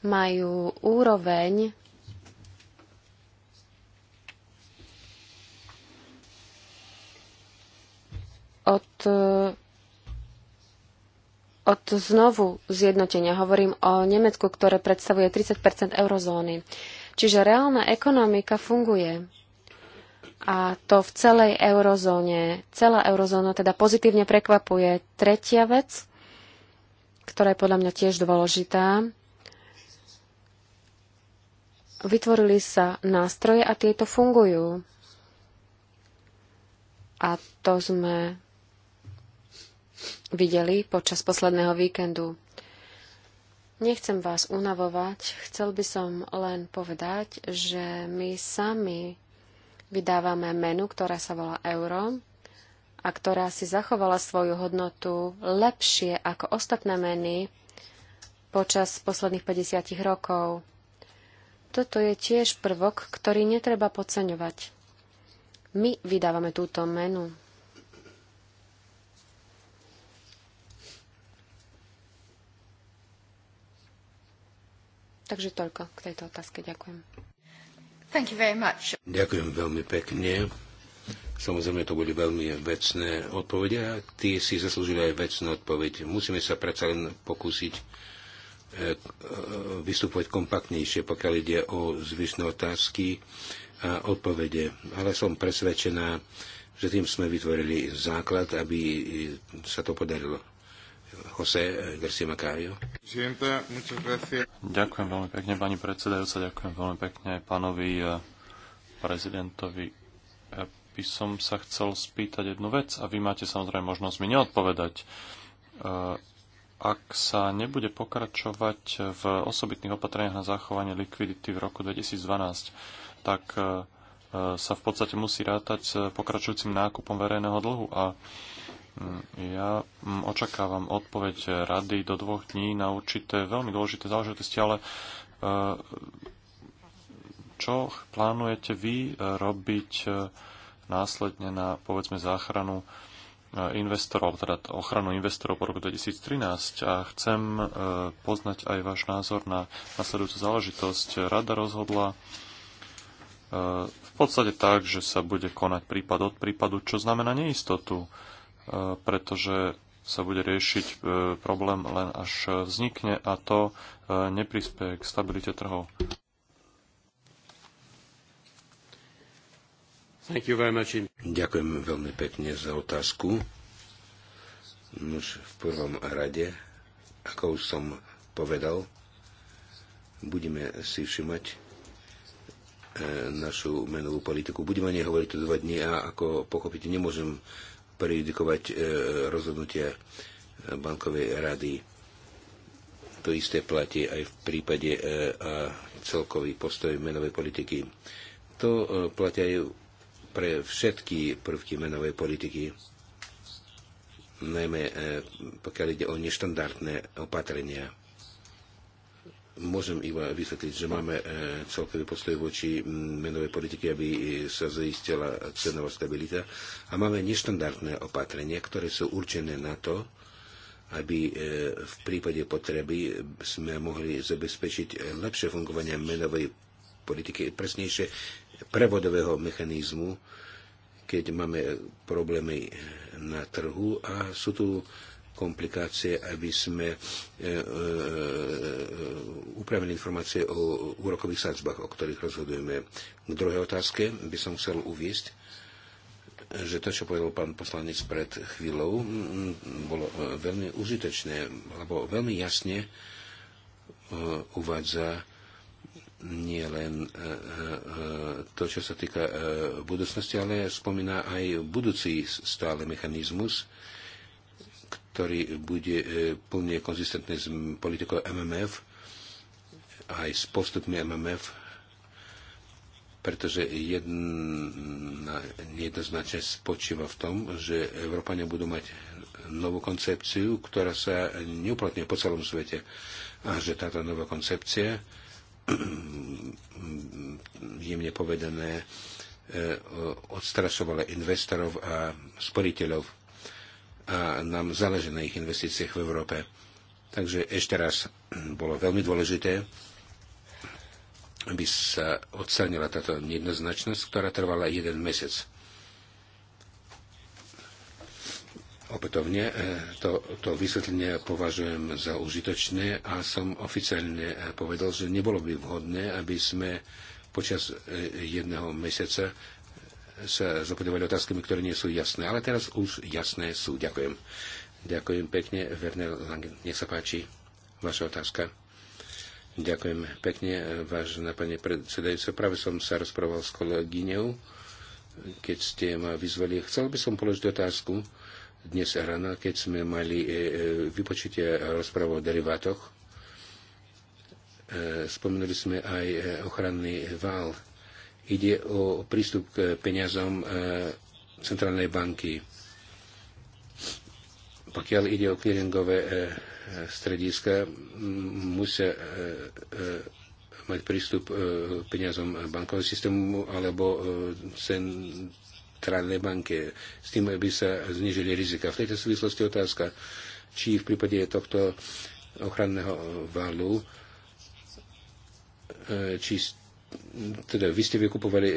majú úroveň od e, od znovu zjednotenia. Hovorím o Nemecku, ktoré predstavuje 30 eurozóny. Čiže reálna ekonomika funguje. A to v celej eurozóne. Celá eurozóna teda pozitívne prekvapuje. Tretia vec, ktorá je podľa mňa tiež dôležitá, vytvorili sa nástroje a tieto fungujú. A to sme videli počas posledného víkendu. Nechcem vás unavovať, chcel by som len povedať, že my sami vydávame menu, ktorá sa volá euro a ktorá si zachovala svoju hodnotu lepšie ako ostatné meny počas posledných 50 rokov. Toto je tiež prvok, ktorý netreba podceňovať. My vydávame túto menu. Takže toľko k tejto otázke. Ďakujem. Thank you very much. Ďakujem veľmi pekne. Samozrejme, to boli veľmi vecné odpovede a tie si zaslúžili aj vecnú odpoveď. Musíme sa predsa len pokúsiť e, e, vystupovať kompaktnejšie, pokiaľ ide o zvyšné otázky a odpovede. Ale som presvedčená, že tým sme vytvorili základ, aby sa to podarilo. José García Macario. Ďakujem veľmi pekne, pani predsedajúca, ďakujem veľmi pekne pánovi eh, prezidentovi. Ja by som sa chcel spýtať jednu vec a vy máte samozrejme možnosť mi neodpovedať. Eh, ak sa nebude pokračovať v osobitných opatreniach na zachovanie likvidity v roku 2012, tak eh, sa v podstate musí rátať s pokračujúcim nákupom verejného dlhu a ja mm, očakávam odpoveď rady do dvoch dní na určité veľmi dôležité záležitosti, ale e, čo plánujete vy e, robiť e, následne na, povedzme, záchranu investorov, teda ochranu investorov po roku 2013 a chcem poznať aj váš názor na nasledujúcu záležitosť. Rada rozhodla v podstate tak, že sa bude konať prípad od prípadu, čo znamená neistotu pretože sa bude riešiť e, problém len až vznikne a to e, neprispieje k stabilite trhov. Ďakujem veľmi pekne za otázku. Nuž v prvom rade, ako už som povedal, budeme si všimať e, našu menovú politiku. Budeme o nej hovoriť tu dva dní a ako pochopíte, nemôžem prejudikovať e, rozhodnutia bankovej rady. To isté platí aj v prípade e, celkový postoj menovej politiky. To e, platia aj pre všetky prvky menovej politiky, najmä pokiaľ ide o neštandardné opatrenia Môžem iba vysvetliť, že máme e, celkový postoj voči menovej politike, aby e, sa zaistila cenová stabilita a máme neštandardné opatrenia, ktoré sú určené na to, aby e, v prípade potreby sme mohli zabezpečiť lepšie fungovanie menovej politiky, presnejšie prevodového mechanizmu, keď máme problémy na trhu a sú tu komplikácie, aby sme e, e, e, upravili informácie o úrokových sadzbách, o ktorých rozhodujeme. K druhej otázke by som chcel uviesť, že to, čo povedal pán poslanec pred chvíľou, bolo veľmi užitočné, lebo veľmi jasne uvádza nie len to, čo sa týka budúcnosti, ale spomína aj budúci stále mechanizmus, ktorý bude e, plne konzistentný s politikou MMF aj s postupmi MMF, pretože jedna nejednoznačne spočíva v tom, že Európania budú mať novú koncepciu, ktorá sa neuplatňuje po celom svete a že táto nová koncepcia jemne povedané e, odstrašovala investorov a sporiteľov a nám záleží na ich investíciách v Európe. Takže ešte raz hm, bolo veľmi dôležité, aby sa odstranila táto nejednoznačnosť, ktorá trvala jeden mesiac. Opätovne e, to, to vysvetlenie považujem za užitočné a som oficiálne e, povedal, že nebolo by vhodné, aby sme počas e, jedného mesiaca sa zopodovali otázkami, ktoré nie sú jasné. Ale teraz už jasné sú. Ďakujem. Ďakujem pekne. Werner Lange. nech sa páči. Vaša otázka. Ďakujem pekne, vážená pani predsedajúca. Práve som sa rozprával s kolegyňou, keď ste ma vyzvali. Chcel by som položiť otázku dnes ráno, keď sme mali e, e, vypočutie rozprávu o derivátoch. E, Spomenuli sme aj ochranný vál Ide o prístup k peniazom e, centrálnej banky. Pokiaľ ide o clearingové e, strediska, musia e, mať prístup k peniazom bankového systému alebo centrálnej banke. S tým by sa znižili rizika. V tejto súvislosti otázka, či v prípade tohto ochranného valu či teda vy ste vykupovali e,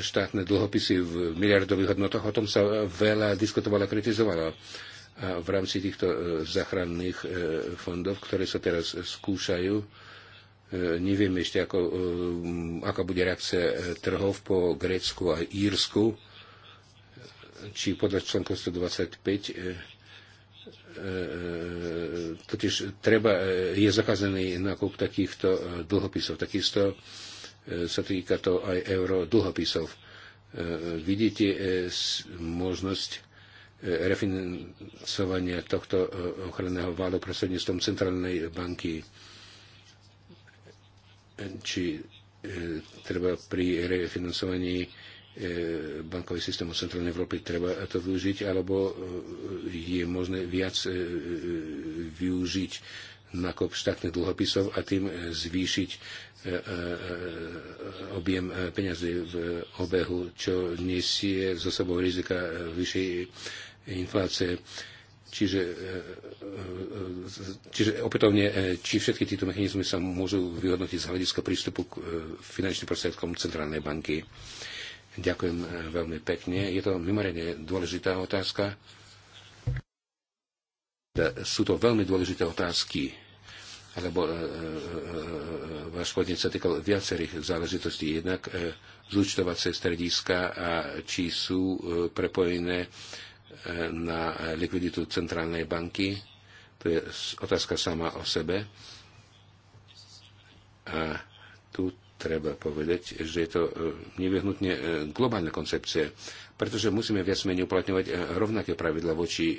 štátne dlhopisy v miliardových hodnotách, o tom sa veľa diskutovala, kritizovalo. a v rámci týchto e, záchranných e, fondov, ktoré sa teraz skúšajú. Neviem ešte, ako, aká bude reakcia trhov po Grécku a Írsku, či podľa článku 125 totiž treba, je zakázaný nákup takýchto dlhopisov. Takisto E, sa týka to aj euro dlhopisov. E, vidíte e, možnosť refinancovania tohto ochranného válu prostredníctvom Centrálnej banky? Či treba pri refinancovaní bankový systém v Centrálnej Európy treba to využiť, alebo je možné viac využiť nákup štátnych dlhopisov a tým zvýšiť E, e, e, objem peňazí v obehu, čo nesie zo sebou rizika vyššej inflácie. Čiže, čiže opätovne, či všetky tieto mechanizmy sa môžu vyhodnotiť z hľadiska prístupu k finančným prostriedkom Centrálnej banky. Ďakujem veľmi pekne. Je to mimoriadne dôležitá otázka. Sú to veľmi dôležité otázky alebo e, e, e, váš podnet sa týkal viacerých záležitostí, jednak zúčtovacie strediska a či sú prepojené na likviditu centrálnej banky. To je otázka sama o sebe. A tu treba povedať, že je to nevyhnutne globálna koncepcia pretože musíme viac menej uplatňovať eh, rovnaké pravidla voči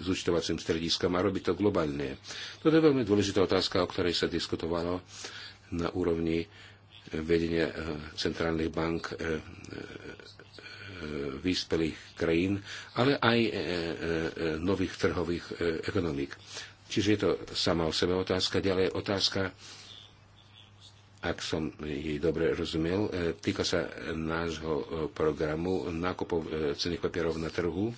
zúčtovacím eh, strediskám a robiť to globálne. Toto je veľmi dôležitá otázka, o ktorej sa diskutovalo na úrovni eh, vedenia centrálnych bank výspelých krajín, ale aj nových trhových ekonomík. Čiže je to sama o sebe otázka, ďalej otázka ak som jej dobre rozumiel, e, týka sa e, nášho e, programu nákupov cených papierov na trhu.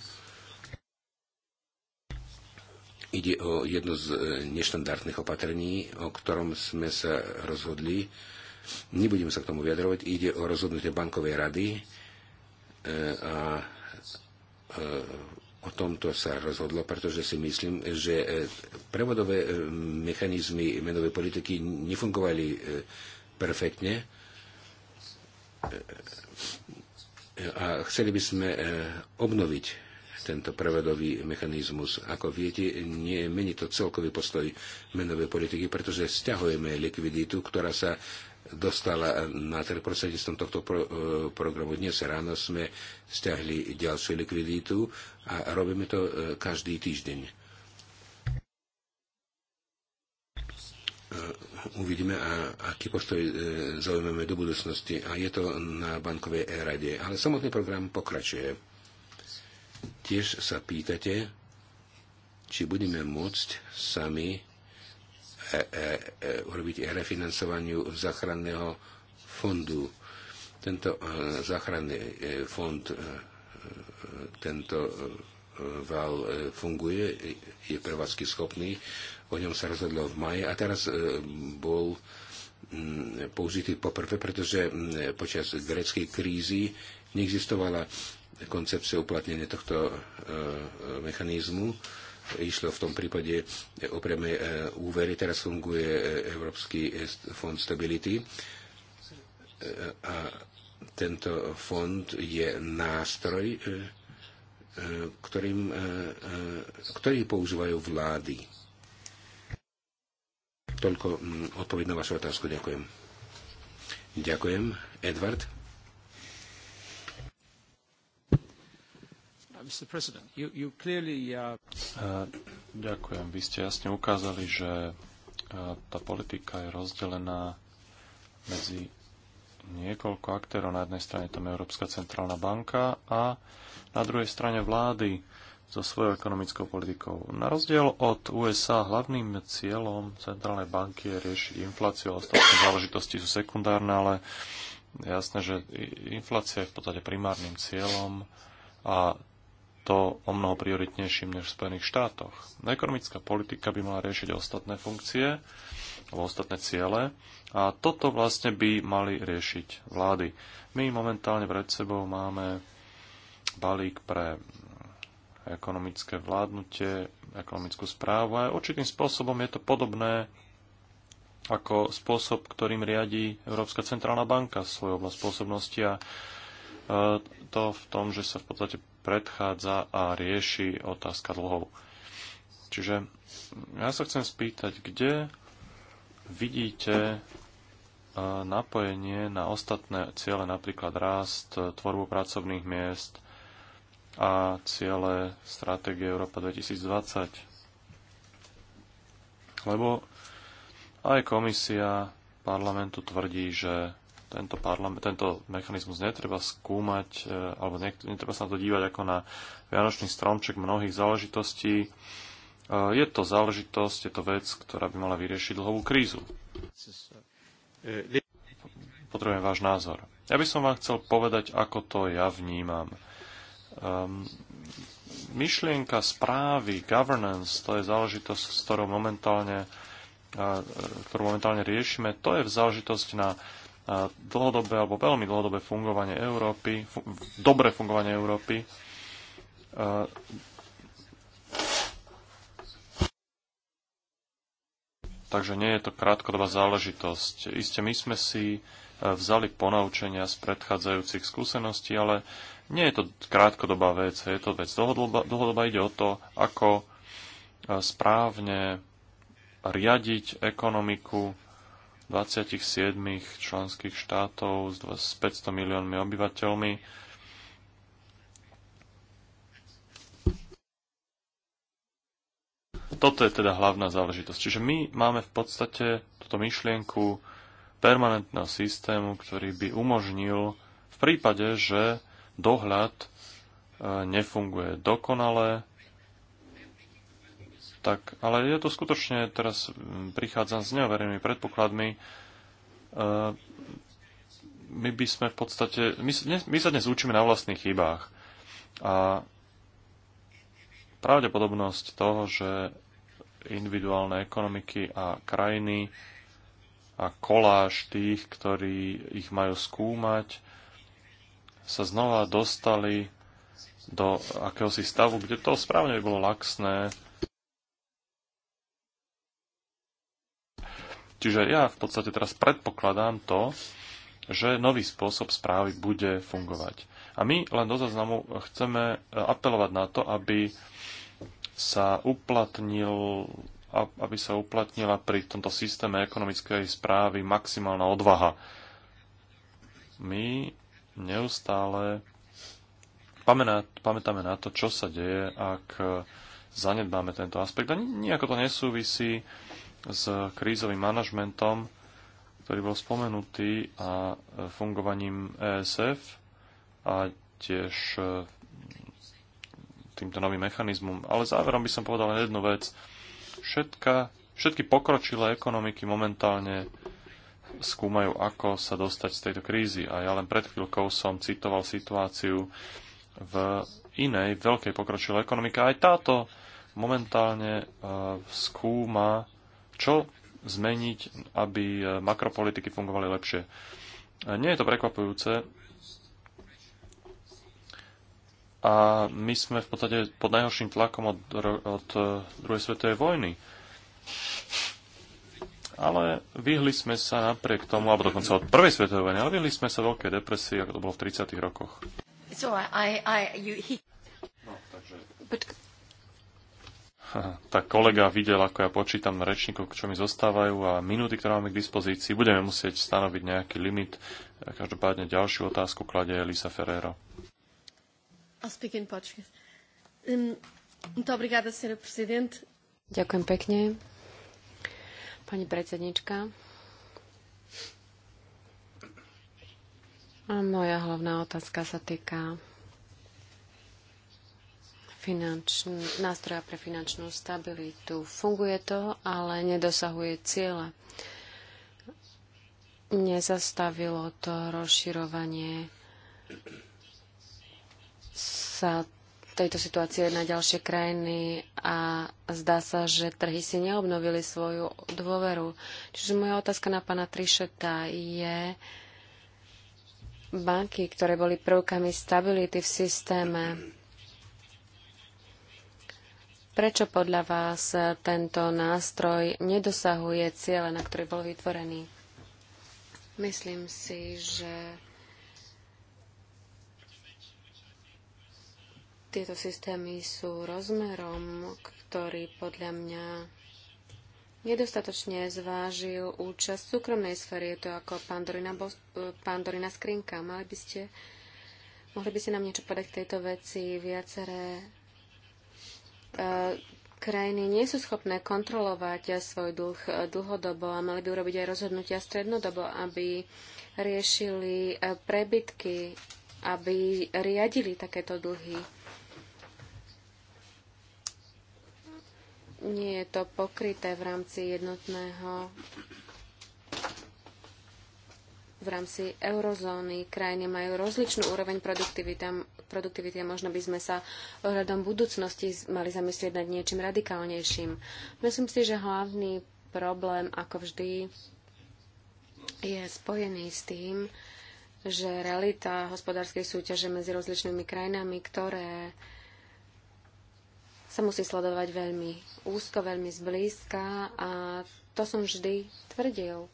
Ide o jedno z neštandardných opatrení, o ktorom sme sa rozhodli. Nebudem sa k tomu vyjadrovať. Ide o rozhodnutie bankovej rady a O tomto sa rozhodlo, pretože si myslím, že e, prevodové e, mechanizmy menovej politiky nefungovali e, perfektne a chceli by sme obnoviť tento prevodový mechanizmus. Ako viete, nie mení to celkový postoj menovej politiky, pretože stiahujeme likviditu, ktorá sa dostala na trh prostredníctvom tohto pro, e, programu. Dnes ráno sme stiahli ďalšiu likviditu a robíme to e, každý týždeň. E, uvidíme, a, aký postoj e, zaujmeme do budúcnosti. A je to na bankovej rade. Ale samotný program pokračuje. Tiež sa pýtate, či budeme môcť sami E, e, e, urobiť refinancovaniu záchranného fondu. Tento záchranný fond, tento val funguje, je prevádzky schopný, o ňom sa rozhodlo v maji a teraz bol mm, použitý poprvé, pretože mm, počas greckej krízy neexistovala koncepcia uplatnenia tohto mechanizmu išlo v tom prípade e, o priame e, úvery. Teraz funguje e, Európsky fond stability a tento fond je nástroj, ktorým, ktorý používajú vlády. Toľko mm, odpoveď na vašu otázku. Ďakujem. Ďakujem. Edward? Uh, uh, uh, ďakujem. Vy ste jasne ukázali, že tá politika je rozdelená medzi niekoľko aktérov. Na jednej strane tam je Európska centrálna banka a na druhej strane vlády so svojou ekonomickou politikou. Na rozdiel od USA hlavným cieľom centrálnej banky je riešiť infláciu, ale ostatné záležitosti sú sekundárne, ale jasné, že inflácia je v podstate primárnym cieľom a to o mnoho prioritnejším než v Spojených štátoch. Ekonomická politika by mala riešiť ostatné funkcie alebo ostatné ciele a toto vlastne by mali riešiť vlády. My momentálne pred sebou máme balík pre ekonomické vládnutie, ekonomickú správu a určitým spôsobom je to podobné ako spôsob, ktorým riadi Európska centrálna banka svoju oblasť spôsobnosti a e, to v tom, že sa v podstate predchádza a rieši otázka dlhov. Čiže ja sa chcem spýtať, kde vidíte e, napojenie na ostatné ciele, napríklad rast, tvorbu pracovných miest a ciele stratégie Európa 2020. Lebo aj komisia parlamentu tvrdí, že tento, parlament, tento mechanizmus netreba skúmať, e, alebo netreba sa na to dívať ako na vianočný stromček mnohých záležitostí. E, je to záležitosť, je to vec, ktorá by mala vyriešiť dlhovú krízu. Potrebujem váš názor. Ja by som vám chcel povedať, ako to ja vnímam. Um, myšlienka správy, governance, to je záležitosť, s ktorou momentálne, e, ktorú momentálne riešime, to je záležitosť na uh, dlhodobé alebo veľmi dlhodobé fungovanie Európy, fun- dobré fungovanie Európy. Takže nie je to krátkodobá záležitosť. Isté my sme si e, vzali ponaučenia z predchádzajúcich skúseností, ale nie je to krátkodobá vec, je to vec dlhodobá, dlhodobá ide o to, ako e, správne riadiť ekonomiku 27 členských štátov s 500 miliónmi obyvateľmi. Toto je teda hlavná záležitosť. Čiže my máme v podstate túto myšlienku permanentného systému, ktorý by umožnil v prípade, že dohľad e, nefunguje dokonale, tak, ale je to skutočne, teraz mm, prichádzam s neoverenými predpokladmi, e, my by sme v podstate, my, my sa dnes učíme na vlastných chybách a pravdepodobnosť toho, že individuálne ekonomiky a krajiny a koláž tých, ktorí ich majú skúmať, sa znova dostali do akéhosi stavu, kde to správne by bolo laxné, Čiže ja v podstate teraz predpokladám to, že nový spôsob správy bude fungovať. A my len do zaznamu chceme e, apelovať na to, aby sa uplatnil aby sa uplatnila pri tomto systéme ekonomickej správy maximálna odvaha. My neustále pamätáme na to, čo sa deje, ak zanedbáme tento aspekt. A nejako to nesúvisí s krízovým manažmentom, ktorý bol spomenutý a e, fungovaním ESF a tiež e, týmto novým mechanizmom. Ale záverom by som povedal len jednu vec. Všetka, všetky pokročilé ekonomiky momentálne skúmajú, ako sa dostať z tejto krízy. A ja len pred chvíľkou som citoval situáciu v inej veľkej pokročilej ekonomike. Aj táto momentálne e, skúma čo zmeniť, aby e, makropolitiky fungovali lepšie. E, nie je to prekvapujúce. A my sme v podstate pod najhorším tlakom od, od e, druhej svetovej vojny. Ale vyhli sme sa napriek tomu, alebo dokonca od prvej svetovej vojny, ale vyhli sme sa veľkej depresii, ako to bolo v 30. rokoch. So I, I, you, he... no, takže tak kolega videl, ako ja počítam na rečníkov, čo mi zostávajú a minúty, ktoré máme k dispozícii. Budeme musieť stanoviť nejaký limit. Každopádne ďalšiu otázku kladie Elisa Ferrero. Um, Ďakujem pekne. Pani predsednička. A moja hlavná otázka sa týka finančn- nástroja pre finančnú stabilitu. Funguje to, ale nedosahuje cieľa. Nezastavilo to rozširovanie sa tejto situácie na ďalšie krajiny a zdá sa, že trhy si neobnovili svoju dôveru. Čiže moja otázka na pána Trišeta je, banky, ktoré boli prvkami stability v systéme, Prečo podľa vás tento nástroj nedosahuje ciele, na ktorý bol vytvorený? Myslím si, že tieto systémy sú rozmerom, ktorý podľa mňa nedostatočne zvážil účasť súkromnej sféry. Je to ako pandorina, pandorina skrinka. Mali by ste, mohli by ste nám niečo povedať k tejto veci? Viaceré E, krajiny nie sú schopné kontrolovať svoj dlh e, dlhodobo a mali by urobiť aj rozhodnutia strednodobo, aby riešili e, prebytky, aby riadili takéto dlhy. Nie je to pokryté v rámci jednotného v rámci eurozóny krajiny majú rozličnú úroveň produktivity, produktivity a možno by sme sa ohľadom budúcnosti mali zamyslieť nad niečím radikálnejším. Myslím si, že hlavný problém, ako vždy, je spojený s tým, že realita hospodárskej súťaže medzi rozličnými krajinami, ktoré sa musí sledovať veľmi úzko, veľmi zblízka a to som vždy tvrdil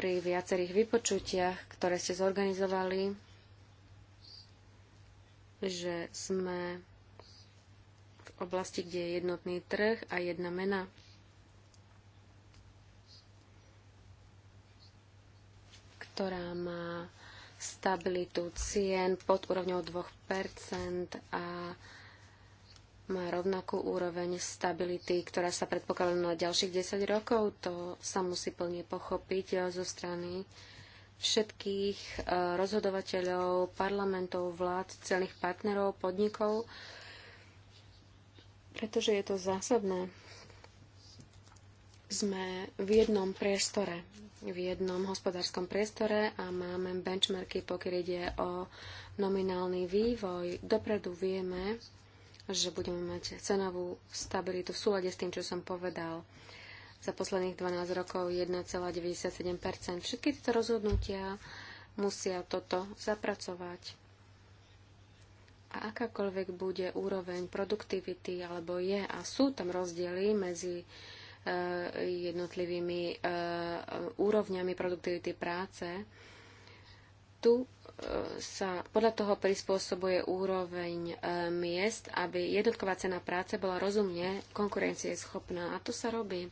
pri viacerých vypočutiach, ktoré ste zorganizovali, že sme v oblasti, kde je jednotný trh a jedna mena. ktorá má stabilitu cien pod úrovňou 2% a má rovnakú úroveň stability, ktorá sa predpokladá na ďalších 10 rokov. To sa musí plne pochopiť eh, zo strany všetkých eh, rozhodovateľov, parlamentov, vlád, celých partnerov, podnikov, pretože je to zásadné. Sme v jednom priestore, v jednom hospodárskom priestore a máme benchmarky, pokiaľ ide o nominálny vývoj. Dopredu vieme, že budeme mať cenovú stabilitu v súlade s tým, čo som povedal. Za posledných 12 rokov 1,97 Všetky tieto rozhodnutia musia toto zapracovať. A akákoľvek bude úroveň produktivity, alebo je, a sú tam rozdiely medzi eh, jednotlivými eh, úrovňami produktivity práce, tu sa podľa toho prispôsobuje úroveň e, miest, aby jednotková cena práce bola rozumne konkurencieschopná. A to sa robí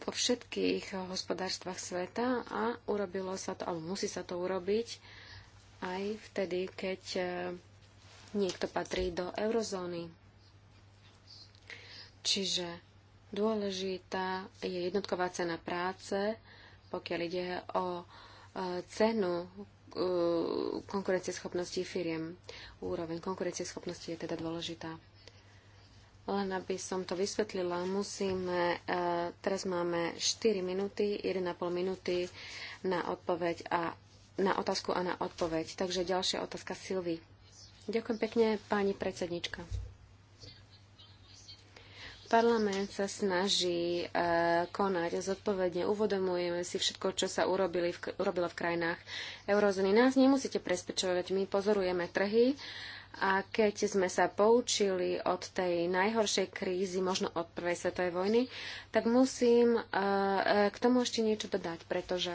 vo všetkých hospodárstvách sveta a urobilo sa to, alebo musí sa to urobiť aj vtedy, keď e, niekto patrí do eurozóny. Čiže dôležitá je jednotková cena práce, pokiaľ ide o e, cenu, Eh, konkurencieschopnosti firiem. Úroveň konkurencieschopnosti je teda dôležitá. Len aby som to vysvetlila, musíme, eh, teraz máme 4 minúty, 1,5 minúty na odpoveď a na otázku a na odpoveď. Takže ďalšia otázka Silvy. Ďakujem pekne, pani predsednička. Parlament sa snaží e, konať zodpovedne. Uvodomujeme si všetko, čo sa urobili v, urobilo v krajinách eurozóny. Nás nemusíte prespečovať, my pozorujeme trhy a keď sme sa poučili od tej najhoršej krízy, možno od prvej svetovej vojny, tak musím e, e, k tomu ešte niečo dodať, pretože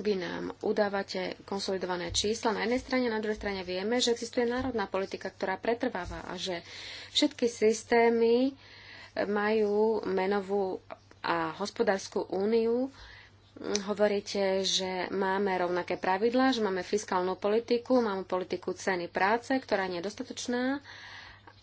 vy nám udávate konsolidované čísla. Na jednej strane, na druhej strane vieme, že existuje národná politika, ktorá pretrváva a že všetky systémy majú menovú a hospodárskú úniu. Hovoríte, že máme rovnaké pravidlá, že máme fiskálnu politiku, máme politiku ceny práce, ktorá nie je dostatočná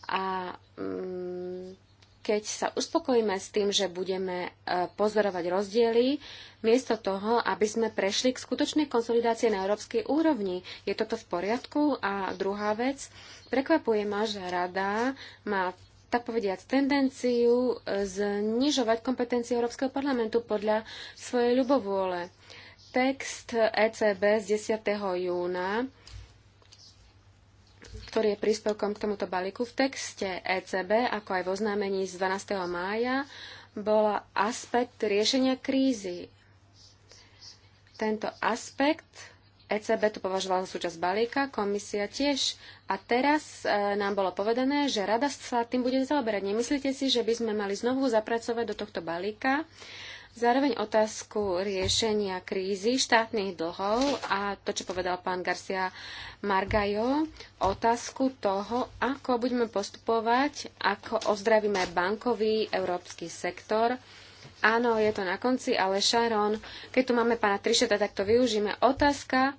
a mm, keď sa uspokojíme s tým, že budeme e, pozorovať rozdiely, miesto toho, aby sme prešli k skutočnej konsolidácii na európskej úrovni. Je toto v poriadku? A druhá vec, prekvapuje ma, že rada má tak povediať, tendenciu e, znižovať kompetencie Európskeho parlamentu podľa svojej ľubovôle. Text ECB z 10. júna ktorý je príspevkom k tomuto balíku. V texte ECB, ako aj v oznámení z 12. mája, bola aspekt riešenia krízy. Tento aspekt ECB to považovala za súčasť balíka, komisia tiež. A teraz e, nám bolo povedané, že rada sa tým bude zaoberať. Nemyslíte si, že by sme mali znovu zapracovať do tohto balíka Zároveň otázku riešenia krízy štátnych dlhov a to, čo povedal pán Garcia Margajo, otázku toho, ako budeme postupovať, ako ozdravíme bankový európsky sektor. Áno, je to na konci, ale Sharon, keď tu máme pána Trišeta, tak to využíme. Otázka,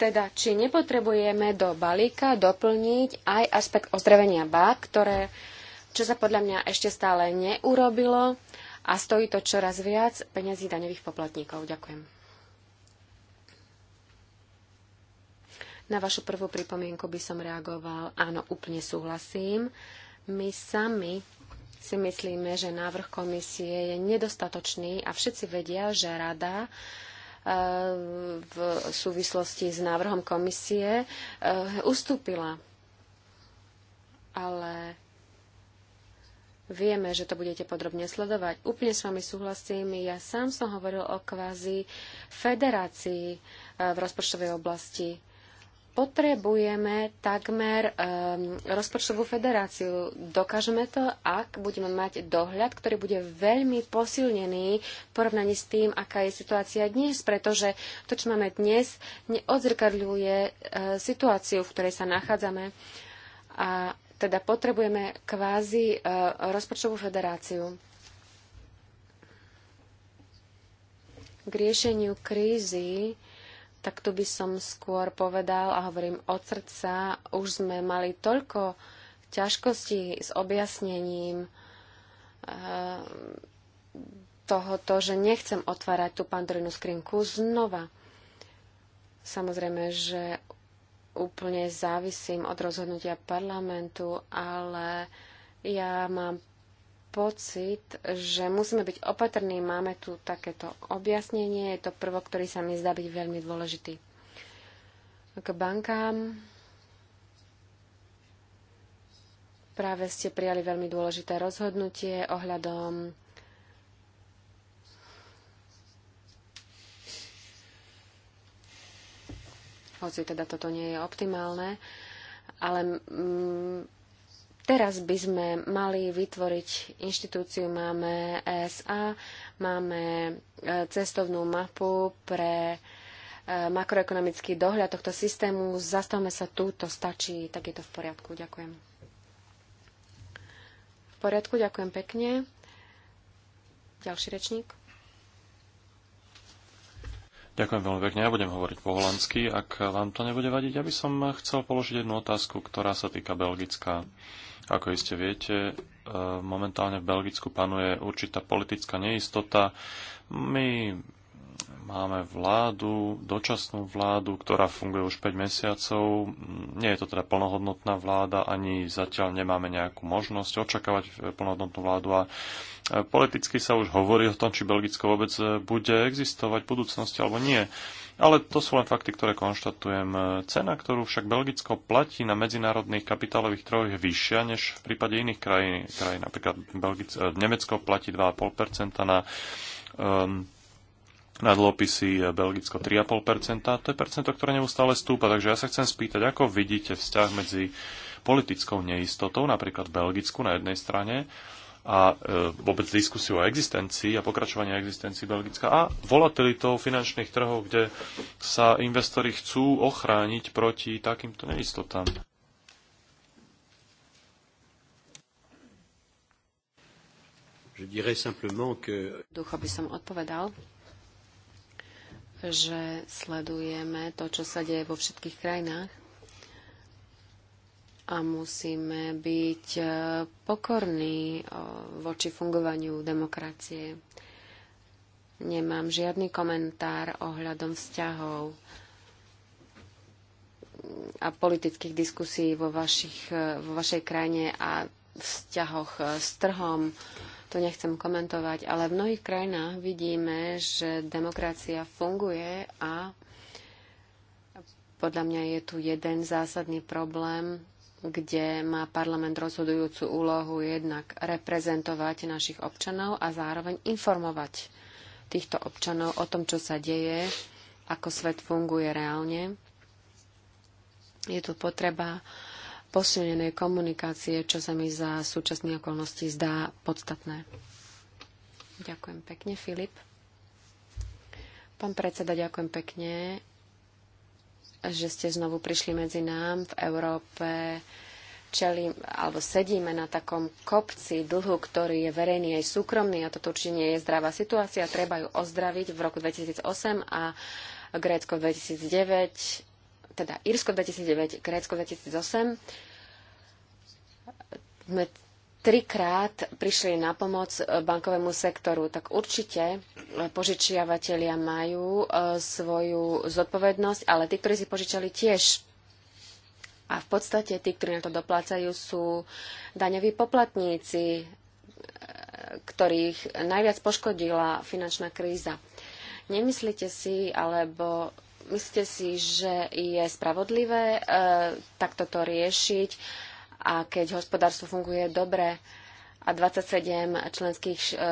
teda, či nepotrebujeme do balíka doplniť aj aspekt ozdravenia bank, ktoré čo sa podľa mňa ešte stále neurobilo a stojí to čoraz viac peňazí daňových poplatníkov. Ďakujem. Na vašu prvú pripomienku by som reagoval. Áno, úplne súhlasím. My sami si myslíme, že návrh komisie je nedostatočný a všetci vedia, že rada e, v súvislosti s návrhom komisie e, ustúpila. Ale Vieme, že to budete podrobne sledovať. Úplne s vami súhlasím. Ja sám som hovoril o kvázi federácii e, v rozpočtovej oblasti. Potrebujeme takmer um, rozpočtovú federáciu. Dokážeme to, ak budeme mať dohľad, ktorý bude veľmi posilnený v porovnaní s tým, aká je situácia dnes, pretože to, čo máme dnes, neodzrkadľuje uh, situáciu, v ktorej sa nachádzame. A teda potrebujeme kvázi e, rozpočtovú federáciu. K riešeniu krízy, tak tu by som skôr povedal, a hovorím od srdca, už sme mali toľko ťažkostí s objasnením e, tohoto, že nechcem otvárať tú pandorinu skrinku znova. Samozrejme, že úplne závisím od rozhodnutia parlamentu, ale ja mám pocit, že musíme byť opatrní. Máme tu takéto objasnenie. Je to prvok, ktorý sa mi zdá byť veľmi dôležitý. K bankám práve ste prijali veľmi dôležité rozhodnutie ohľadom hoci teda toto nie je optimálne, ale mm, teraz by sme mali vytvoriť inštitúciu, máme ESA, máme e, cestovnú mapu pre e, makroekonomický dohľad tohto systému. Zastavme sa tu, to stačí, tak je to v poriadku. Ďakujem. V poriadku, ďakujem pekne. Ďalší rečník. Ďakujem veľmi pekne. Ja budem hovoriť po holandsky, ak vám to nebude vadiť. Ja by som chcel položiť jednu otázku, ktorá sa týka Belgická. Ako iste viete, e, momentálne v Belgicku panuje určitá politická neistota. My Máme vládu, dočasnú vládu, ktorá funguje už 5 mesiacov. Nie je to teda plnohodnotná vláda, ani zatiaľ nemáme nejakú možnosť očakávať plnohodnotnú vládu. A e, politicky sa už hovorí o tom, či Belgicko vôbec e, bude existovať v budúcnosti alebo nie. Ale to sú len fakty, ktoré konštatujem. E, cena, ktorú však Belgicko platí na medzinárodných kapitálových trhoch je vyššia než v prípade iných krajín. krajín. Napríklad Belgic- Nemecko platí 2,5% na um, na dlhopisy Belgicko 3,5%. To je percento, ktoré neustále stúpa. Takže ja sa chcem spýtať, ako vidíte vzťah medzi politickou neistotou, napríklad v Belgicku na jednej strane, a e, vôbec diskusiu o existencii a pokračovanie existencii Belgická a volatilitou finančných trhov, kde sa investori chcú ochrániť proti takýmto neistotám. Ducha by som odpovedal, že sledujeme to, čo sa deje vo všetkých krajinách a musíme byť e, pokorní e, voči fungovaniu demokracie. Nemám žiadny komentár ohľadom vzťahov a politických diskusí vo, vašich, e, vo vašej krajine a vzťahoch s trhom. Uh, to nechcem komentovať, ale v mnohých krajinách vidíme, že demokracia funguje a podľa mňa je tu jeden zásadný problém, kde má parlament rozhodujúcu úlohu jednak reprezentovať našich občanov a zároveň informovať týchto občanov o tom, čo sa deje, ako svet funguje reálne. Je tu potreba posilnenej komunikácie, čo sa mi za súčasné okolnosti zdá podstatné. Ďakujem pekne, Filip. Pán predseda, ďakujem pekne, že ste znovu prišli medzi nám v Európe. Čelím, alebo sedíme na takom kopci dlhu, ktorý je verejný aj súkromný a toto určite nie je zdravá situácia. Treba ju ozdraviť v roku 2008 a Grécko 2009 teda Írsko 2009, Grécko 2008, sme trikrát prišli na pomoc e, bankovému sektoru, tak určite e, požičiavatelia majú e, svoju zodpovednosť, ale tí, ktorí si požičali tiež. A v podstate tí, ktorí na to doplácajú, sú daňoví poplatníci, ktorých najviac poškodila finančná kríza. Nemyslíte si, alebo Myslíte si, že je spravodlivé e, takto to riešiť a keď hospodárstvo funguje dobre a 27 členských e, e,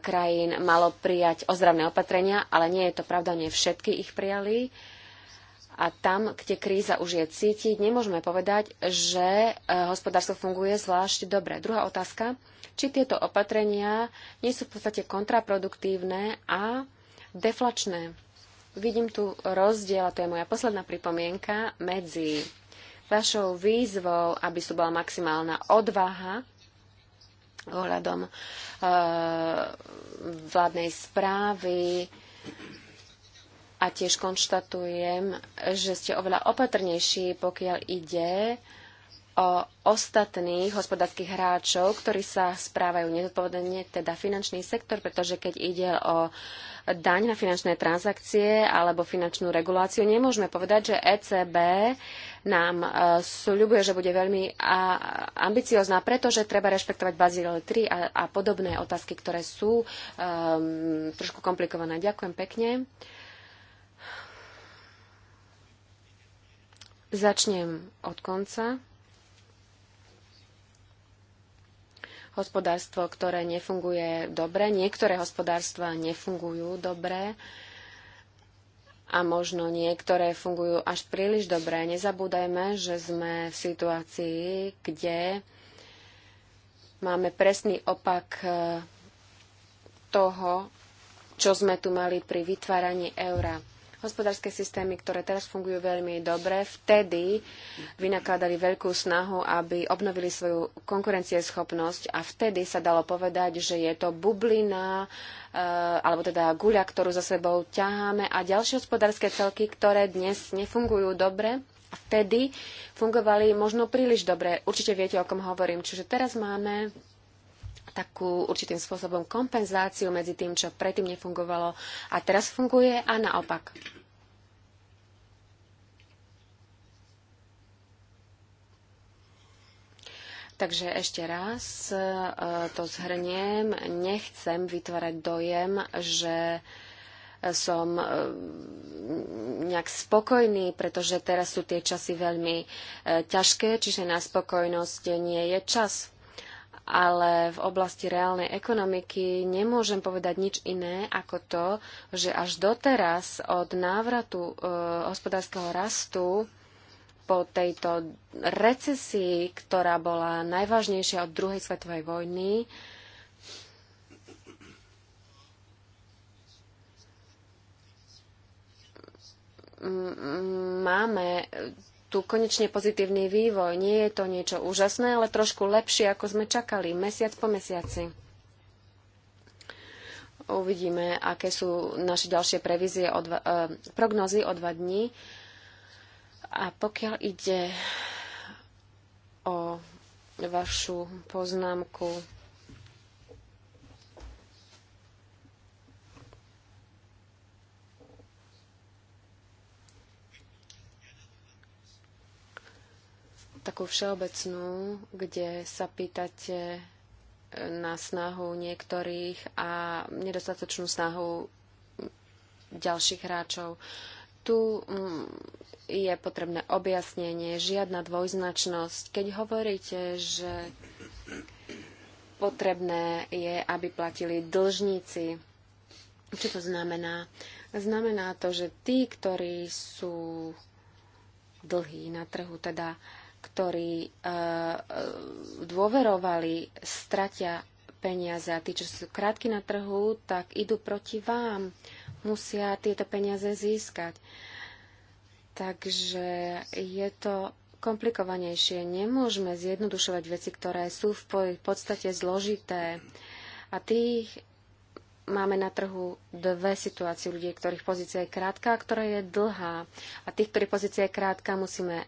krajín malo prijať ozdravné opatrenia, ale nie je to pravda, nie všetky ich prijali. A tam, kde kríza už je cítiť, nemôžeme povedať, že e, hospodárstvo funguje zvlášť dobre. Druhá otázka, či tieto opatrenia nie sú v podstate kontraproduktívne a deflačné Vidím tu rozdiel, a to je moja posledná pripomienka, medzi vašou výzvou, aby sú bola maximálna odvaha ohľadom e, vládnej správy a tiež konštatujem, že ste oveľa opatrnejší, pokiaľ ide o ostatných hospodárskych hráčov, ktorí sa správajú nezodpovedne, teda finančný sektor, pretože keď ide o daň na finančné transakcie alebo finančnú reguláciu, nemôžeme povedať, že ECB nám e, sľubuje, že bude veľmi ambiciozná, pretože treba rešpektovať Bazíl 3 a, a podobné otázky, ktoré sú um, trošku komplikované. Ďakujem pekne. Začnem od konca. hospodárstvo, ktoré nefunguje dobre. Niektoré hospodárstva nefungujú dobre a možno niektoré fungujú až príliš dobre. Nezabúdajme, že sme v situácii, kde máme presný opak eh, toho, čo sme tu mali pri vytváraní eura Hospodárske systémy, ktoré teraz fungujú veľmi dobre, vtedy vynakladali veľkú snahu, aby obnovili svoju konkurencieschopnosť a vtedy sa dalo povedať, že je to bublina, eh, alebo teda guľa, ktorú za sebou ťaháme a ďalšie hospodárske celky, ktoré dnes nefungujú dobre, vtedy fungovali možno príliš dobre. Určite viete, o kom hovorím. Čiže teraz máme takú určitým spôsobom kompenzáciu medzi tým, čo predtým nefungovalo a teraz funguje a naopak. Takže ešte raz e, to zhrniem. Nechcem vytvárať dojem, že e, som e, nejak spokojný, pretože teraz sú tie časy veľmi ťažké, čiže na spokojnosť nie je čas ale v oblasti reálnej ekonomiky nemôžem povedať nič iné ako to, že až doteraz od návratu e, hospodárskeho rastu po tejto recesii, ktorá bola najvážnejšia od druhej svetovej vojny, máme tu konečne pozitívny vývoj. Nie je to niečo úžasné, ale trošku lepšie, ako sme čakali, mesiac po mesiaci. Uvidíme, aké sú naše ďalšie prevízie o dva, eh, prognozy o dva dní. A pokiaľ ide o vašu poznámku takú všeobecnú, kde sa pýtate e, na snahu niektorých a nedostatočnú snahu ďalších hráčov. Tu mm, je potrebné objasnenie, žiadna dvojznačnosť. Keď hovoríte, že potrebné je, aby platili dlžníci, čo to znamená? Znamená to, že tí, ktorí sú dlhí na trhu, teda uh, ktorí e, e, dôverovali, stratia peniaze a tí, čo sú krátky na trhu, tak idú proti vám. Musia tieto peniaze získať. Takže je to komplikovanejšie. Nemôžeme zjednodušovať veci, ktoré sú v podstate zložité. A tých máme na trhu dve situácie ľudí, ktorých pozícia je krátka a ktorá je dlhá. A tých, ktorých pozícia je krátka, musíme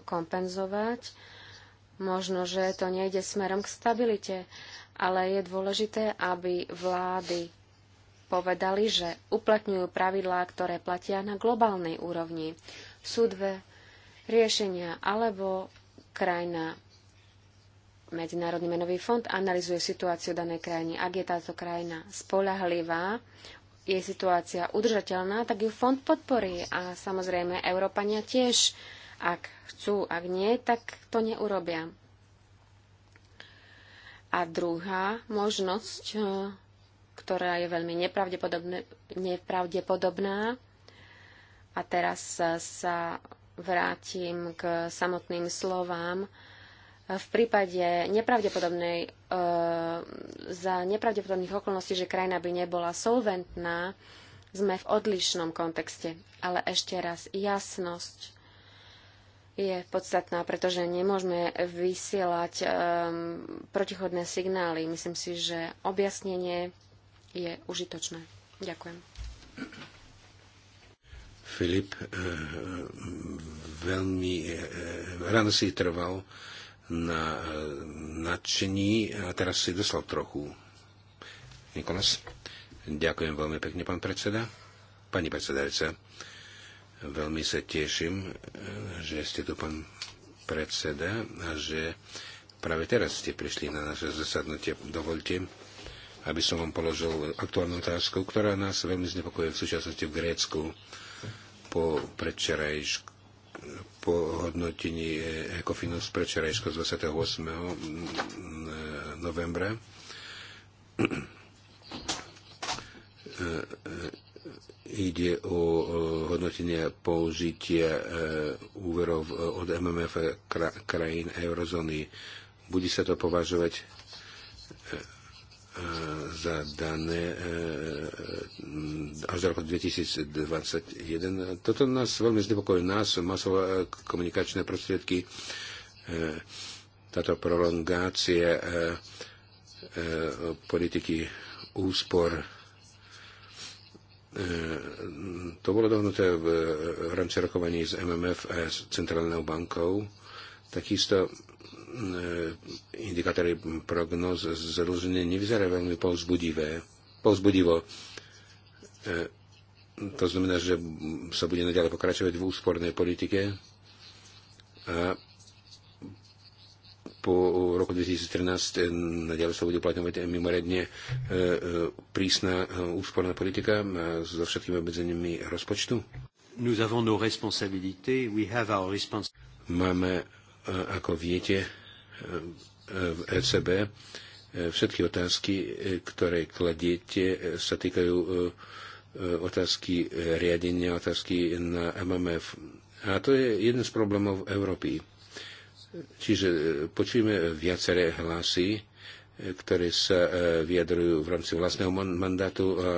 kompenzovať. Možno, že to nejde smerom k stabilite, ale je dôležité, aby vlády povedali, že uplatňujú pravidlá, ktoré platia na globálnej úrovni. Sú dve riešenia, alebo krajina Medzinárodný menový fond analizuje situáciu danej krajiny. Ak je táto krajina spolahlivá, je situácia udržateľná, tak ju fond podporí. A samozrejme, Európania tiež ak chcú, ak nie, tak to neurobia. A druhá možnosť, e, ktorá je veľmi nepravdepodobná, a teraz e, sa vrátim k samotným slovám, e, v prípade nepravdepodobnej, e, za nepravdepodobných okolností, že krajina by nebola solventná, sme v odlišnom kontexte. Ale ešte raz, jasnosť je podstatná, pretože nemôžeme vysielať um, protichodné signály. Myslím si, že objasnenie je užitočné. Ďakujem. Filip e, veľmi e, ráno si trval na e, nadšení a teraz si dostal trochu. Nikolas, ďakujem veľmi pekne, pán predseda. Pani predsedajúca, Veľmi sa teším, e, že ste tu, pán predseda, a že práve teraz ste prišli na naše zasadnutie. Dovolte, aby som vám položil aktuálnu otázku, ktorá nás veľmi znepokojuje v súčasnosti v Grécku po predčerajšku po hodnotení Ekofinu z predčerajška z 28. novembra e, e, ide o e, hodnotenie použitia e, úverov e, od MMF krajín eurozóny. Bude sa to považovať za dané až do roku 2021. Toto nás veľmi znepokojí. Nás, masové komunikačné prostriedky, táto prolongácia politiky úspor E, to bolo dohnuté v rámci rokovaní z MMF a s Centrálnou bankou. Takisto e, indikátory prognoz zadlženia nevyzerajú veľmi povzbudivé. povzbudivo. E, to znamená, že sa bude naďalej pokračovať v úspornej politike a po 2013 eh, naďalej sa bude uplatňovať mimoriadne eh, eh, prísna úsporná politika so všetkými obmedzeniami rozpočtu? Nous avons nos responsabilités, we have our Máme, ako viete, v ECB všetky otázky, ktoré kladiete, sa týkajú otázky riadenia, otázky na MMF. A to je jeden z problémov Európy Čiže e, počujeme viaceré hlasy, e, ktoré sa e, vyjadrujú v rámci vlastného mandátu a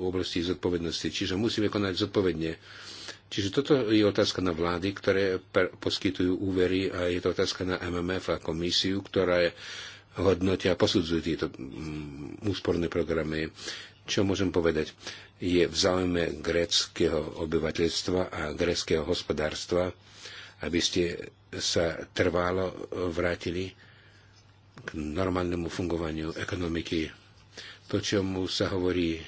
oblasti zodpovednosti. Čiže musíme konať zodpovedne. Čiže toto je otázka na vlády, ktoré poskytujú úvery a je to otázka na MMF a komisiu, ktorá hodnotia a posudzujú tieto mm, úsporné programy. Čo môžem povedať? Je v záujme gréckého obyvateľstva a gréckého hospodárstva, aby ste sa trvalo vrátili k normálnemu fungovaniu ekonomiky. To, čomu sa hovorí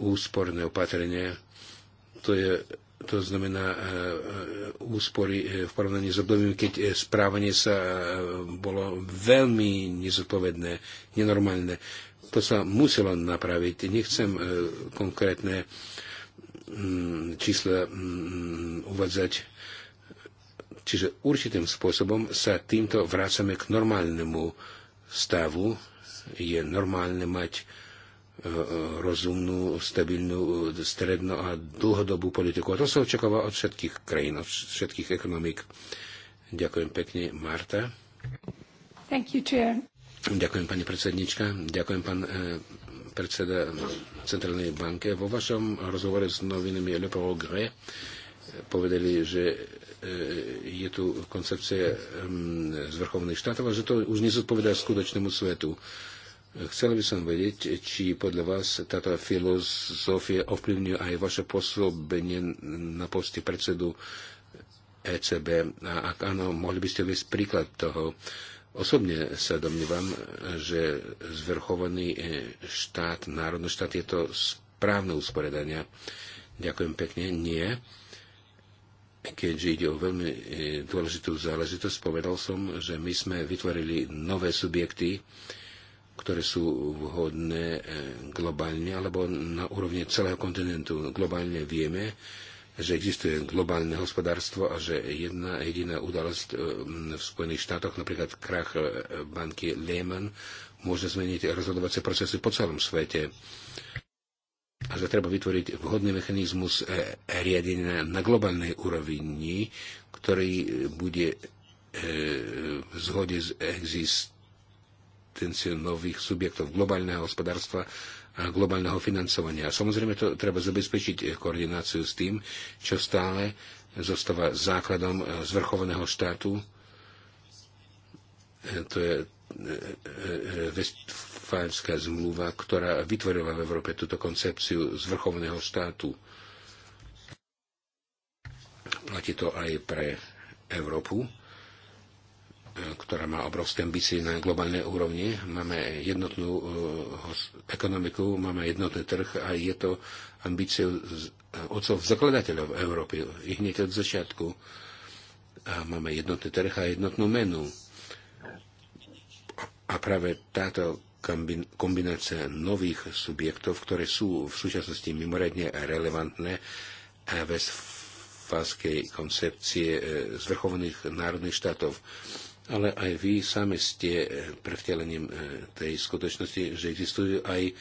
úsporné opatrenie, to, je, to znamená e, e, úspory e, v porovnaní s obdobím, keď správanie sa bolo veľmi nezodpovedné, nenormálne. To sa muselo napraviť. Nechcem konkrétne mm, čísla mm, uvádzať Čiže určitým spôsobom sa týmto vrácame k normálnemu stavu. Je normálne mať e, e, rozumnú, stabilnú, e, strednú a dlhodobú politiku. A to sa očakáva od všetkých krajín, od všetkých ekonomík. Ďakujem pekne, Marta. Thank you, chair. Ďakujem, pani predsednička. Ďakujem, pán eh, predseda Centrálnej banke. Vo vašom rozhovore s novinami Le Paul Gre povedali, že e, je tu koncepcia e, zvrchovných štátov a že to už nezodpovedá skutočnému svetu. Chcel by som vedieť, či podľa vás táto filozofia ovplyvňuje aj vaše pôsobenie na poste predsedu ECB. A ak áno, mohli by ste viesť príklad toho. Osobne sa domnívam, že zvrchovaný e, štát, národný štát je to správne usporiadania. Ďakujem pekne. Nie keďže ide o veľmi e, dôležitú záležitosť, povedal som, že my sme vytvorili nové subjekty, ktoré sú vhodné e, globálne alebo na úrovni celého kontinentu. Globálne vieme, že existuje globálne hospodárstvo a že jedna jediná udalosť e, v Spojených štátoch, napríklad krach banky Lehman, môže zmeniť rozhodovacie procesy po celom svete. A že treba vytvoriť vhodný mechanizmus e, riadenia na globálnej úrovni, ktorý bude e, v zhode s existenciou nových subjektov globálneho hospodárstva a globálneho financovania. Samozrejme, to treba zabezpečiť e, koordináciu s tým, čo stále zostáva základom zvrchovaného štátu. To je Vestfálska zmluva, ktorá vytvorila v Európe túto koncepciu zvrchovného štátu. Platí to aj pre Európu, e, ktorá má obrovské ambície na globálnej úrovni. Máme jednotnú e, ekonomiku, máme jednotný trh a je to ambíciou otcov zakladateľov Európy, Ich hneď od začiatku. A máme jednotný trh a jednotnú menu a práve táto kombinácia nových subjektov, ktoré sú v súčasnosti mimoriadne relevantné a bez falskej koncepcie e, zvrchovaných národných štátov. Ale aj vy sami ste e, prevtelením e, tej skutočnosti, že existujú aj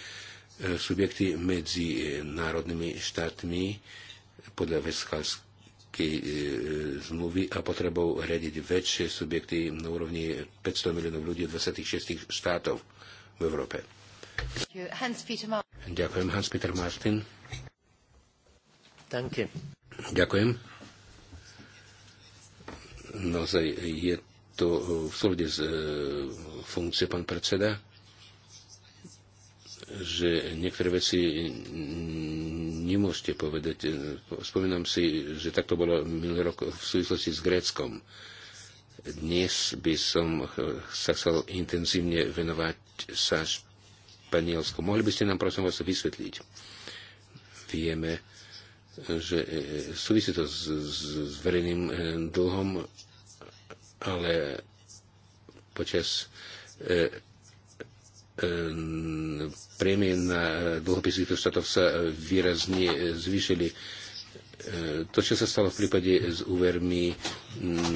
subjekty medzi národnými štátmi podľa Veskalského európskej zmluvy a potrebou riadiť väčšie subjekty na úrovni 500 miliónov ľudí 26 štátov v Európe. Hans Ďakujem, Hans-Peter Martin. Danke. Ďakujem. Naozaj je to v súlade s e, funkcie pán predseda, že niektoré veci nemôžete povedať. E, spomínam si, že takto bolo minulý rok v súvislosti s Gréckom. Dnes by som sa chcel intenzívne venovať sa Španielsku. Mohli by ste nám prosím vás vysvetliť? Vieme, že e, e, súvisí to s, s, s verejným dlhom, ale počas Ehm, prémie na e, dlhopisy týchto štátov sa výrazne e, zvýšili. E, to, čo sa stalo v prípade s úvermi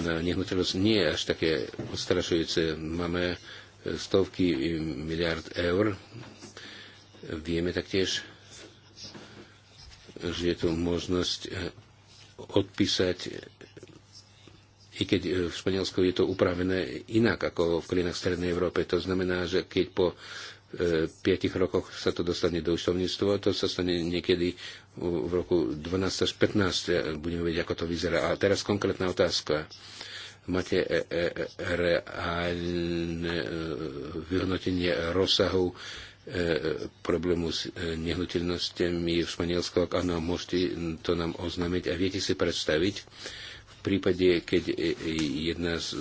na nehnuteľnosť, nie je až také odstrašujúce. Máme stovky miliard eur. Vieme taktiež, že je možnosť odpísať i keď e, v Španielsku je to upravené inak ako v krajinách Strednej Európe. To znamená, že keď po e, rokoch sa to dostane do účtovníctva, to sa stane niekedy v roku 12 až 15, e, budeme vedieť, ako to vyzerá. A teraz konkrétna otázka. Máte e, reálne vyhodnotenie rozsahu problému s nehnuteľnosťami v Španielsku, ak áno, môžete to nám oznámiť a viete si predstaviť, prípade, keď e, e, jedna z e,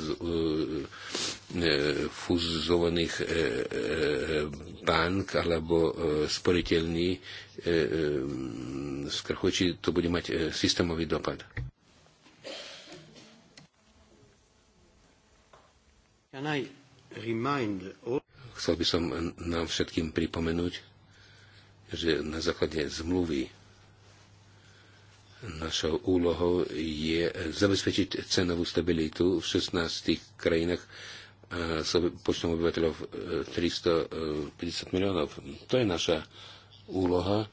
fúzovaných bank alebo sporiteľní či to bude mať systémový dopad. Chcel by som nám všetkým pripomenúť, že na základe zmluvy Našou úlohou je zabezpečiť cenovú stabilitu v 16 krajinách s počtom obyvateľov 350 e, e, miliónov. To je naša úloha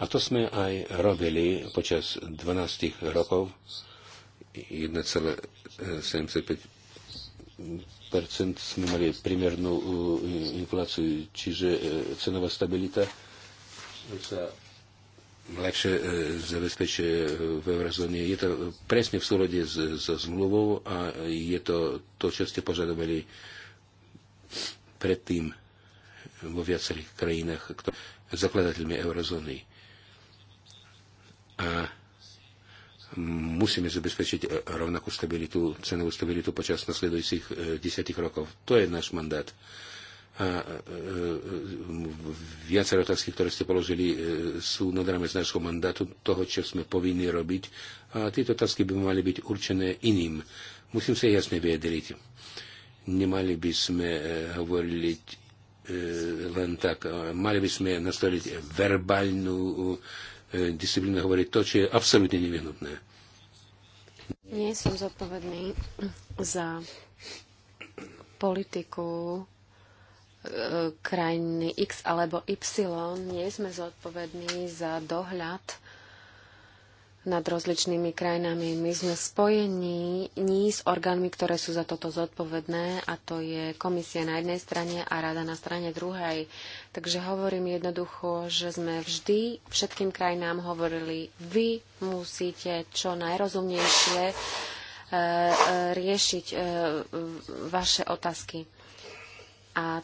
a to sme aj robili počas 12 rokov 1,75 sme mali primernú e, infláciu, čiže cenová stabilita sa lepšie zabezpečuje v eurozóne. Je to presne v súlade so zmluvou a je to to, čo ste požadovali predtým vo viacerých krajinách zakladateľmi eurozóny. A musíme zabezpečiť rovnakú stabilitu, cenovú stabilitu počas nasledujúcich e, desiatich rokov. To je náš mandát a e, e, viaceré otázky, ktoré ste položili, e, sú nad rámec nášho mandátu, toho, čo sme povinni robiť. A tieto otázky by mali byť určené iným. Musím sa jasne vyjadriť. Nemali by sme hovorili len tak. Mali by sme nastaviť verbálnu disciplínu, hovoriť to, čo je absolútne nevyhnutné. Nie som zodpovedný za politiku E, krajiny X alebo Y, nie sme zodpovední za dohľad nad rozličnými krajinami. My sme spojení ní s orgánmi, ktoré sú za toto zodpovedné a to je komisia na jednej strane a rada na strane druhej. Takže hovorím jednoducho, že sme vždy všetkým krajinám hovorili, vy musíte čo najrozumnejšie e, e, riešiť e, vaše otázky. A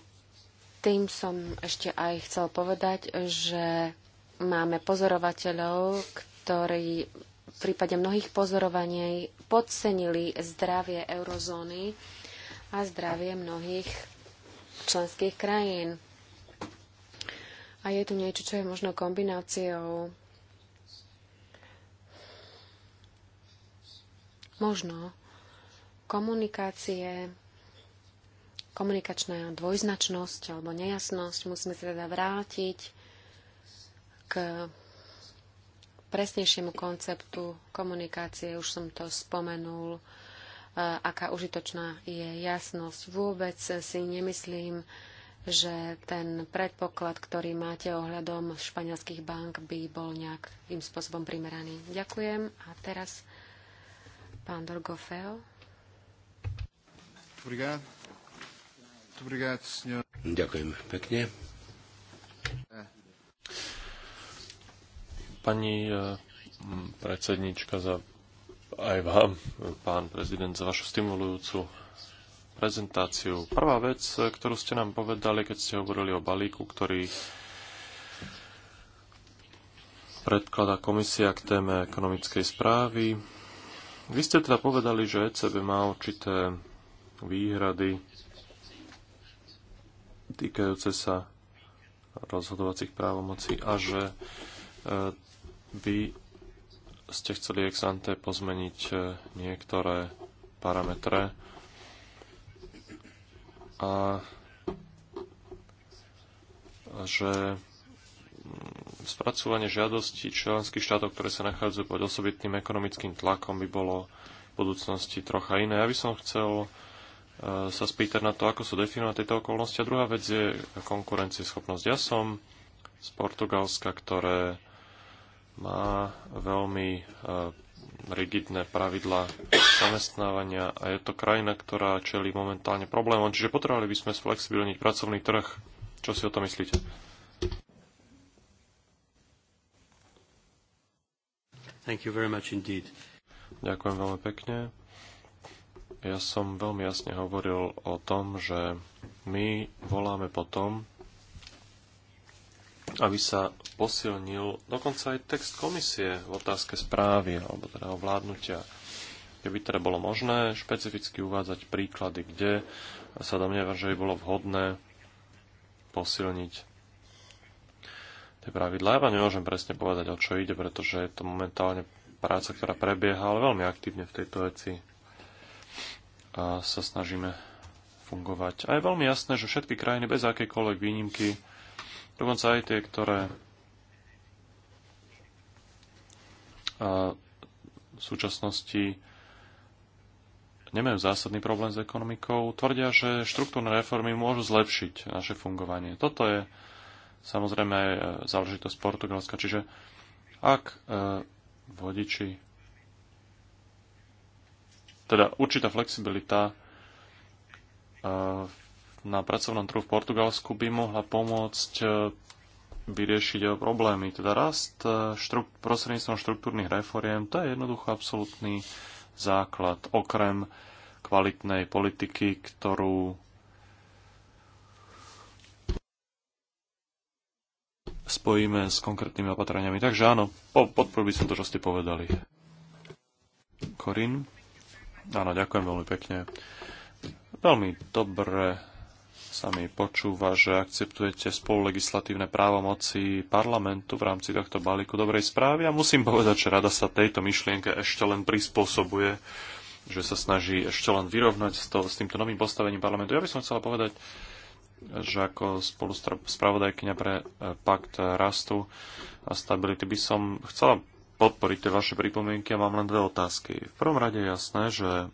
tým som ešte aj chcel povedať, že máme pozorovateľov, ktorí v prípade mnohých pozorovaní podcenili zdravie eurozóny a zdravie mnohých členských krajín. A je tu niečo, čo je možno kombináciou možno komunikácie komunikačná dvojznačnosť alebo nejasnosť. Musíme sa teda vrátiť k presnejšiemu konceptu komunikácie. Už som to spomenul, e, aká užitočná je jasnosť. Vôbec si nemyslím, že ten predpoklad, ktorý máte ohľadom španielských bank, by bol nejakým spôsobom primeraný. Ďakujem. A teraz pán Dorgofeo. Obrigado. Ďakujem pekne. Pani eh, predsednička, za, aj vám, pán prezident, za vašu stimulujúcu prezentáciu. Prvá vec, eh, ktorú ste nám povedali, keď ste hovorili o balíku, ktorý predkladá komisia k téme ekonomickej správy. Vy ste teda povedali, že ECB má určité výhrady týkajúce sa rozhodovacích právomocí a že by e, ste chceli ex ante pozmeniť e, niektoré parametre a že mm, spracovanie žiadostí členských štátov, ktoré sa nachádzajú pod osobitným ekonomickým tlakom, by bolo v budúcnosti trocha iné. Ja by som chcel sa spýtať na to, ako sú definované tieto okolnosti. A druhá vec je konkurencieschopnosť. Ja som z Portugalska, ktoré má veľmi e, rigidné pravidla zamestnávania a je to krajina, ktorá čelí momentálne problémom, čiže potrebovali by sme sflexibilniť pracovný trh. Čo si o to myslíte? Thank you very much indeed. Ďakujem veľmi pekne. Ja som veľmi jasne hovoril o tom, že my voláme potom, aby sa posilnil dokonca aj text komisie v otázke správy alebo teda vládnutia, kde by teda bolo možné špecificky uvádzať príklady, kde sa domnieva, že by bolo vhodné posilniť tie pravidlá. Ja vám nemôžem presne povedať, o čo ide, pretože je to momentálne práca, ktorá prebieha, ale veľmi aktívne v tejto veci a sa snažíme fungovať. A je veľmi jasné, že všetky krajiny bez akékoľvek výnimky, dokonca aj tie, ktoré v súčasnosti nemajú zásadný problém s ekonomikou, tvrdia, že štruktúrne reformy môžu zlepšiť naše fungovanie. Toto je samozrejme e, záležitosť Portugalska. Čiže ak e, vodiči teda určitá flexibilita e, na pracovnom trhu v Portugalsku by mohla pomôcť e, vyriešiť problémy. Teda rast e, štruk- prostredníctvom štruktúrnych reforiem, to je jednoducho absolútny základ, okrem kvalitnej politiky, ktorú spojíme s konkrétnymi opatreniami. Takže áno, podporu by som to, čo ste povedali. Korin. Áno, ďakujem veľmi pekne. Veľmi dobre sa mi počúva, že akceptujete spolulegislatívne právomoci parlamentu v rámci tohto balíku dobrej správy a musím povedať, že rada sa tejto myšlienke ešte len prispôsobuje, že sa snaží ešte len vyrovnať s, to, s týmto novým postavením parlamentu. Ja by som chcela povedať, že ako spolu spravodajkynia pre e, pakt e, rastu a stability by som chcela podporiť tie vaše pripomienky a mám len dve otázky. V prvom rade je jasné, že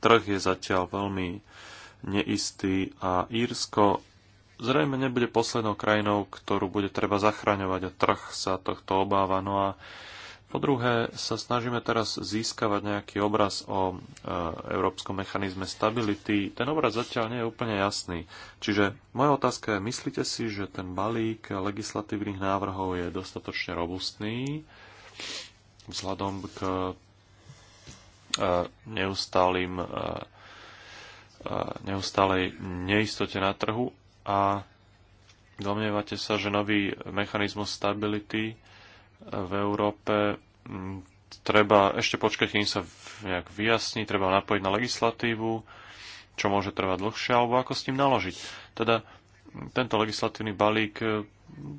trh je zatiaľ veľmi neistý a Írsko zrejme nebude poslednou krajinou, ktorú bude treba zachraňovať a trh sa tohto obáva. No a po druhé, sa snažíme teraz získavať nejaký obraz o e, európskom mechanizme stability. Ten obraz zatiaľ nie je úplne jasný. Čiže moja otázka je, myslíte si, že ten balík legislatívnych návrhov je dostatočne robustný vzhľadom k e, neustálým, e, e neustálej neistote na trhu a domnievate sa, že nový mechanizmus stability v Európe. Mm, treba ešte počkať, kým sa nejak vyjasní, treba napojiť na legislatívu, čo môže trvať dlhšie, alebo ako s tým naložiť. Teda mm, tento legislatívny balík e,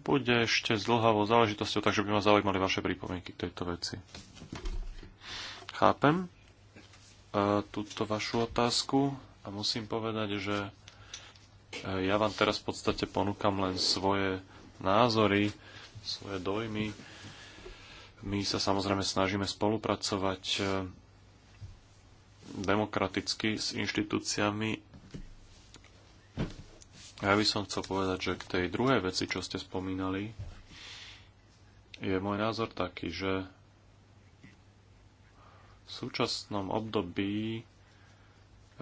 bude ešte zdlhavou záležitosťou, takže by ma zaujímali vaše prípomienky k tejto veci. Chápem e, túto vašu otázku a musím povedať, že e, ja vám teraz v podstate ponúkam len svoje názory, svoje dojmy. My sa samozrejme snažíme spolupracovať eh, demokraticky s inštitúciami. Ja by som chcel povedať, že k tej druhej veci, čo ste spomínali, je môj názor taký, že v súčasnom období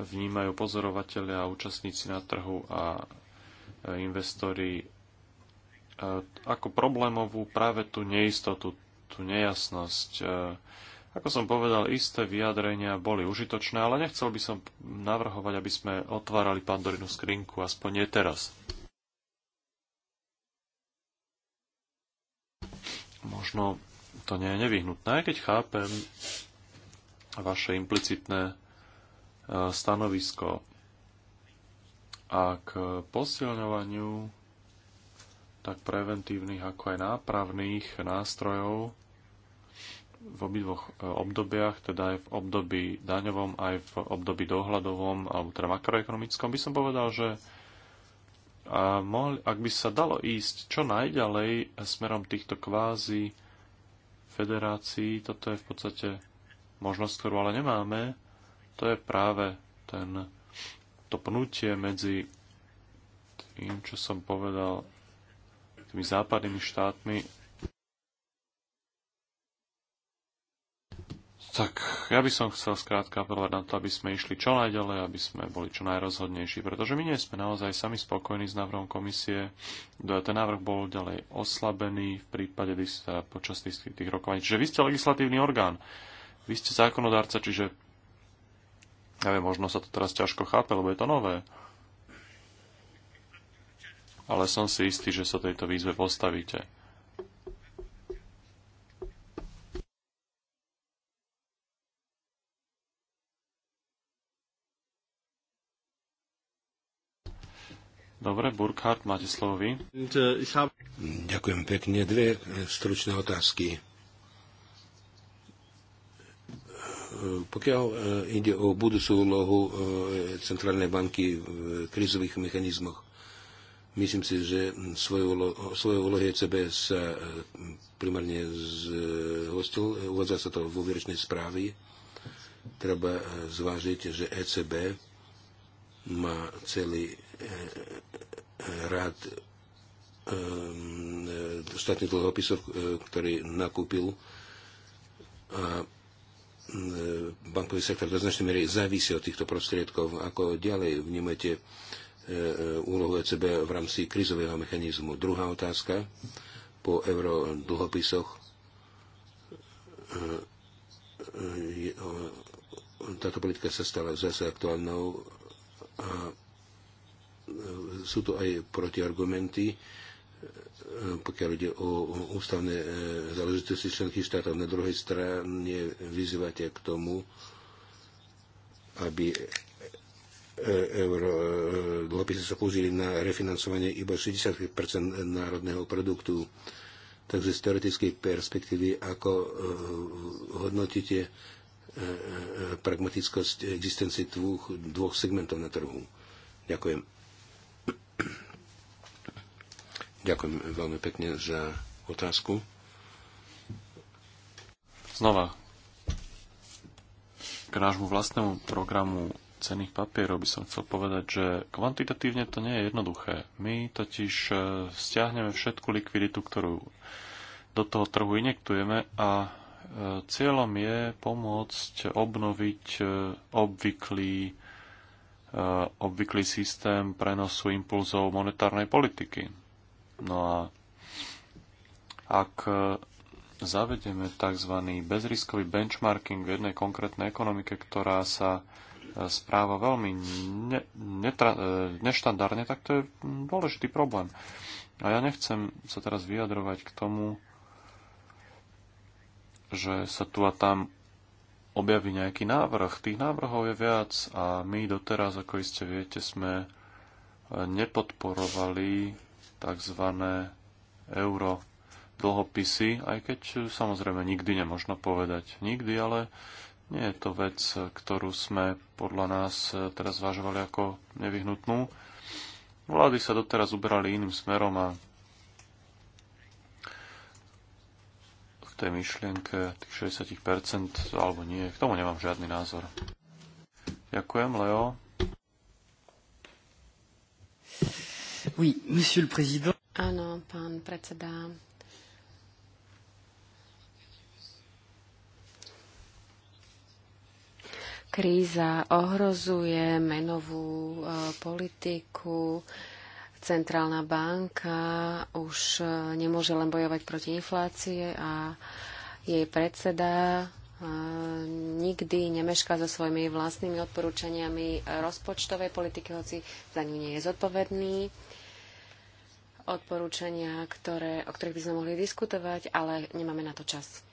vnímajú pozorovateľia a účastníci na trhu a eh, investori eh, ako problémovú práve tú neistotu tú nejasnosť. E, ako som povedal, isté vyjadrenia boli užitočné, ale nechcel by som navrhovať, aby sme otvárali pandorinu skrinku, aspoň nie teraz. Možno to nie je nevyhnutné, keď chápem vaše implicitné e, stanovisko a k posilňovaniu tak preventívnych ako aj nápravných nástrojov v obidvoch e, obdobiach, teda aj v období daňovom, aj v období dohľadovom, alebo teda makroekonomickom, by som povedal, že a mohli, ak by sa dalo ísť čo najďalej smerom týchto kvázi federácií, toto je v podstate možnosť, ktorú ale nemáme, to je práve ten, to pnutie medzi tým, čo som povedal, tými západnými štátmi Tak ja by som chcel skrátka apelovať na to, aby sme išli čo najďalej, aby sme boli čo najrozhodnejší, pretože my nie sme naozaj sami spokojní s návrhom komisie. Ten návrh bol ďalej oslabený v prípade počas tých, tých rokovaní. Čiže vy ste legislatívny orgán, vy ste zákonodárca, čiže ja viem, možno sa to teraz ťažko chápe, lebo je to nové. Ale som si istý, že sa tejto výzve postavíte. Dobre, Burkhardt, máte slovo vy. Uh, Ďakujem pekne. Dve e, stručné otázky. E, pokiaľ e, ide o budúcu úlohu Centrálnej banky v krizových mechanizmoch, myslím si, že svoje úlohy ECB sa primárne zhostil. Uvádza sa to vo výročnej správy. Treba zvážiť, že ECB má celý rád štátnych ehm, dlhopisov, e, ktorý nakúpil a e, bankový sektor do značnej miery závisí od týchto prostriedkov. Ako ďalej vnímate e, úlohu ECB v rámci krizového mechanizmu? Druhá otázka po euro dlhopisoch. Táto politika sa stala zase aktuálnou a sú to aj protiargumenty, e, pokiaľ ide o ústavné e, záležitosti členských štátov. Na druhej strane vyzývate k tomu, aby e, dlhopisy sa použili na refinancovanie iba 60 národného produktu. Takže z teoretickej perspektívy, ako hodnotíte pragmatickosť existencie dvoch, dvoch segmentov na trhu. Ďakujem. Ďakujem veľmi pekne za otázku. Znova, k nášmu vlastnému programu cených papierov by som chcel povedať, že kvantitatívne to nie je jednoduché. My totiž e, stiahneme všetku likviditu, ktorú do toho trhu injektujeme a e, cieľom je pomôcť obnoviť e, obvyklý, obvyklý systém prenosu impulzov monetárnej politiky. No a ak e, zavedeme tzv. bezriskový benchmarking v jednej konkrétnej ekonomike, ktorá sa e, správa veľmi ne, netra, e, neštandardne, tak to je dôležitý problém. A ja nechcem sa teraz vyjadrovať k tomu, že sa tu a tam objaví nejaký návrh. Tých návrhov je viac a my doteraz, ako iste viete, sme nepodporovali tzv. euro dlhopisy, aj keď e, samozrejme nikdy nemožno povedať nikdy, ale nie je to vec, ktorú sme podľa nás e, teraz zvažovali ako nevyhnutnú. Vlády sa doteraz uberali iným smerom a k tej myšlienke tých 60% alebo nie, k tomu nemám žiadny názor. Ďakujem, Leo. Oui, monsieur le président. Áno, pán predseda. Kríza ohrozuje menovú e, politiku. Centrálna banka už e, nemôže len bojovať proti inflácie a jej predseda nikdy nemešká so svojimi vlastnými odporúčaniami rozpočtovej politiky, hoci za ňu nie je zodpovedný. Odporúčania, ktoré, o ktorých by sme mohli diskutovať, ale nemáme na to čas.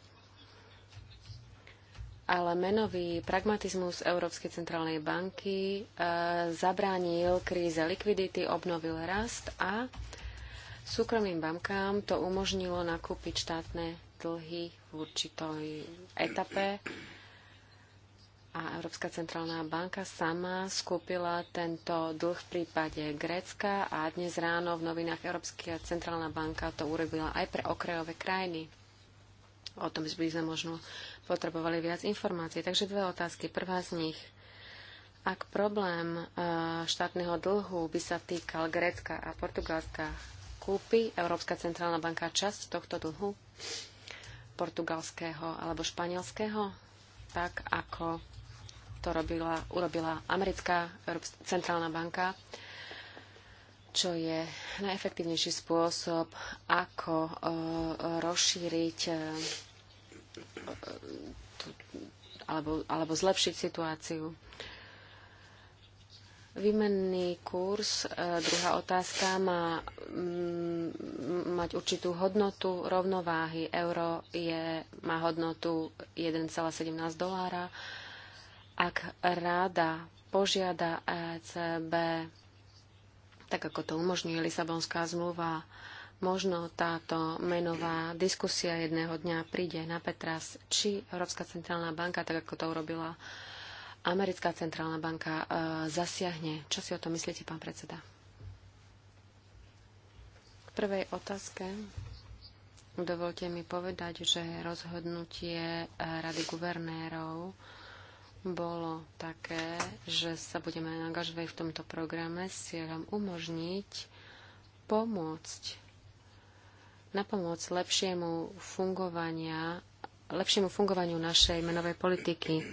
Ale menový pragmatizmus Európskej centrálnej banky e, zabránil kríze likvidity, obnovil rast a súkromným bankám to umožnilo nakúpiť štátne dlhy v určitej etape a Európska centrálna banka sama skúpila tento dlh v prípade Grécka a dnes ráno v novinách Európska centrálna banka to urobila aj pre okrajové krajiny. O tom by sme možno potrebovali viac informácií. Takže dve otázky. Prvá z nich. Ak problém e, štátneho dlhu by sa týkal Grécka a Portugalska, kúpi Európska centrálna banka časť tohto dlhu? portugalského alebo španielského, tak ako to robila, urobila americká centrálna banka, čo je najefektívnejší spôsob, ako e, rozšíriť e, alebo, alebo zlepšiť situáciu. E, Výmenný kurz, e, druhá otázka, má mm, mať určitú hodnotu rovnováhy. Euro je, má hodnotu 1,17 dolára. Ak ráda požiada ECB, tak ako to umožňuje Lisabonská zmluva, možno táto menová diskusia jedného dňa príde na Petras, či Európska centrálna banka, tak ako to urobila americká centrálna banka e, zasiahne. Čo si o tom myslíte, pán predseda? K prvej otázke dovolte mi povedať, že rozhodnutie e, Rady guvernérov bolo také, že sa budeme angažovať v tomto programe s cieľom umožniť pomôcť na pomoc lepšiemu fungovania, lepšiemu fungovaniu našej menovej politiky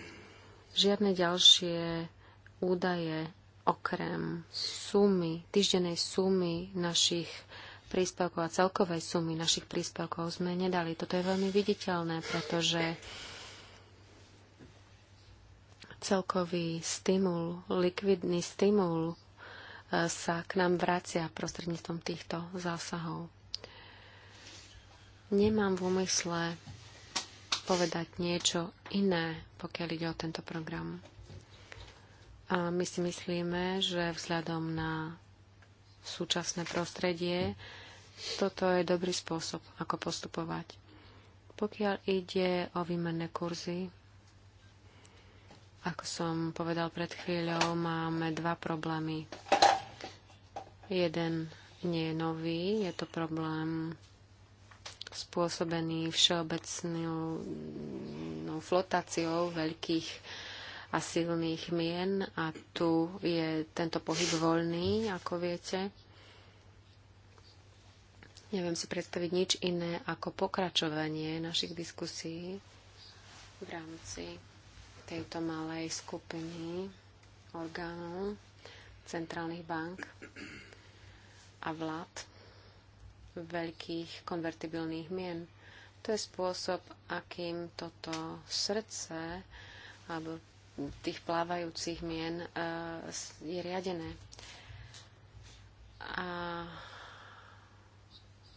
žiadne ďalšie údaje okrem sumy, týždenej sumy našich príspevkov a celkovej sumy našich príspevkov sme nedali. Toto je veľmi viditeľné, pretože celkový stimul, likvidný stimul e, sa k nám vracia prostredníctvom týchto zásahov. Nemám v úmysle povedať niečo iné, pokiaľ ide o tento program. A my si myslíme, že vzhľadom na súčasné prostredie toto je dobrý spôsob, ako postupovať. Pokiaľ ide o výmenné kurzy, ako som povedal pred chvíľou, máme dva problémy. Jeden nie je nový, je to problém spôsobený všeobecnou flotáciou veľkých a silných mien a tu je tento pohyb voľný, ako viete. Neviem si predstaviť nič iné ako pokračovanie našich diskusí v rámci tejto malej skupiny orgánov centrálnych bank a vlád veľkých konvertibilných mien. To je spôsob, akým toto srdce alebo tých plávajúcich mien e, je riadené. A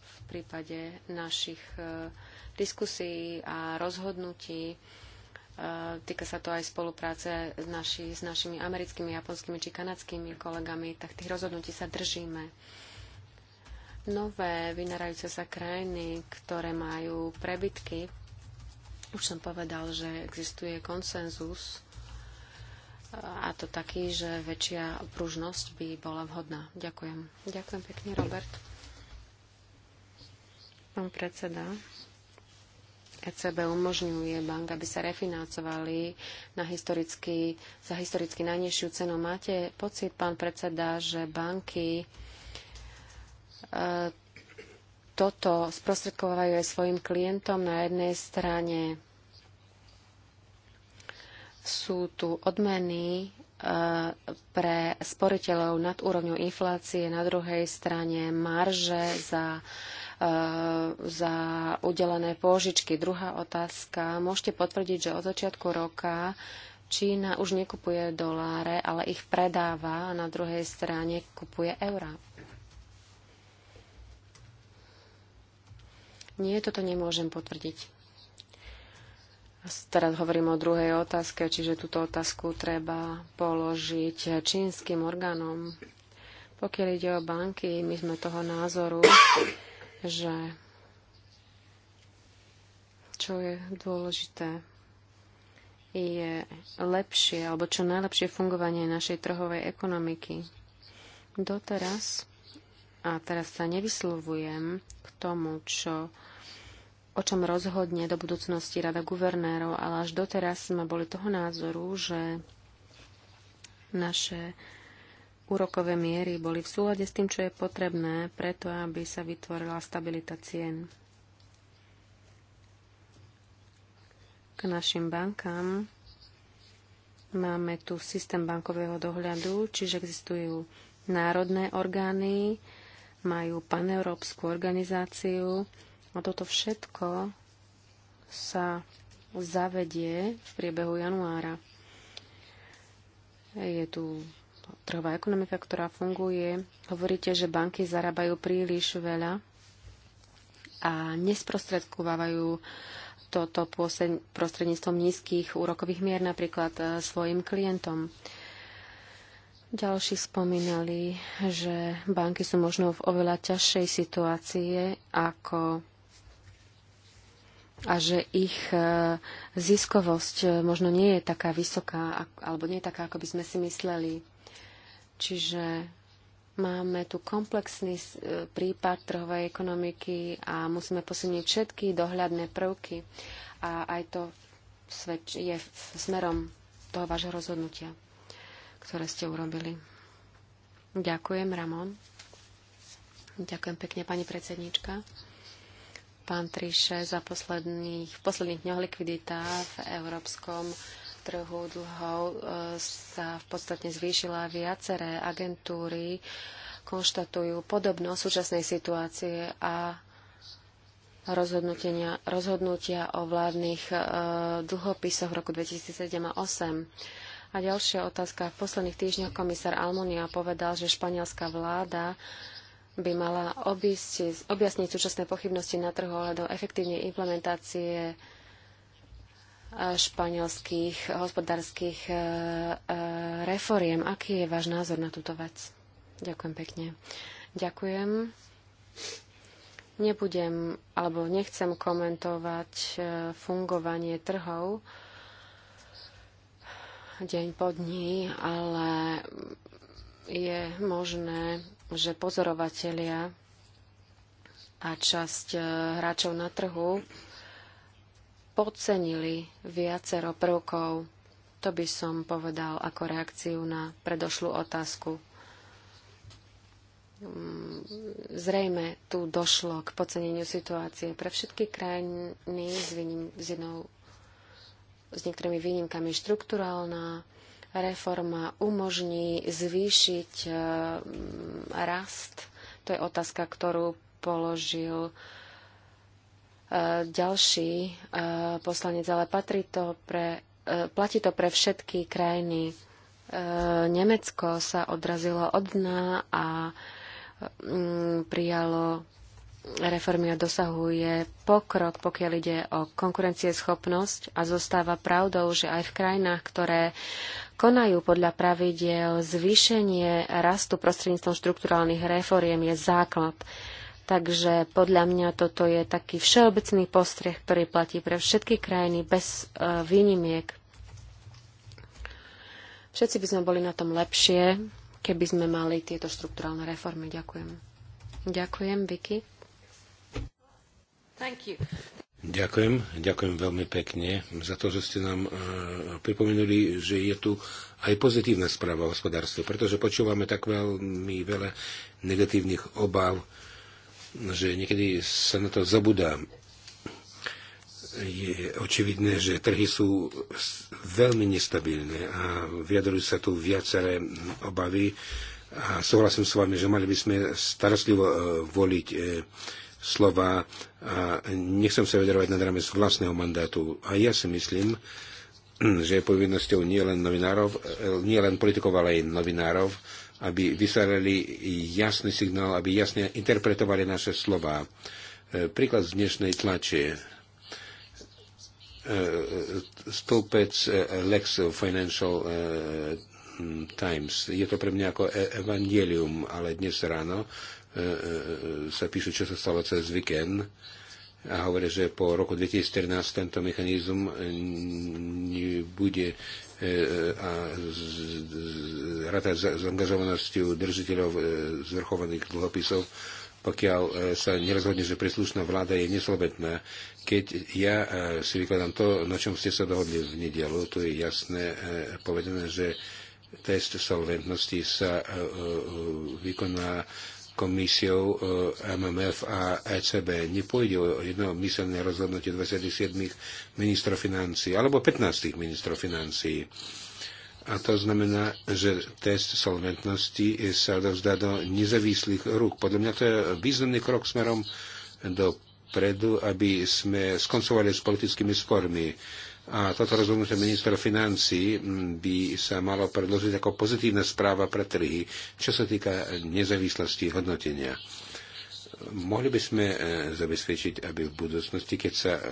v prípade našich e, diskusí a rozhodnutí e, týka sa to aj spolupráce s, naši, s našimi americkými, japonskými či kanadskými kolegami, tak tých rozhodnutí sa držíme nové vynárajúce sa krajiny, ktoré majú prebytky. Už som povedal, že existuje konsenzus a to taký, že väčšia pružnosť by bola vhodná. Ďakujem. Ďakujem pekne, Robert. Pán predseda, ECB umožňuje bank, aby sa refinancovali na historicky, za historicky najnižšiu cenu. Máte pocit, pán predseda, že banky E, toto sprostredkovajú aj svojim klientom. Na jednej strane sú tu odmeny e, pre sporiteľov nad úrovňou inflácie, na druhej strane marže za, e, za udelené pôžičky. Druhá otázka. Môžete potvrdiť, že od začiatku roka Čína už nekupuje doláre, ale ich predáva a na druhej strane kupuje eurá. Nie, toto nemôžem potvrdiť. Teraz hovorím o druhej otázke, čiže túto otázku treba položiť čínskym orgánom. Pokiaľ ide o banky, my sme toho názoru, že čo je dôležité, je lepšie alebo čo najlepšie fungovanie našej trhovej ekonomiky. Doteraz, a teraz sa nevyslovujem k tomu, čo o čom rozhodne do budúcnosti Rada guvernérov, ale až doteraz sme boli toho názoru, že naše úrokové miery boli v súlade s tým, čo je potrebné, preto aby sa vytvorila stabilita cien. K našim bankám máme tu systém bankového dohľadu, čiže existujú národné orgány, majú paneurópsku organizáciu, a toto všetko sa zavedie v priebehu januára. Je tu trhová ekonomika, ktorá funguje. Hovoríte, že banky zarábajú príliš veľa a nesprostredkovávajú toto prostredníctvom nízkych úrokových mier napríklad eh, svojim klientom. Ďalší spomínali, že banky sú možno v oveľa ťažšej situácie ako a že ich e, ziskovosť e, možno nie je taká vysoká, alebo nie je taká, ako by sme si mysleli. Čiže máme tu komplexný e, prípad trhovej ekonomiky a musíme posilniť všetky dohľadné prvky. A aj to je smerom toho vášho rozhodnutia, ktoré ste urobili. Ďakujem, Ramon. Ďakujem pekne, pani predsednička pán Triše, za posledných, v posledných dňoch likvidita v európskom trhu dlhov e, sa v podstate zvýšila. Viaceré agentúry konštatujú podobnosť súčasnej situácie a rozhodnutia o vládnych e, dlhopisoch v roku 2007 a 2008. A ďalšia otázka. V posledných týždňoch komisár Almunia povedal, že španielská vláda by mala obísť, objasniť súčasné pochybnosti na trhu ohľadom efektívnej implementácie e, španielských hospodárskych e, e, reforiem. Aký je váš názor na túto vec? Ďakujem pekne. Ďakujem. Nebudem alebo nechcem komentovať fungovanie trhov deň po dní, ale je možné že pozorovatelia a časť e, hráčov na trhu podcenili viacero prvkov. To by som povedal ako reakciu na predošlú otázku. Mm, zrejme tu došlo k podceneniu situácie pre všetky krajiny s, výnim, s jednou s niektorými výnimkami štruktúrálna reforma umožní zvýšiť eh, rast? To je otázka, ktorú položil eh, ďalší eh, poslanec, ale patrí to pre, platí to pre všetky krajiny. Nemecko sa odrazilo od dna a mm, prijalo reformy a dosahuje pokrok, pokiaľ ide o konkurencieschopnosť a zostáva pravdou, že aj v krajinách, ktoré konajú podľa pravidiel, zvýšenie rastu prostredníctvom štrukturálnych reforiem je základ. Takže podľa mňa toto je taký všeobecný postreh, ktorý platí pre všetky krajiny bez uh, výnimiek. Všetci by sme boli na tom lepšie, keby sme mali tieto štrukturálne reformy. Ďakujem. Ďakujem, Vicky. Thank you. Ďakujem, ďakujem veľmi pekne za to, že ste nám e, pripomenuli, že je tu aj pozitívna správa o hospodárstve, pretože počúvame tak veľmi veľa negatívnych obav, že niekedy sa na to zabudá. Je očividné, že trhy sú veľmi nestabilné a vyjadrujú sa tu viaceré obavy a súhlasím s vami, že mali by sme starostlivo e, voliť e, slova a nechcem sa vyjadrovať nad rámec vlastného mandátu. A ja si myslím, že je povinnosťou nielen novinárov, nielen politikov, ale aj novinárov, aby vysielali jasný signál, aby jasne interpretovali naše slova. E, príklad z dnešnej tlače. E, Stolpec e, Lex Financial Times. Je to pre mňa ako evangelium, ale dnes ráno E, e, sa píšu, čo sa stalo cez víkend a hovorí, že po roku 2014 tento mechanizm nebude e, rátať s angažovanosťou držiteľov zvrchovaných dlhopisov, pokiaľ sa nerozhodne, že príslušná vláda je neslobetná. Keď ja si vykladám to, na čom ste sa dohodli v nedelu, to je jasné povedané, že test solventnosti sa vykoná komisiou eh, MMF a ECB. Nepôjde o jednomyselné rozhodnutie 27 ministrov financí alebo 15 ministrov financí. A to znamená, že test solventnosti sa dovzdá do nezávislých rúk. Podľa mňa to je významný krok smerom do predu, aby sme skoncovali s politickými spormi. A toto rozhodnutie ministra financí by sa malo predložiť ako pozitívna správa pre trhy, čo sa týka nezávislosti hodnotenia. Mohli by sme e, zabezpečiť, aby v budúcnosti, keď sa e,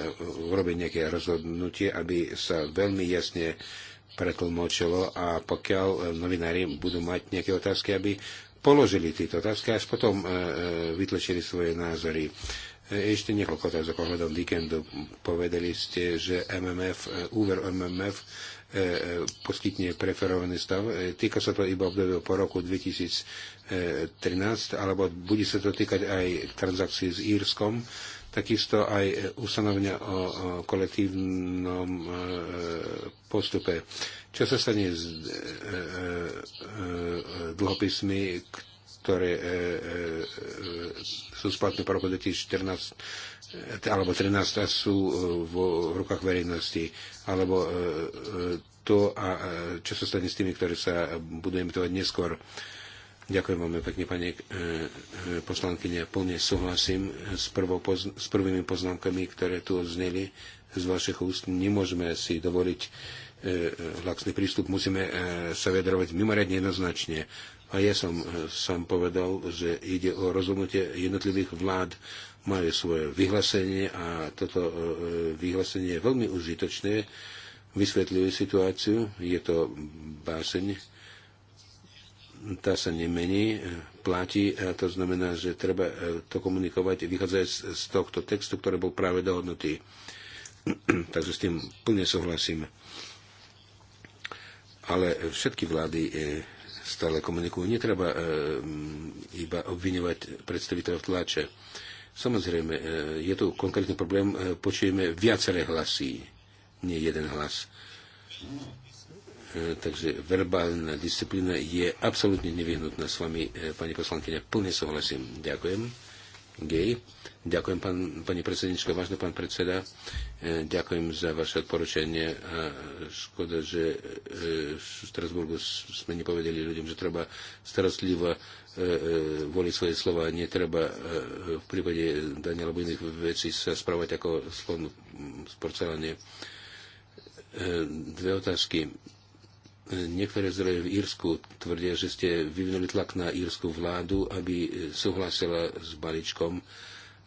urobí nejaké rozhodnutie, aby sa veľmi jasne pretlmočilo a pokiaľ e, novinári budú mať nejaké otázky, aby položili tieto otázky a až potom vytlačili svoje názory. E, ešte niekoľko otázok ohľadom víkendu. Povedali ste, že MMF, e, úver MMF e, poskytne preferovaný stav. Týka sa to iba obdobia po roku 2013, alebo bude sa to týkať aj transakcií s Írskom, takisto aj ustanovenia o kolektívnom postupe. Čo sa stane s dlhopismi, ktoré e, e, e, sú splatné po roku 2014 alebo 2013 a sú v, rukách verejnosti, alebo to, a, čo sa stane s tými, ktoré sa budú imitovať neskôr. Ďakujem veľmi pekne, pani poslankyne. Plne súhlasím s, s prvými poznámkami, ktoré tu odzneli z vašich úst. Nemôžeme si dovoliť laxný prístup. Musíme sa vyjadrovať mimoriadne jednoznačne. A ja som, e, sám povedal, že ide o rozhodnutie jednotlivých vlád, majú svoje vyhlásenie a toto e, e, vyhlásenie je veľmi užitočné, vysvetľuje situáciu, je to báseň, tá sa nemení, platí a to znamená, že treba to komunikovať, vychádzať z tohto textu, ktorý bol práve dohodnutý. Takže s tým plne súhlasím. Ale všetky vlády stále komunikujú. Netreba e, iba obviňovať predstaviteľov tlače. Samozrejme, e, je tu konkrétny problém, e, počujeme viaceré hlasy, nie jeden hlas. Takže verbálna disciplína je absolútne nevyhnutná s vami, pani poslankyňa. Plne súhlasím. Ďakujem. Gej. Ďakujem, pán, pani predsednička, vážne pán predseda. E, ďakujem za vaše odporúčanie. A škoda, že e, v Strasburgu sme nepovedali ľuďom, že treba starostlivo e, voliť svoje slova. Netreba v prípade dania alebo iných vecí sa správať ako slon z porcelánie. Dve otázky Niektoré zdroje v Írsku tvrdia, že ste vyvinuli tlak na írsku vládu, aby súhlasila s balíčkom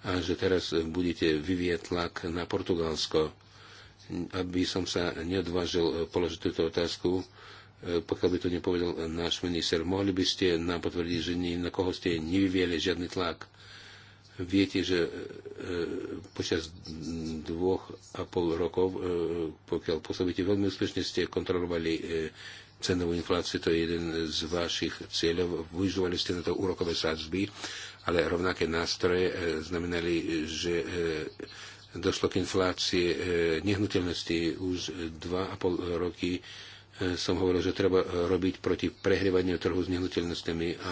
a že teraz budete vyvieť tlak na Portugalsko. Aby som sa neodvážil položiť túto otázku, e, pokiaľ by to nepovedal náš minister, mohli by ste nám potvrdiť, že ni na koho ste nevyvieli žiadny tlak Viete, že e, e, počas dvoch a pol rokov, e, pokiaľ pôsobíte, veľmi úspešne ste kontrolovali cenovú infláciu, to je jeden z vašich cieľov. Využívali ste na to úrokové sadzby, ale rovnaké nástroje znamenali, že došlo k inflácii nehnuteľnosti už dva a pol roky som hovoril, že treba e, robiť proti prehrievaniu trhu s nehnuteľnosťami. A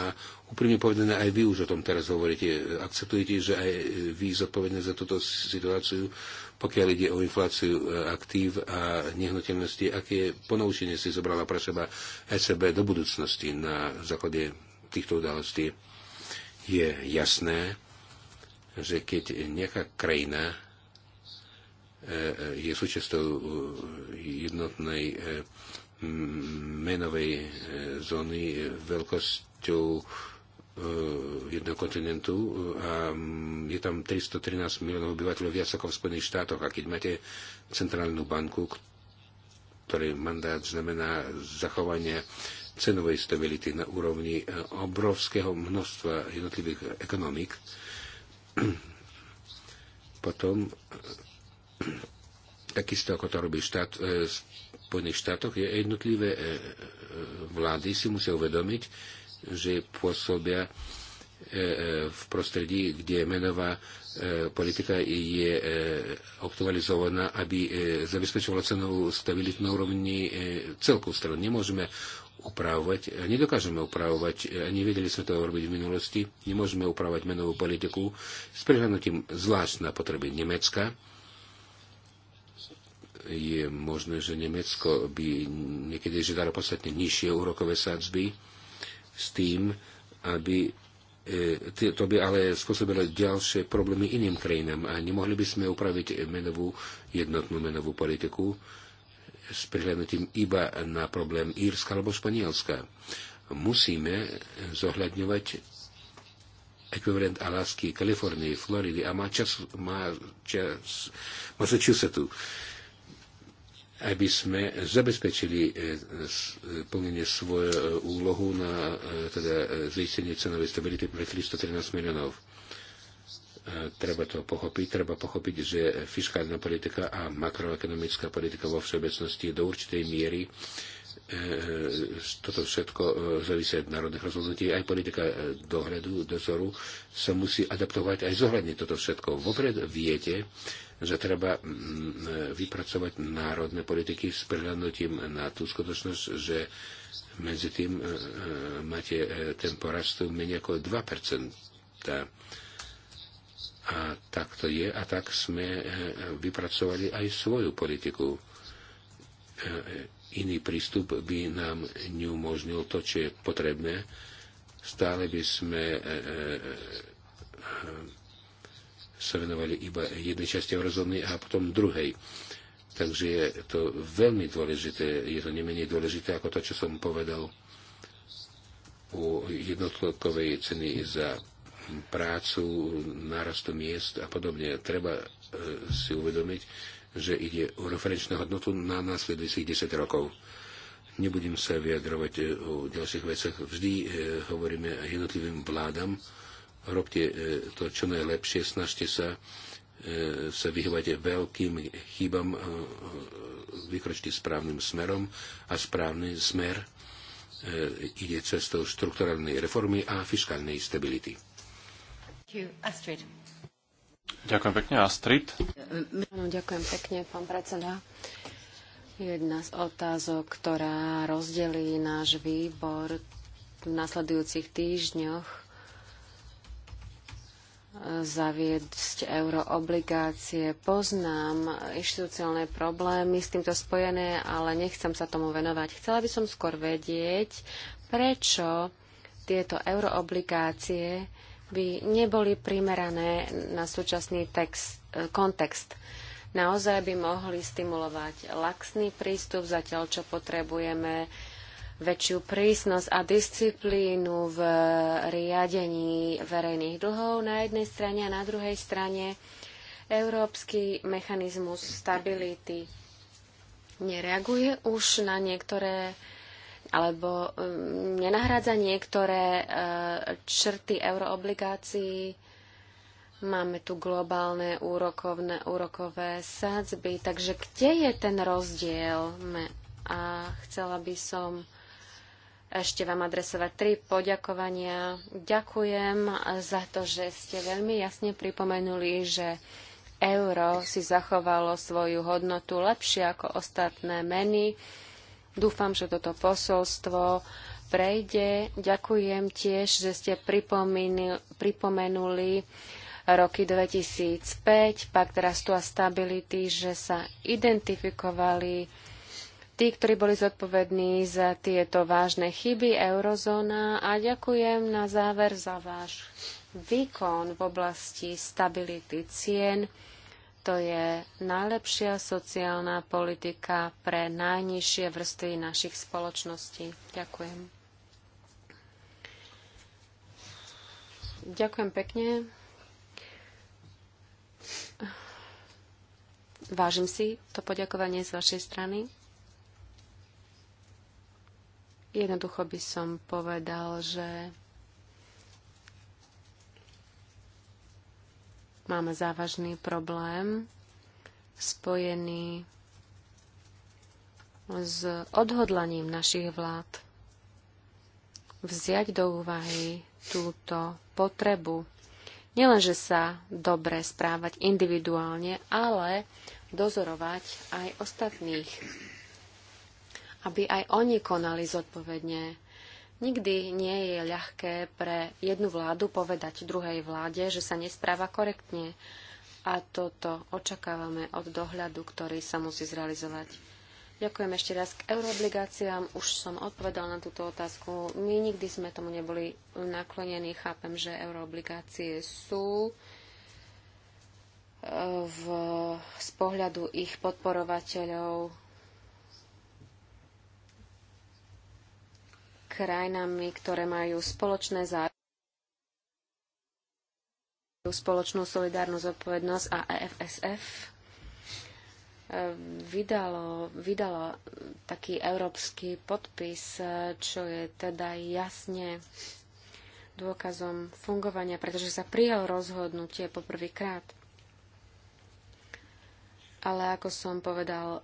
úprimne povedané, aj vy už o tom teraz hovoríte. Akceptujete, že aj e, vy zodpovedné za túto situáciu, pokiaľ ide o infláciu e, aktív a nehnuteľnosti, aké ponaučenie si zobrala pre seba ECB do budúcnosti na základe týchto udalostí? Je jasné, že keď nejaká krajina je súčasťou jednotnej menovej e, zóny e, veľkosťou e, jedného kontinentu a je tam 313 miliónov obyvateľov viac ako v Spojených štátoch. A keď máte centrálnu banku, ktorej mandát znamená zachovanie cenovej stability na úrovni obrovského množstva jednotlivých ekonomik, potom takisto ako to robí štát, Spojených štátoch, je jednotlivé e, e, vlády si musia uvedomiť, že pôsobia e, v prostredí, kde menová politika je aktualizovaná, aby zabezpečovala cenovú stabilitu na úrovni celku strany. Nemôžeme upravovať, nedokážeme upravovať, nevedeli sme to robiť v minulosti, nemôžeme upravovať menovú politiku s prihľadnutím zvlášť na potreby Nemecka, je možné, že Nemecko by niekedy žiadalo podstatne nižšie úrokové sadzby s tým, aby e, to by ale spôsobilo ďalšie problémy iným krajinám a nemohli by sme upraviť menovú, jednotnú menovú politiku s prihľadnutím iba na problém Írska alebo Španielska. Musíme zohľadňovať ekvivalent Alasky, Kalifornii, Floridy a Massachusettsu aby sme zabezpečili e, e, plnenie svoju e, úlohu na teda zistenie cenovej stability pre 313 miliónov. Treba to pochopiť. Treba pochopiť, že fiskálna politika a makroekonomická politika vo všeobecnosti do určitej miery toto všetko závisí od národných rozhodnutí. Aj politika dohľadu, dozoru sa musí adaptovať aj zohľadniť toto všetko. Vopred viete, že treba mm, mm, vypracovať národné politiky s prihľadnutím na tú skutočnosť, že medzi tým e, e, máte e, ten porast menej ako 2%. A tak to je a tak sme vypracovali aj svoju politiku. Iný prístup by nám neumožnil to, čo je potrebné. Stále by sme sa venovali iba jednej časti eurozóny a potom druhej. Takže je to veľmi dôležité, je to nemenej dôležité ako to, čo som povedal o jednotlivkovej ceny za prácu, nárastu miest a podobne. Treba e, si uvedomiť, že ide o referenčnú hodnotu na následujúcich 10 rokov. Nebudem sa vyjadrovať e, o ďalších veciach. Vždy e, hovoríme jednotlivým vládam, robte e, to čo najlepšie, snažte sa e, sa vyhovať veľkým chybám, e, vykročte správnym smerom a správny smer ide cestou štrukturálnej reformy a fiskálnej stability. Ďakujem pekne, Astrid. ďakujem pekne, pán predseda. Jedna z otázok, ktorá rozdelí náš výbor v nasledujúcich týždňoch, zaviesť euroobligácie. Poznám inštitucionálne problémy s týmto spojené, ale nechcem sa tomu venovať. Chcela by som skôr vedieť, prečo tieto euroobligácie by neboli primerané na súčasný text, e, kontext. Naozaj by mohli stimulovať laxný prístup, zatiaľ čo potrebujeme väčšiu prísnosť a disciplínu v riadení verejných dlhov na jednej strane a na druhej strane Európsky mechanizmus stability nereaguje už na niektoré alebo mm, nenahrádza niektoré e, črty euroobligácií. Máme tu globálne úrokovné, úrokové sadzby, takže kde je ten rozdiel? A chcela by som ešte vám adresovať tri poďakovania. Ďakujem za to, že ste veľmi jasne pripomenuli, že euro si zachovalo svoju hodnotu lepšie ako ostatné meny. Dúfam, že toto posolstvo prejde. Ďakujem tiež, že ste pripomenuli roky 2005, pakt rastu a stability, že sa identifikovali tí, ktorí boli zodpovední za tieto vážne chyby eurozóna a ďakujem na záver za váš výkon v oblasti stability cien. To je najlepšia sociálna politika pre najnižšie vrstvy našich spoločností. Ďakujem. Ďakujem pekne. Vážim si to poďakovanie z vašej strany. Jednoducho by som povedal, že máme závažný problém spojený s odhodlaním našich vlád vziať do úvahy túto potrebu. Nielenže sa dobre správať individuálne, ale dozorovať aj ostatných aby aj oni konali zodpovedne. Nikdy nie je ľahké pre jednu vládu povedať druhej vláde, že sa nespráva korektne. A toto očakávame od dohľadu, ktorý sa musí zrealizovať. Ďakujem ešte raz k euroobligáciám. Už som odpovedal na túto otázku. My nikdy sme tomu neboli naklonení. Chápem, že euroobligácie sú eh, v, z pohľadu ich podporovateľov krajinami, ktoré majú spoločné záujmy spoločnú solidárnu zodpovednosť a EFSF eh, vydalo, vydalo taký európsky podpis, eh, čo je teda jasne dôkazom fungovania, pretože sa prijal rozhodnutie poprvýkrát. Ale ako som povedal uh,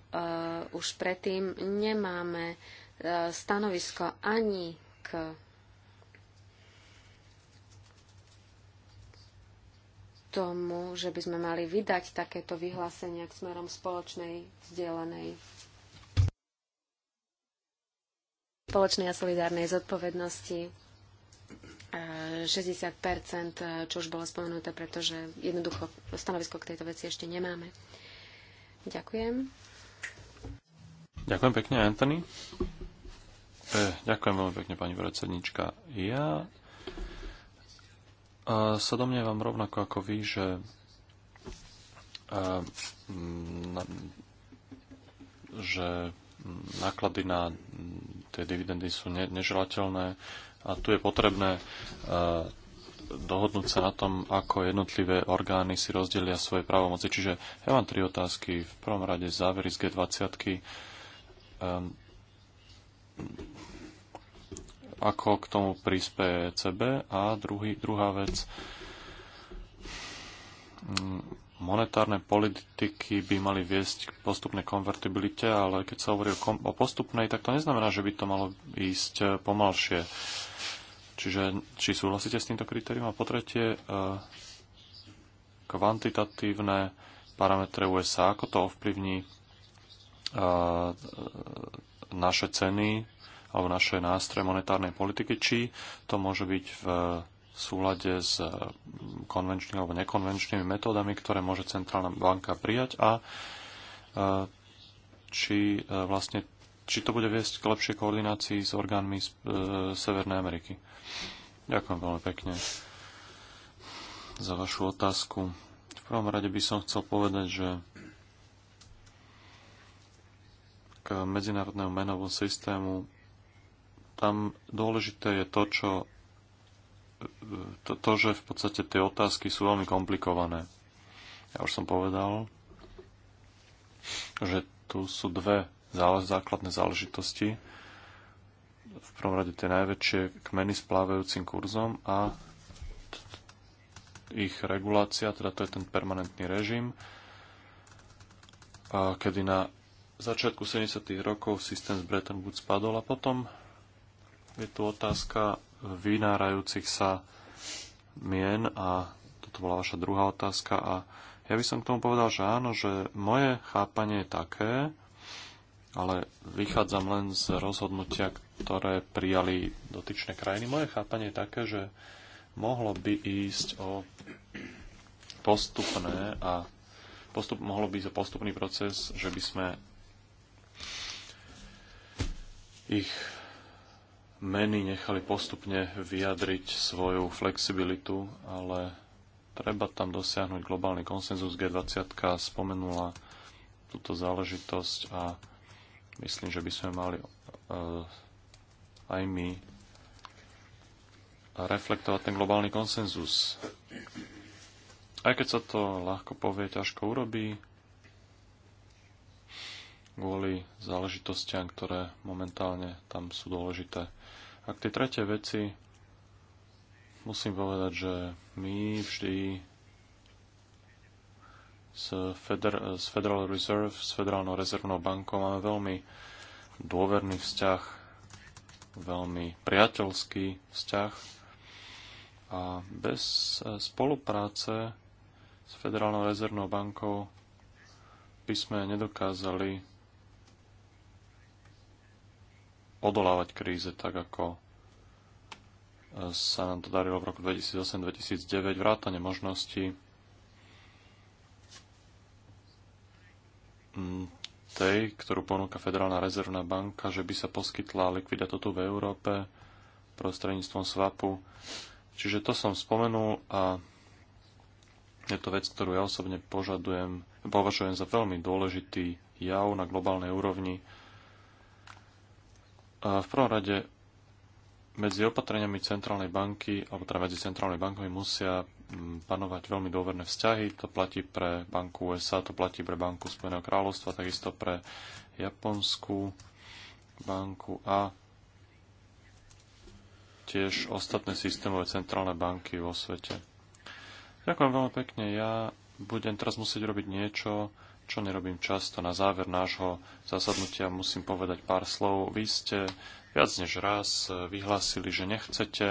už predtým, nemáme E, stanovisko ani k tomu, že by sme mali vydať takéto vyhlásenia k smerom spoločnej vzdielanej spoločnej a solidárnej zodpovednosti 60%, e, e, čo už bolo spomenuté, pretože jednoducho stanovisko k tejto veci ešte nemáme. Ďakujem. Ďakujem pekne, Anthony. E, ďakujem veľmi pekne, pani predsednička. Ja e, sa domnievam rovnako ako vy, že e, že náklady na tie dividendy sú neželateľné a tu je potrebné dohodnúť sa na tom, ako jednotlivé orgány si rozdelia svoje právomoci. Čiže ja mám tri otázky. V prvom rade závery z G20 ako k tomu prispieje ECB a druhý, druhá vec mm, monetárne politiky by mali viesť k postupnej konvertibilite, ale keď sa hovorí o, kom- o postupnej, tak to neznamená, že by to malo ísť e, pomalšie. Čiže či súhlasíte s týmto kritériom? A po tretie, e, kvantitatívne parametre USA, ako to ovplyvní e, naše ceny alebo naše nástroje monetárnej politiky, či to môže byť v súlade s konvenčnými alebo nekonvenčnými metódami, ktoré môže centrálna banka prijať a e, či e, vlastne či to bude viesť k lepšej koordinácii s orgánmi z, e, Severnej Ameriky. Ďakujem veľmi pekne za vašu otázku. V prvom rade by som chcel povedať, že k medzinárodnému menovom systému, tam dôležité je to, čo to, to, že v podstate tie otázky sú veľmi komplikované. Ja už som povedal, že tu sú dve základné záležitosti. V prvom rade tie najväčšie kmeny s plávajúcim kurzom a ich regulácia, teda to je ten permanentný režim, kedy na začiatku 70. rokov systém z Bretton Woods spadol a potom je tu otázka vynárajúcich sa mien a toto bola vaša druhá otázka a ja by som k tomu povedal, že áno, že moje chápanie je také, ale vychádzam len z rozhodnutia, ktoré prijali dotyčné krajiny. Moje chápanie je také, že mohlo by ísť o postupné a postup, mohlo by ísť o postupný proces, že by sme ich meny nechali postupne vyjadriť svoju flexibilitu, ale treba tam dosiahnuť globálny konsenzus. G20 spomenula túto záležitosť a myslím, že by sme mali uh, aj my reflektovať ten globálny konsenzus. Aj keď sa to ľahko povie, ťažko urobí, kvôli záležitostiam, ktoré momentálne tam sú dôležité. A k tej tretej veci musím povedať, že my vždy s, Feder- s Federal Reserve, s Federálnou rezervnou bankou máme veľmi dôverný vzťah, veľmi priateľský vzťah a bez spolupráce s Federálnou rezervnou bankou by sme nedokázali odolávať kríze tak, ako e, sa nám to darilo v roku 2008-2009, vrátane možnosti mm, tej, ktorú ponúka Federálna rezervná banka, že by sa poskytla likvida toto v Európe prostredníctvom swapu. Čiže to som spomenul a je to vec, ktorú ja osobne požadujem, považujem za veľmi dôležitý jav na globálnej úrovni v prvom rade medzi opatreniami centrálnej banky, alebo teda medzi centrálnej bankami musia mm, panovať veľmi dôverné vzťahy. To platí pre banku USA, to platí pre banku Spojeného kráľovstva, takisto pre Japonskú banku a tiež ostatné systémové centrálne banky vo svete. Ďakujem veľmi pekne. Ja budem teraz musieť robiť niečo, čo nerobím často, na záver nášho zasadnutia musím povedať pár slov. Vy ste viac než raz vyhlásili, že nechcete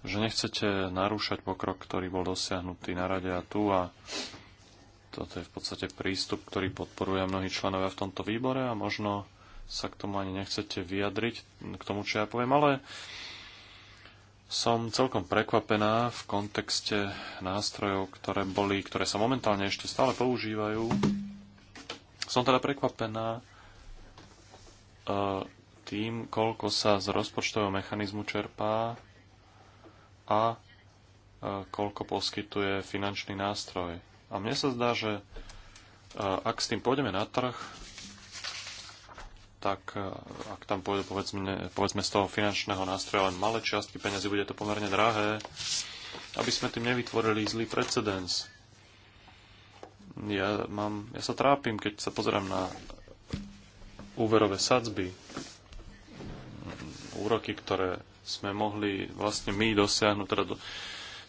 že nechcete narúšať pokrok, ktorý bol dosiahnutý na rade a tu a toto je v podstate prístup, ktorý podporuje mnohí členovia v tomto výbore a možno sa k tomu ani nechcete vyjadriť, k tomu, čo ja poviem, ale som celkom prekvapená v kontexte nástrojov, ktoré boli, ktoré sa momentálne ešte stále používajú. Som teda prekvapená e, tým, koľko sa z rozpočtového mechanizmu čerpá a e, koľko poskytuje finančný nástroj. A mne sa zdá, že e, ak s tým pôjdeme na trh, tak e, ak tam pôjde povedzme, povedzme z toho finančného nástroja len malé čiastky peniazy, bude to pomerne drahé, aby sme tým nevytvorili zlý precedens. Ja, mám, ja sa trápim, keď sa pozerám na úverové sadzby, mm, úroky, ktoré sme mohli vlastne my dosiahnuť, teda do,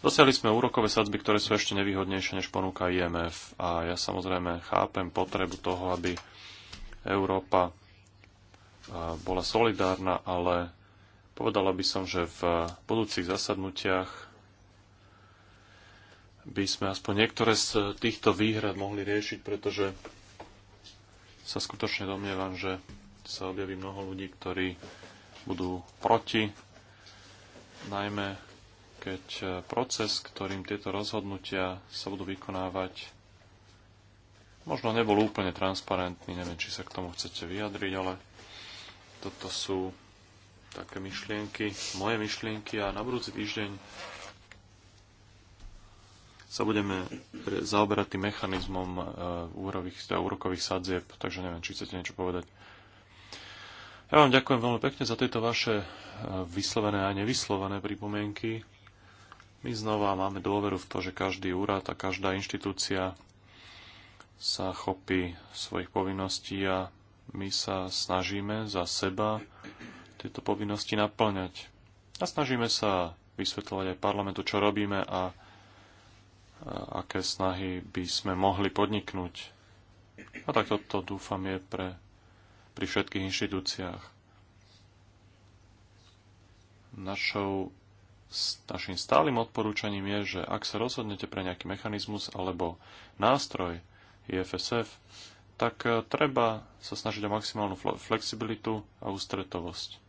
Dosiahli sme úrokové sadzby, ktoré sú ešte nevýhodnejšie, než ponúka IMF. A ja samozrejme chápem potrebu toho, aby Európa bola solidárna, ale povedala by som, že v budúcich zasadnutiach by sme aspoň niektoré z týchto výhrad mohli riešiť, pretože sa skutočne domnievam, že sa objaví mnoho ľudí, ktorí budú proti, najmä keď proces, ktorým tieto rozhodnutia sa budú vykonávať, možno nebol úplne transparentný, neviem, či sa k tomu chcete vyjadriť, ale toto sú také myšlienky, moje myšlienky a na budúci týždeň sa budeme zaoberať tým mechanizmom e, úrových, teda úrokových sadzieb, takže neviem, či chcete niečo povedať. Ja vám ďakujem veľmi pekne za tieto vaše e, vyslovené a nevyslovené pripomienky. My znova máme dôveru v to, že každý úrad a každá inštitúcia sa chopí svojich povinností a my sa snažíme za seba tieto povinnosti naplňať. A snažíme sa vysvetľovať aj parlamentu, čo robíme a aké snahy by sme mohli podniknúť. A tak toto dúfam je pre, pri všetkých inštitúciách. Našou, našim stálym odporúčaním je, že ak sa rozhodnete pre nejaký mechanizmus alebo nástroj IFSF, tak e, treba sa snažiť o maximálnu flexibilitu a ústretovosť.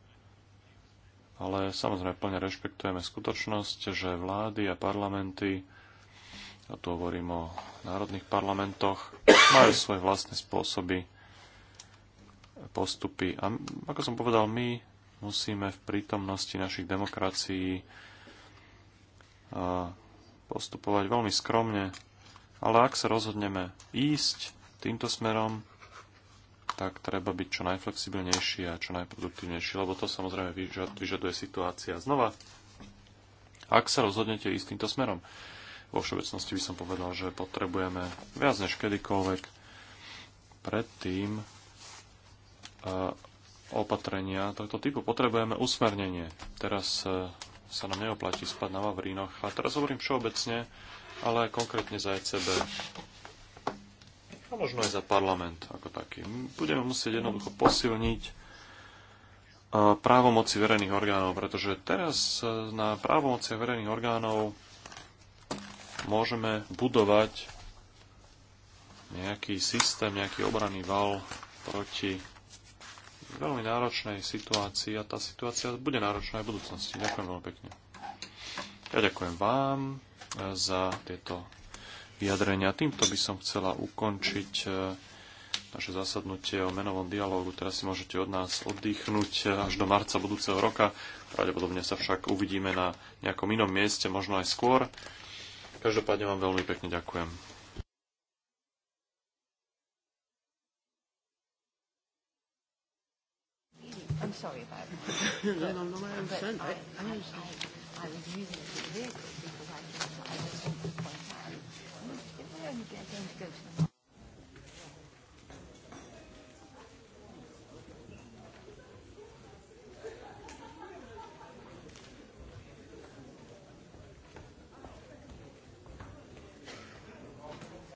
Ale samozrejme plne rešpektujeme skutočnosť, že vlády a parlamenty, a tu hovorím o národných parlamentoch, majú svoje vlastné spôsoby, postupy. A ako som povedal, my musíme v prítomnosti našich demokracií postupovať veľmi skromne, ale ak sa rozhodneme ísť týmto smerom, tak treba byť čo najflexibilnejší a čo najproduktívnejší, lebo to samozrejme vyžaduje situácia. Znova, ak sa rozhodnete ísť týmto smerom, vo všeobecnosti by som povedal, že potrebujeme viac než kedykoľvek predtým eh, opatrenia tohto typu. Potrebujeme usmernenie. Teraz eh, sa nám neoplatí spať na Vavrínoch. A teraz hovorím všeobecne, ale aj konkrétne za ECB a možno aj za parlament ako taký. Budeme musieť jednoducho posilniť právomoci verejných orgánov, pretože teraz e, na právomoci verejných orgánov môžeme budovať nejaký systém, nejaký obranný val proti veľmi náročnej situácii a tá situácia bude náročná aj v budúcnosti. Ďakujem veľmi pekne. Ja ďakujem vám e, za tieto vyjadrenia. Týmto by som chcela ukončiť e, naše zasadnutie o menovom dialógu. Teraz si môžete od nás oddychnúť až do marca budúceho roka. Pravdepodobne sa však uvidíme na nejakom inom mieste, možno aj skôr. Každopádne vám veľmi pekne ďakujem. I'm sorry about that. no, no, no, I understand. But I, I, I, I was using vehicle because I, I Good, good, good.